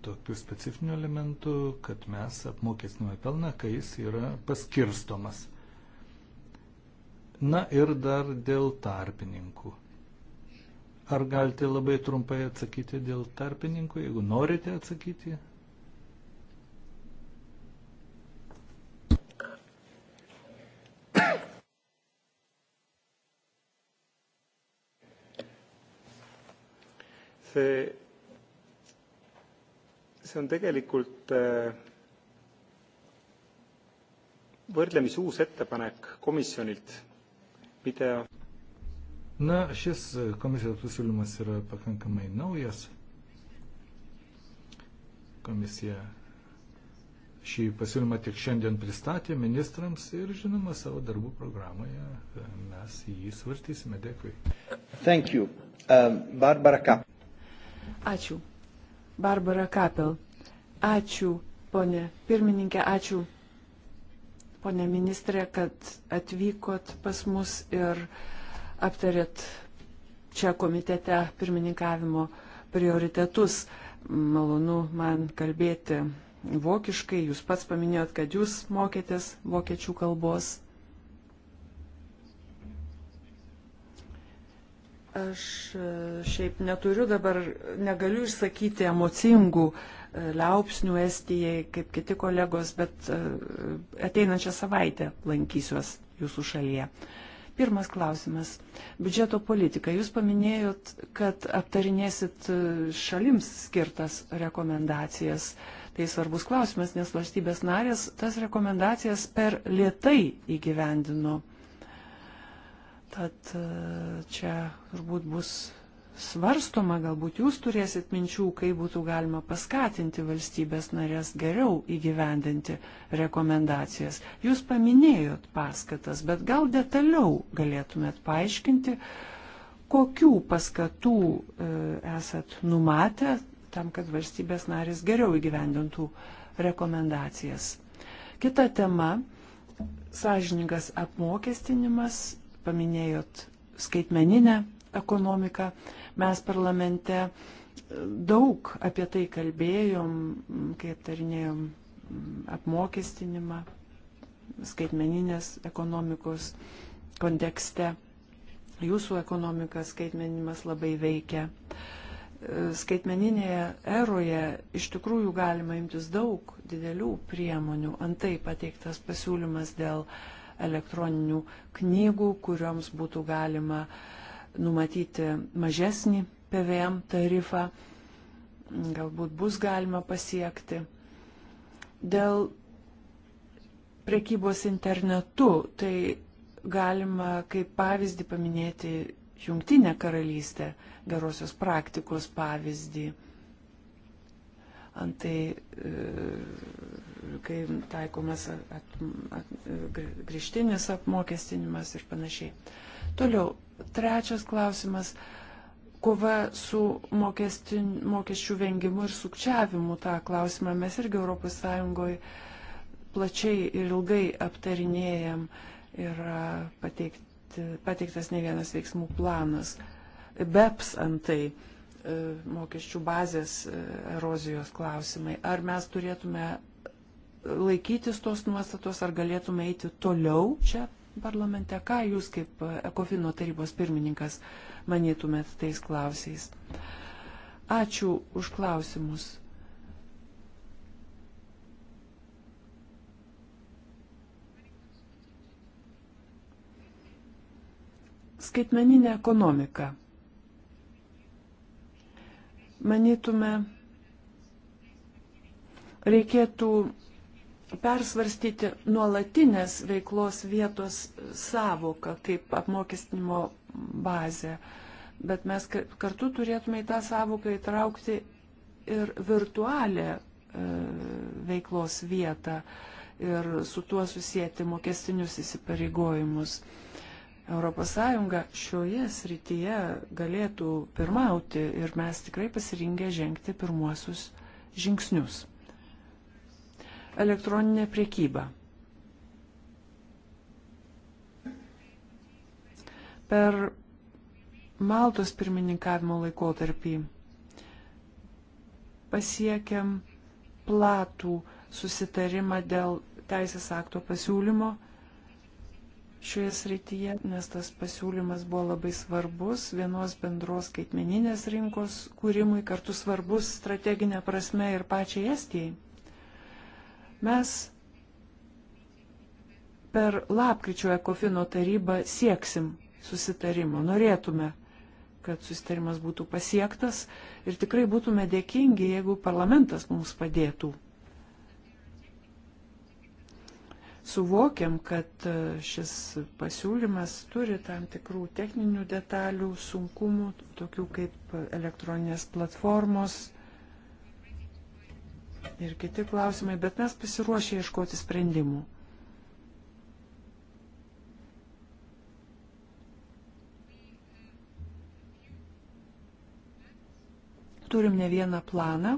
Speaker 2: tokių specifinių elementų, kad mes apmokestiname pelną, kai jis yra paskirstomas. Na ir dar dėl tarpininkų. Ar galite labai trumpai atsakyti dėl tarpininkų, jeigu norite atsakyti?
Speaker 1: Se see on tegelikult äh, võrdlemisi uus ettepanek komisjonilt, mida
Speaker 2: Na, šis komisijos pasiūlymas yra pakankamai naujas. Komisija šį pasiūlymą tik šiandien pristatė ministrams ir, žinoma, savo darbų programoje e, mes jį svartysime. Dėkui. Thank you. Um, Barbara Kap.
Speaker 3: Ačiū. Barbara Kapel. Ačiū, ponė pirmininkė, ačiū, ponė ministrė, kad atvykot pas mus ir aptarėt čia komitete pirmininkavimo prioritetus. Malonu man kalbėti vokiškai, jūs pats paminėjot, kad jūs mokėtės vokiečių kalbos, Aš e, šiaip neturiu dabar, negaliu išsakyti emocingų e, liaupsnių Estijai, kaip kiti kolegos, bet e, ateinančią savaitę lankysiuos jūsų šalyje. Pirmas klausimas. Biudžeto politika. Jūs paminėjot, kad aptarinėsit šalims skirtas rekomendacijas. Tai svarbus klausimas, nes valstybės narės tas rekomendacijas per lietai įgyvendino. Tad e, čia turbūt bus svarstoma, galbūt jūs turėsit minčių, kaip būtų galima paskatinti valstybės narės geriau įgyvendinti rekomendacijas. Jūs paminėjot paskatas, bet gal detaliau galėtumėt paaiškinti, kokių paskatų e, esat numatę tam, kad valstybės narės geriau įgyvendintų rekomendacijas. Kita tema - sąžiningas apmokestinimas paminėjot skaitmeninę ekonomiką. Mes parlamente daug apie tai kalbėjom, kai aptarinėjom mm, apmokestinimą skaitmeninės ekonomikos kontekste. Jūsų ekonomika skaitmeninimas labai veikia. Skaitmeninėje eroje iš tikrųjų galima imtis daug didelių priemonių. Antai pateiktas pasiūlymas dėl uh, elektroninių knygų, kurioms būtų galima numatyti mažesnį PVM tarifą. Galbūt bus galima pasiekti. Dėl prekybos internetu, tai galima kaip pavyzdį paminėti Jungtinę karalystę, gerosios praktikos pavyzdį. Antai e, kai taikomas at, at, grįžtinis apmokestinimas ir panašiai. Toliau, trečias klausimas - kova su mokestin, mokesčių vengimu ir sukčiavimu. Ta klausimą mes irgi ES plačiai ir ilgai aptarinėjam ir pateikti, pateiktas ne vienas veiksmų planas. BEPS antai e, mokesčių bazės e, erozijos klausimai. Ar mes turėtume laikytis tos nuostatos, ar galėtume eiti toliau čia parlamente. Ką jūs kaip Ekofino tarybos pirmininkas manytumėt tais klausiais? Ačiū už klausimus. Skaitmeninė ekonomika. Manytume, reikėtų persvarstyti nuolatinės veiklos vietos savoką kaip apmokestinimo bazę, bet mes kartu turėtume į tą savoką įtraukti ir virtualią e, veiklos vietą ir su tuo susijęti mokestinius įsipareigojimus. ES šioje srityje galėtų pirmauti ir mes tikrai pasirinkę žengti pirmuosius žingsnius elektroninę priekybą. Per Maltos pirmininkavimo laikotarpį pasiekėm platų susitarimą dėl teisės akto pasiūlymo šioje srityje, nes tas pasiūlymas buvo labai svarbus vienos bendros skaitmeninės rinkos kūrimui, kartu svarbus strateginė prasme ir pačiai Estijai. Mes per lapkričio ekofino tarybą sieksim susitarimo, norėtume, kad susitarimas būtų pasiektas ir tikrai būtume dėkingi, jeigu parlamentas mums padėtų. Suvokiam, kad e, šis pasiūlymas turi tam tikrų techninių detalių, sunkumų, tokių kaip elektroninės platformos, ir kiti klausimai, bet mes pasiruošę ieškoti sprendimų. Turim ne vieną planą.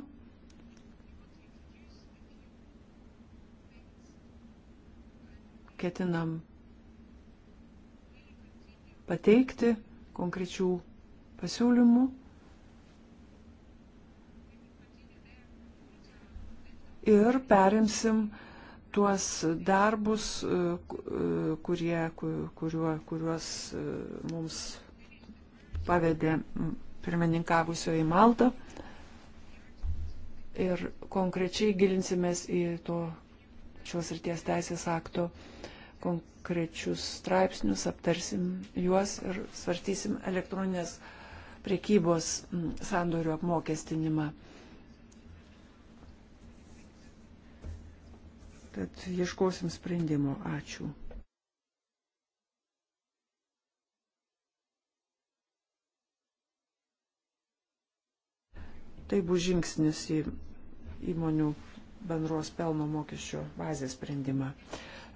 Speaker 3: Ketinam pateikti konkrečių pasiūlymų. ir perimsim tuos darbus, e, e, kurie, kuriuo, kuriuos e, mums pavedė pirmininkavusioji Malta. Ir konkrečiai gilinsimės į to šios ryties teisės akto konkrečius straipsnius, aptarsim juos ir svartysim elektroninės priekybos sandorių apmokestinimą. Tad ieškosim sprendimo. Ačiū. Tai bus žingsnis į įmonių bendros pelno mokesčio bazės sprendimą.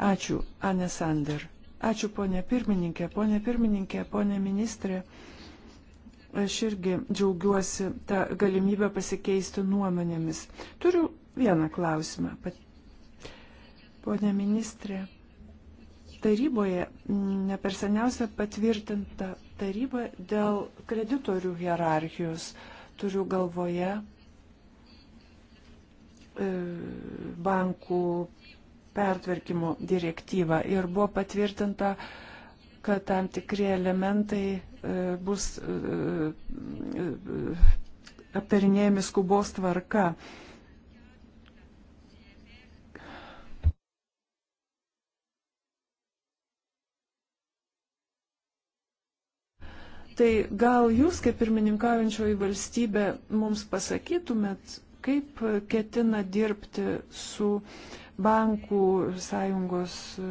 Speaker 3: Ačiū, Anne Sander. Ačiū, ponė pirmininkė, ponė pirmininkė, ponė ministrė. Aš irgi džiaugiuosi tą galimybę pasikeisti nuomonėmis. Turiu vieną klausimą, Pone ministrė, taryboje neperseniausia patvirtinta taryba dėl kreditorių hierarchijos. Turiu galvoje e, bankų pertvarkymo direktyvą ir buvo patvirtinta, kad tam tikri elementai e, bus e, aptarinėjami skubos tvarka. Tai gal jūs, kaip pirmininkaujančioji valstybė, mums pasakytumėt, kaip ketina dirbti su bankų sąjungos e,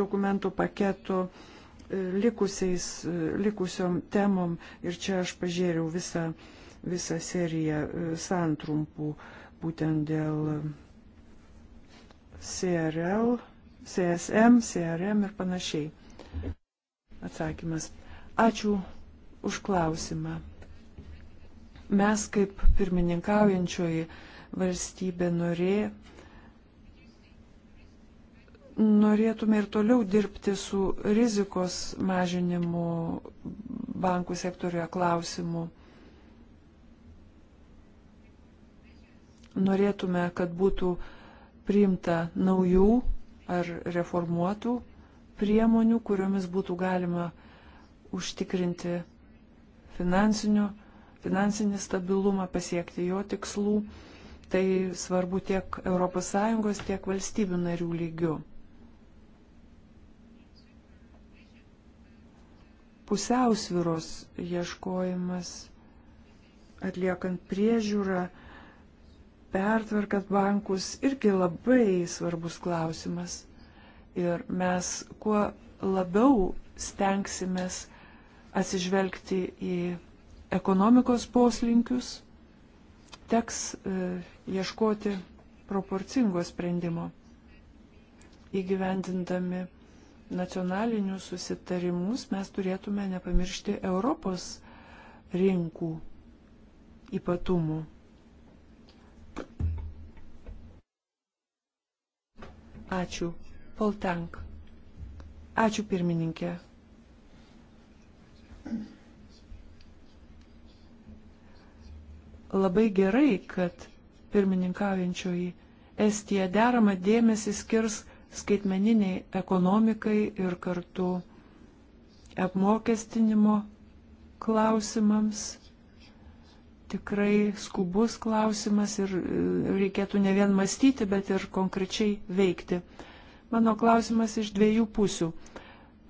Speaker 3: dokumentų paketo e, likusiais, e, likusiom temom. Ir čia aš pažiūrėjau visą, visą seriją santrumpų būtent dėl CRL, CSM, CRM ir panašiai. Atsakymas. Ačiū už klausimą. Mes kaip pirmininkaujančioji valstybė norė, norėtume ir toliau dirbti su rizikos mažinimu bankų sektorio klausimu. Norėtume, kad būtų priimta naujų ar reformuotų priemonių, kuriomis būtų galima užtikrinti finansinį stabilumą, pasiekti jo tikslų. Tai svarbu tiek ES, tiek valstybių narių lygių. Pusiausviros ieškojimas atliekant priežiūrą, pertvarkant bankus irgi labai svarbus klausimas. Ir mes kuo labiau stengsimės atsižvelgti į ekonomikos poslinkius, teks e, ieškoti proporcingo sprendimo įgyvendindami nacionalinius susitarimus mes turėtume nepamiršti Europos rinkų ypatumų. Ačiū. Poltank. Ačiū pirmininkė. labai gerai, kad pirmininkaujančioji Estija deramą dėmesį skirs skaitmeniniai ekonomikai ir kartu apmokestinimo klausimams. Tikrai skubus klausimas ir e, reikėtų ne vien mąstyti, bet ir konkrečiai veikti. Mano klausimas iš dviejų pusių.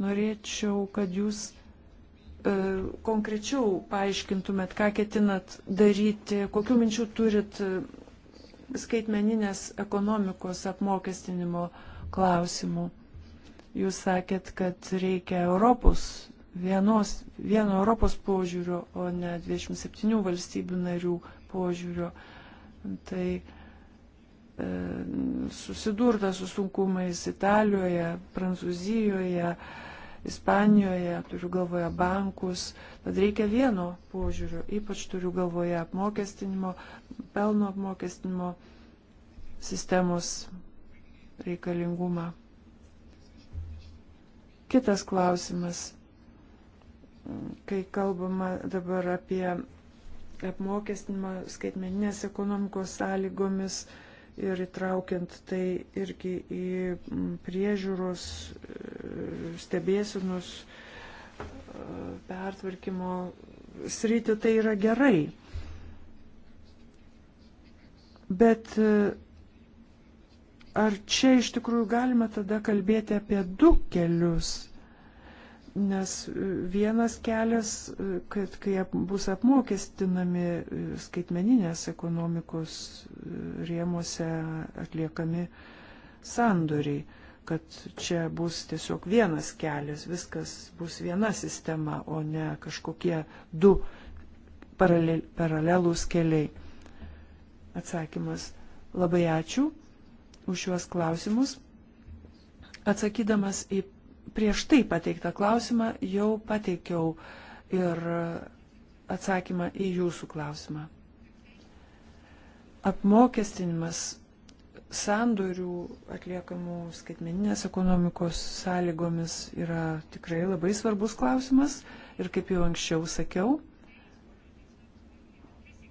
Speaker 3: Norėčiau, kad jūs E, konkrečiau paaiškintumėt, ką ketinat daryti, kokiu minčiu turit e, skaitmeninės ekonomikos apmokestinimo klausimų. Jūs sakėt, kad reikia Europos vienos, vieno Europos požiūrio, o ne 27 valstybių narių požiūrio. Tai e, susidurta su sunkumais Italijoje, Prancūzijoje, e, Ispanijoje, turiu galvoje bankus, tad reikia vieno požiūrio, ypač turiu galvoje apmokestinimo, pelno apmokestinimo sistemos reikalingumą. Kitas klausimas, kai kalbama dabar apie apmokestinimą skaitmeninės ekonomikos sąlygomis ir įtraukiant tai irgi į priežiūros stebėsinus e, pertvarkymo sritį, tai yra gerai. Bet e, ar čia iš tikrųjų galima tada kalbėti apie du kelius? Nes e, vienas kelias, kad kai bus apmokestinami skaitmeninės ekonomikos rėmose atliekami sandoriai kad čia bus tiesiog vienas kelias, viskas bus viena sistema, o ne kažkokie du paralelūs keliai. Atsakymas. Labai ačiū už šiuos klausimus. Atsakydamas į prieš tai pateiktą klausimą, jau pateikiau ir atsakymą į jūsų klausimą. Apmokestinimas sandorių atliekamų skaitmeninės ekonomikos sąlygomis yra tikrai labai svarbus klausimas ir kaip jau anksčiau sakiau,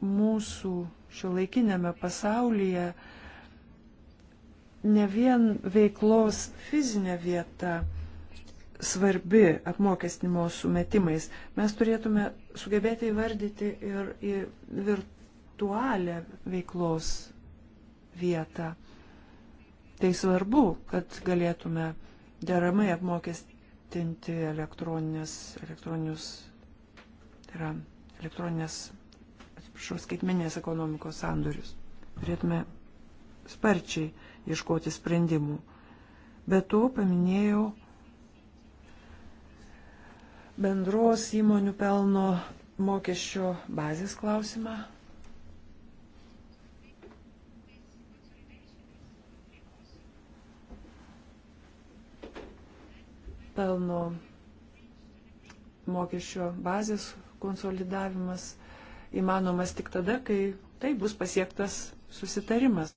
Speaker 3: mūsų šio laikinėme pasaulyje ne vien veiklos fizinė vieta svarbi apmokestinimo sumetimais, mes turėtume sugebėti įvardyti ir į virtualią veiklos vietą Tai svarbu, kad galėtume deramai apmokestinti elektroninės, elektroninius, tai yra elektroninės, atsiprašau, skaitmeninės ekonomikos sandorius. Turėtume sparčiai ieškoti sprendimų. Be to paminėjau bendros įmonių pelno mokesčio bazės klausimą. pelno mokesčio bazės konsolidavimas įmanomas tik tada, kai tai bus pasiektas susitarimas.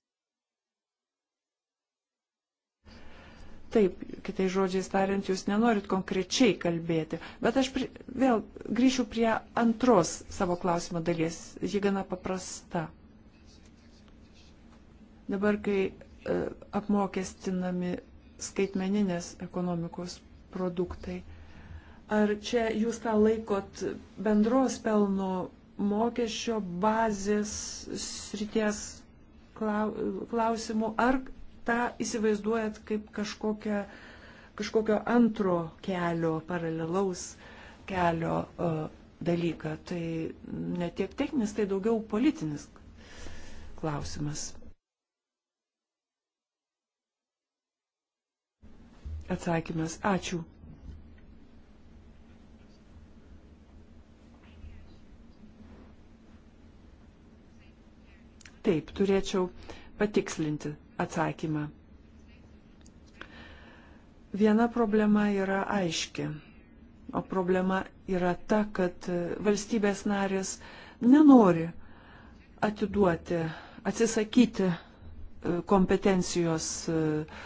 Speaker 3: Taip, kitai žodžiai tariant, jūs nenorit konkrečiai kalbėti, bet aš pri, vėl grįšiu prie antros savo klausimo dalies. Ji gana paprasta. Dabar, kai e, apmokestinami skaitmeninės ekonomikos produktai. Ar čia jūs tą laikot bendros pelno mokesčio bazės srities klausimų, ar tą įsivaizduojat kaip kažkokią, kažkokio antro kelio, paralelaus kelio e, dalyką. Tai ne tiek techninis, tai daugiau politinis klausimas. atsakymas. Ačiū. Taip, turėčiau patikslinti atsakymą. Viena problema yra aiški, o problema yra ta, kad valstybės narės nenori atiduoti, atsisakyti kompetencijos uh,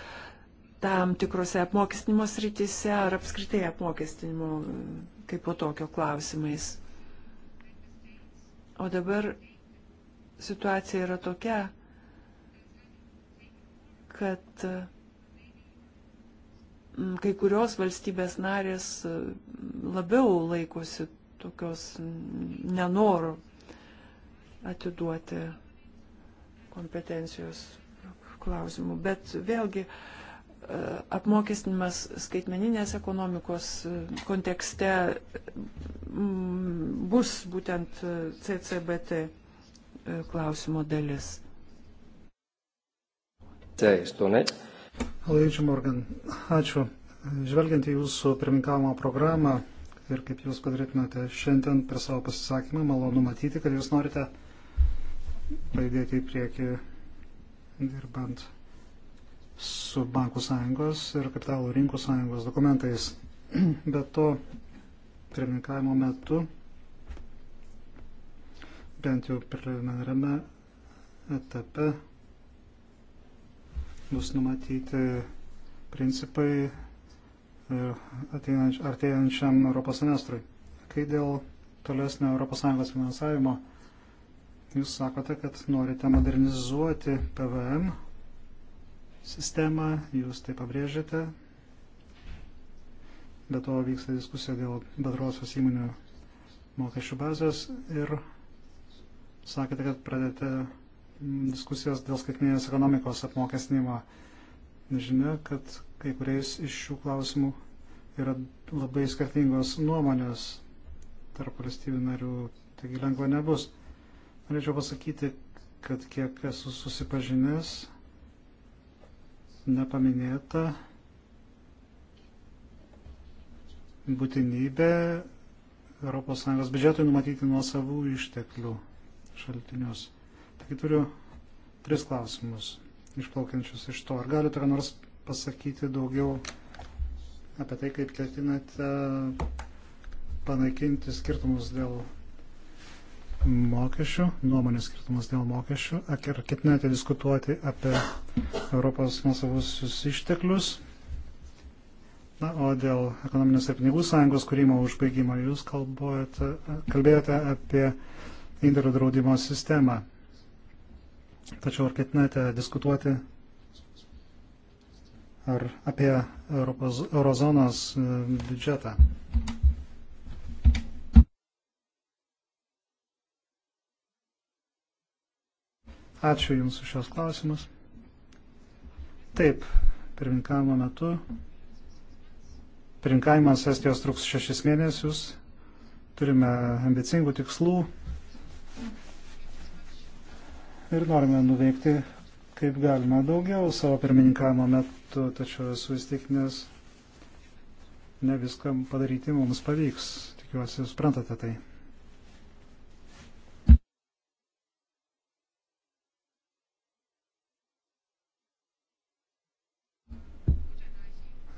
Speaker 3: tam tikrose apmokestinimo srityse ar apskritai apmokestinimo e, kaip po tokio klausimais. O dabar situacija yra tokia, kad e, kai kurios valstybės narės e, labiau laikosi tokios nenorų atiduoti kompetencijos klausimų. Bet vėlgi, uh, E, apmokestinimas skaitmeninės ekonomikos e, kontekste bus būtent e, CCBT klausimo dalis.
Speaker 1: Tai, ačiū, Morgan. Ačiū. Žvelgiant į jūsų pirmininkavimo programą ir kaip jūs padarytumėte šiandien per savo pasisakymą, malonu matyti, kad jūs norite pajudėti į priekį dirbant su Bankų sąjungos ir Kapitalų rinkų sąjungos dokumentais. Be to, pirmininkavimo metu, bent jau preliminariame etape, bus numatyti principai e, artėjančiam Europos semestrui. Kai dėl tolesnio ES finansavimo, jūs sakote, kad norite modernizuoti PVM sistemą, jūs tai pabrėžėte. Be to vyksta diskusija dėl bendrosios įmonių mokesčių bazės ir sakėte, kad pradėte diskusijas dėl skaitminės ekonomikos apmokestinimo. Žinia, kad kai kuriais iš šių klausimų yra labai skirtingos nuomonės tarp valstybių narių, taigi lengva nebus. Norėčiau pasakyti, kad kiek esu susipažinęs, nepaminėta būtinybė ES biudžetui numatyti nuo savų išteklių šaltinius. Taigi turiu tris klausimus išplaukiančius iš to. Ar galite ką nors pasakyti daugiau apie tai, kaip ketinate panaikinti skirtumus dėl mokesčių, nuomonės skirtumas dėl mokesčių, ar ketinate diskutuoti apie Europos nuosavusius išteklius. Na, o dėl ekonominės ir pinigų sąjungos kūrimo užbaigimo jūs kalbojate, kalbėjote apie indėlių draudimo sistemą. Tačiau ar ketinate diskutuoti ar apie Europos, eurozonos e, biudžetą? Ačiū Jums už šios klausimus. Taip, pirminkavimo metu. Pirinkavimas Estijos truks šešis mėnesius. Turime ambicingų tikslų ir norime nuveikti kaip galima daugiau savo pirmininkavimo metu, tačiau esu įstikinęs, ne viską padaryti mums pavyks. Tikiuosi, suprantate tai.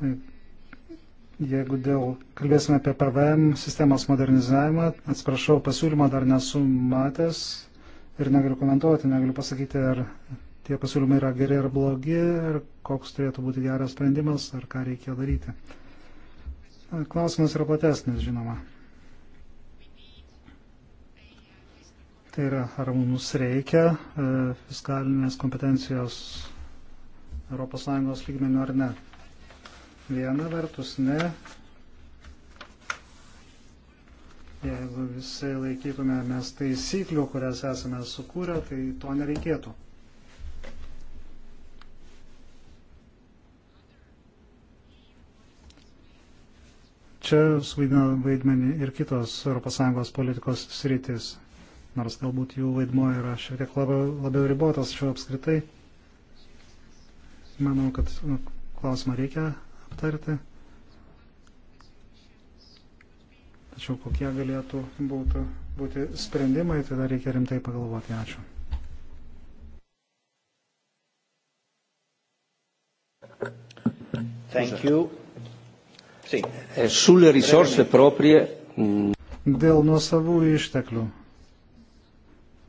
Speaker 1: Jeigu dėl, kalbėsime apie PVM sistemos modernizavimą, atsiprašau, pasiūlymo dar nesu matęs ir negaliu komentuoti, negaliu pasakyti, ar tie pasiūlymai yra geri ar blogi, ar koks turėtų būti geras sprendimas, ar ką reikia daryti. Klausimas yra platesnis, žinoma. Tai yra, ar mums reikia e, fiskalinės kompetencijos ES lygmenių ar ne. Viena vertus ne. Jeigu visi laikytume mes taisyklių, kurias esame sukūrę, tai to nereikėtų. Čia suvaidina vaidmenį ir kitos ES politikos sritis, nors galbūt jų vaidmo yra šiek tiek labiau, labiau ribotas, tačiau apskritai manau, kad nu, klausimą reikia aptarti. Tačiau kokie galėtų būtų, būti sprendimai, tai dar reikia rimtai pagalvoti. Ačiū.
Speaker 3: Thank you. Sì. Eh, sulle risorse proprie. Mm,
Speaker 1: dėl nuosavų išteklių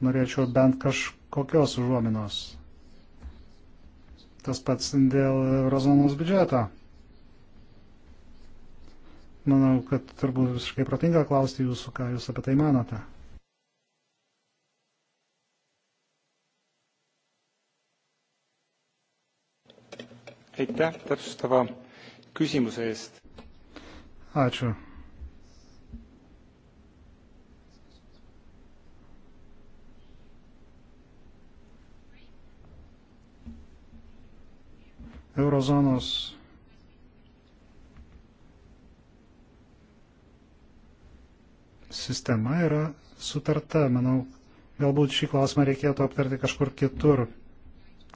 Speaker 1: norėčiau bent kažkokios užuominos. Tas pats dėl eurozonos biudžeto manau, kad turbūt visiškai protinga klausti jūsų, ką jūs apie tai manote.
Speaker 2: Aitäh täpsustava küsimuse eest.
Speaker 1: Ačiū. Eurozonos sistema yra sutarta. Manau, galbūt šį klausimą reikėtų aptarti kažkur kitur.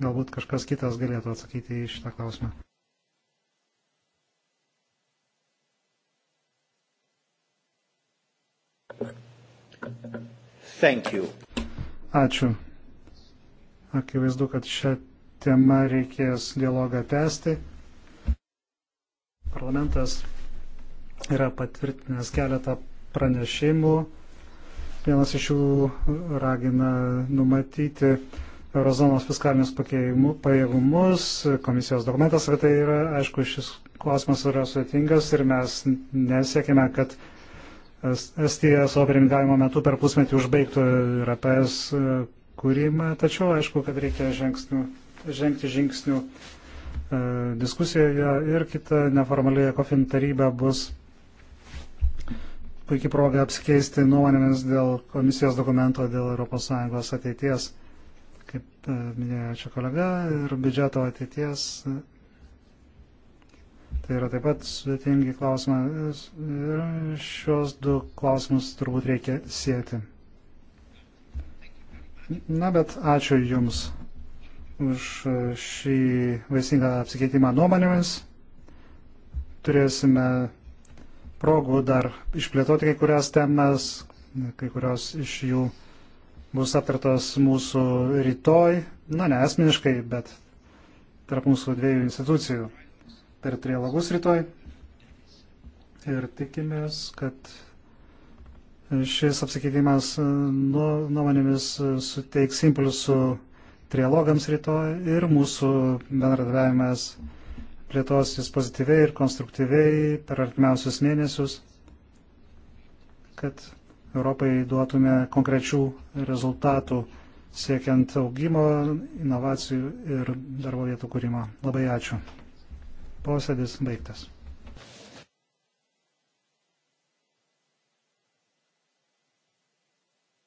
Speaker 1: Galbūt kažkas kitas galėtų atsakyti į šitą klausimą. Thank you. Ačiū. Akivaizdu, kad šią temą reikės dialogą tęsti. Parlamentas yra patvirtinęs keletą pranešimų. Vienas iš jų ragina numatyti Eurozonos fiskalinius pajėgumus. Komisijos dokumentas apie tai yra, aišku, šis klausimas yra sudėtingas ir mes nesiekime, kad Estija savo pirmininkavimo metu per pusmetį užbaigtų ir APS e, kūrimą, tačiau aišku, kad reikia žingsnių, žengti žingsnių e, diskusijoje ir kita neformaliai kofin taryba bus puikiai proga apsikeisti nuomonėmis dėl komisijos dokumento dėl ES ateities, kaip e, minėjo čia kolega, ir biudžeto ateities. Tai yra taip pat sudėtingi klausimai ir šios du klausimus turbūt reikia sėti. Na, bet ačiū Jums už šį vaisingą apsikeitimą nuomonėmis. Turėsime progų dar išplėtoti kai kurias temas, kai kurios iš jų bus aptartos mūsų rytoj, na ne asmeniškai, bet tarp mūsų dviejų institucijų per trialogus rytoj. Ir tikimės, kad šis apsikeitimas nu, nuomonėmis suteiks impulsų trialogams rytoj ir mūsų bendradarbiavimas plėtosis pozityviai ir konstruktyviai per artimiausius mėnesius, kad Europai duotume konkrečių rezultatų siekiant augimo, inovacijų ir darbo vietų kūrimo. Labai ačiū. Posėdis baigtas.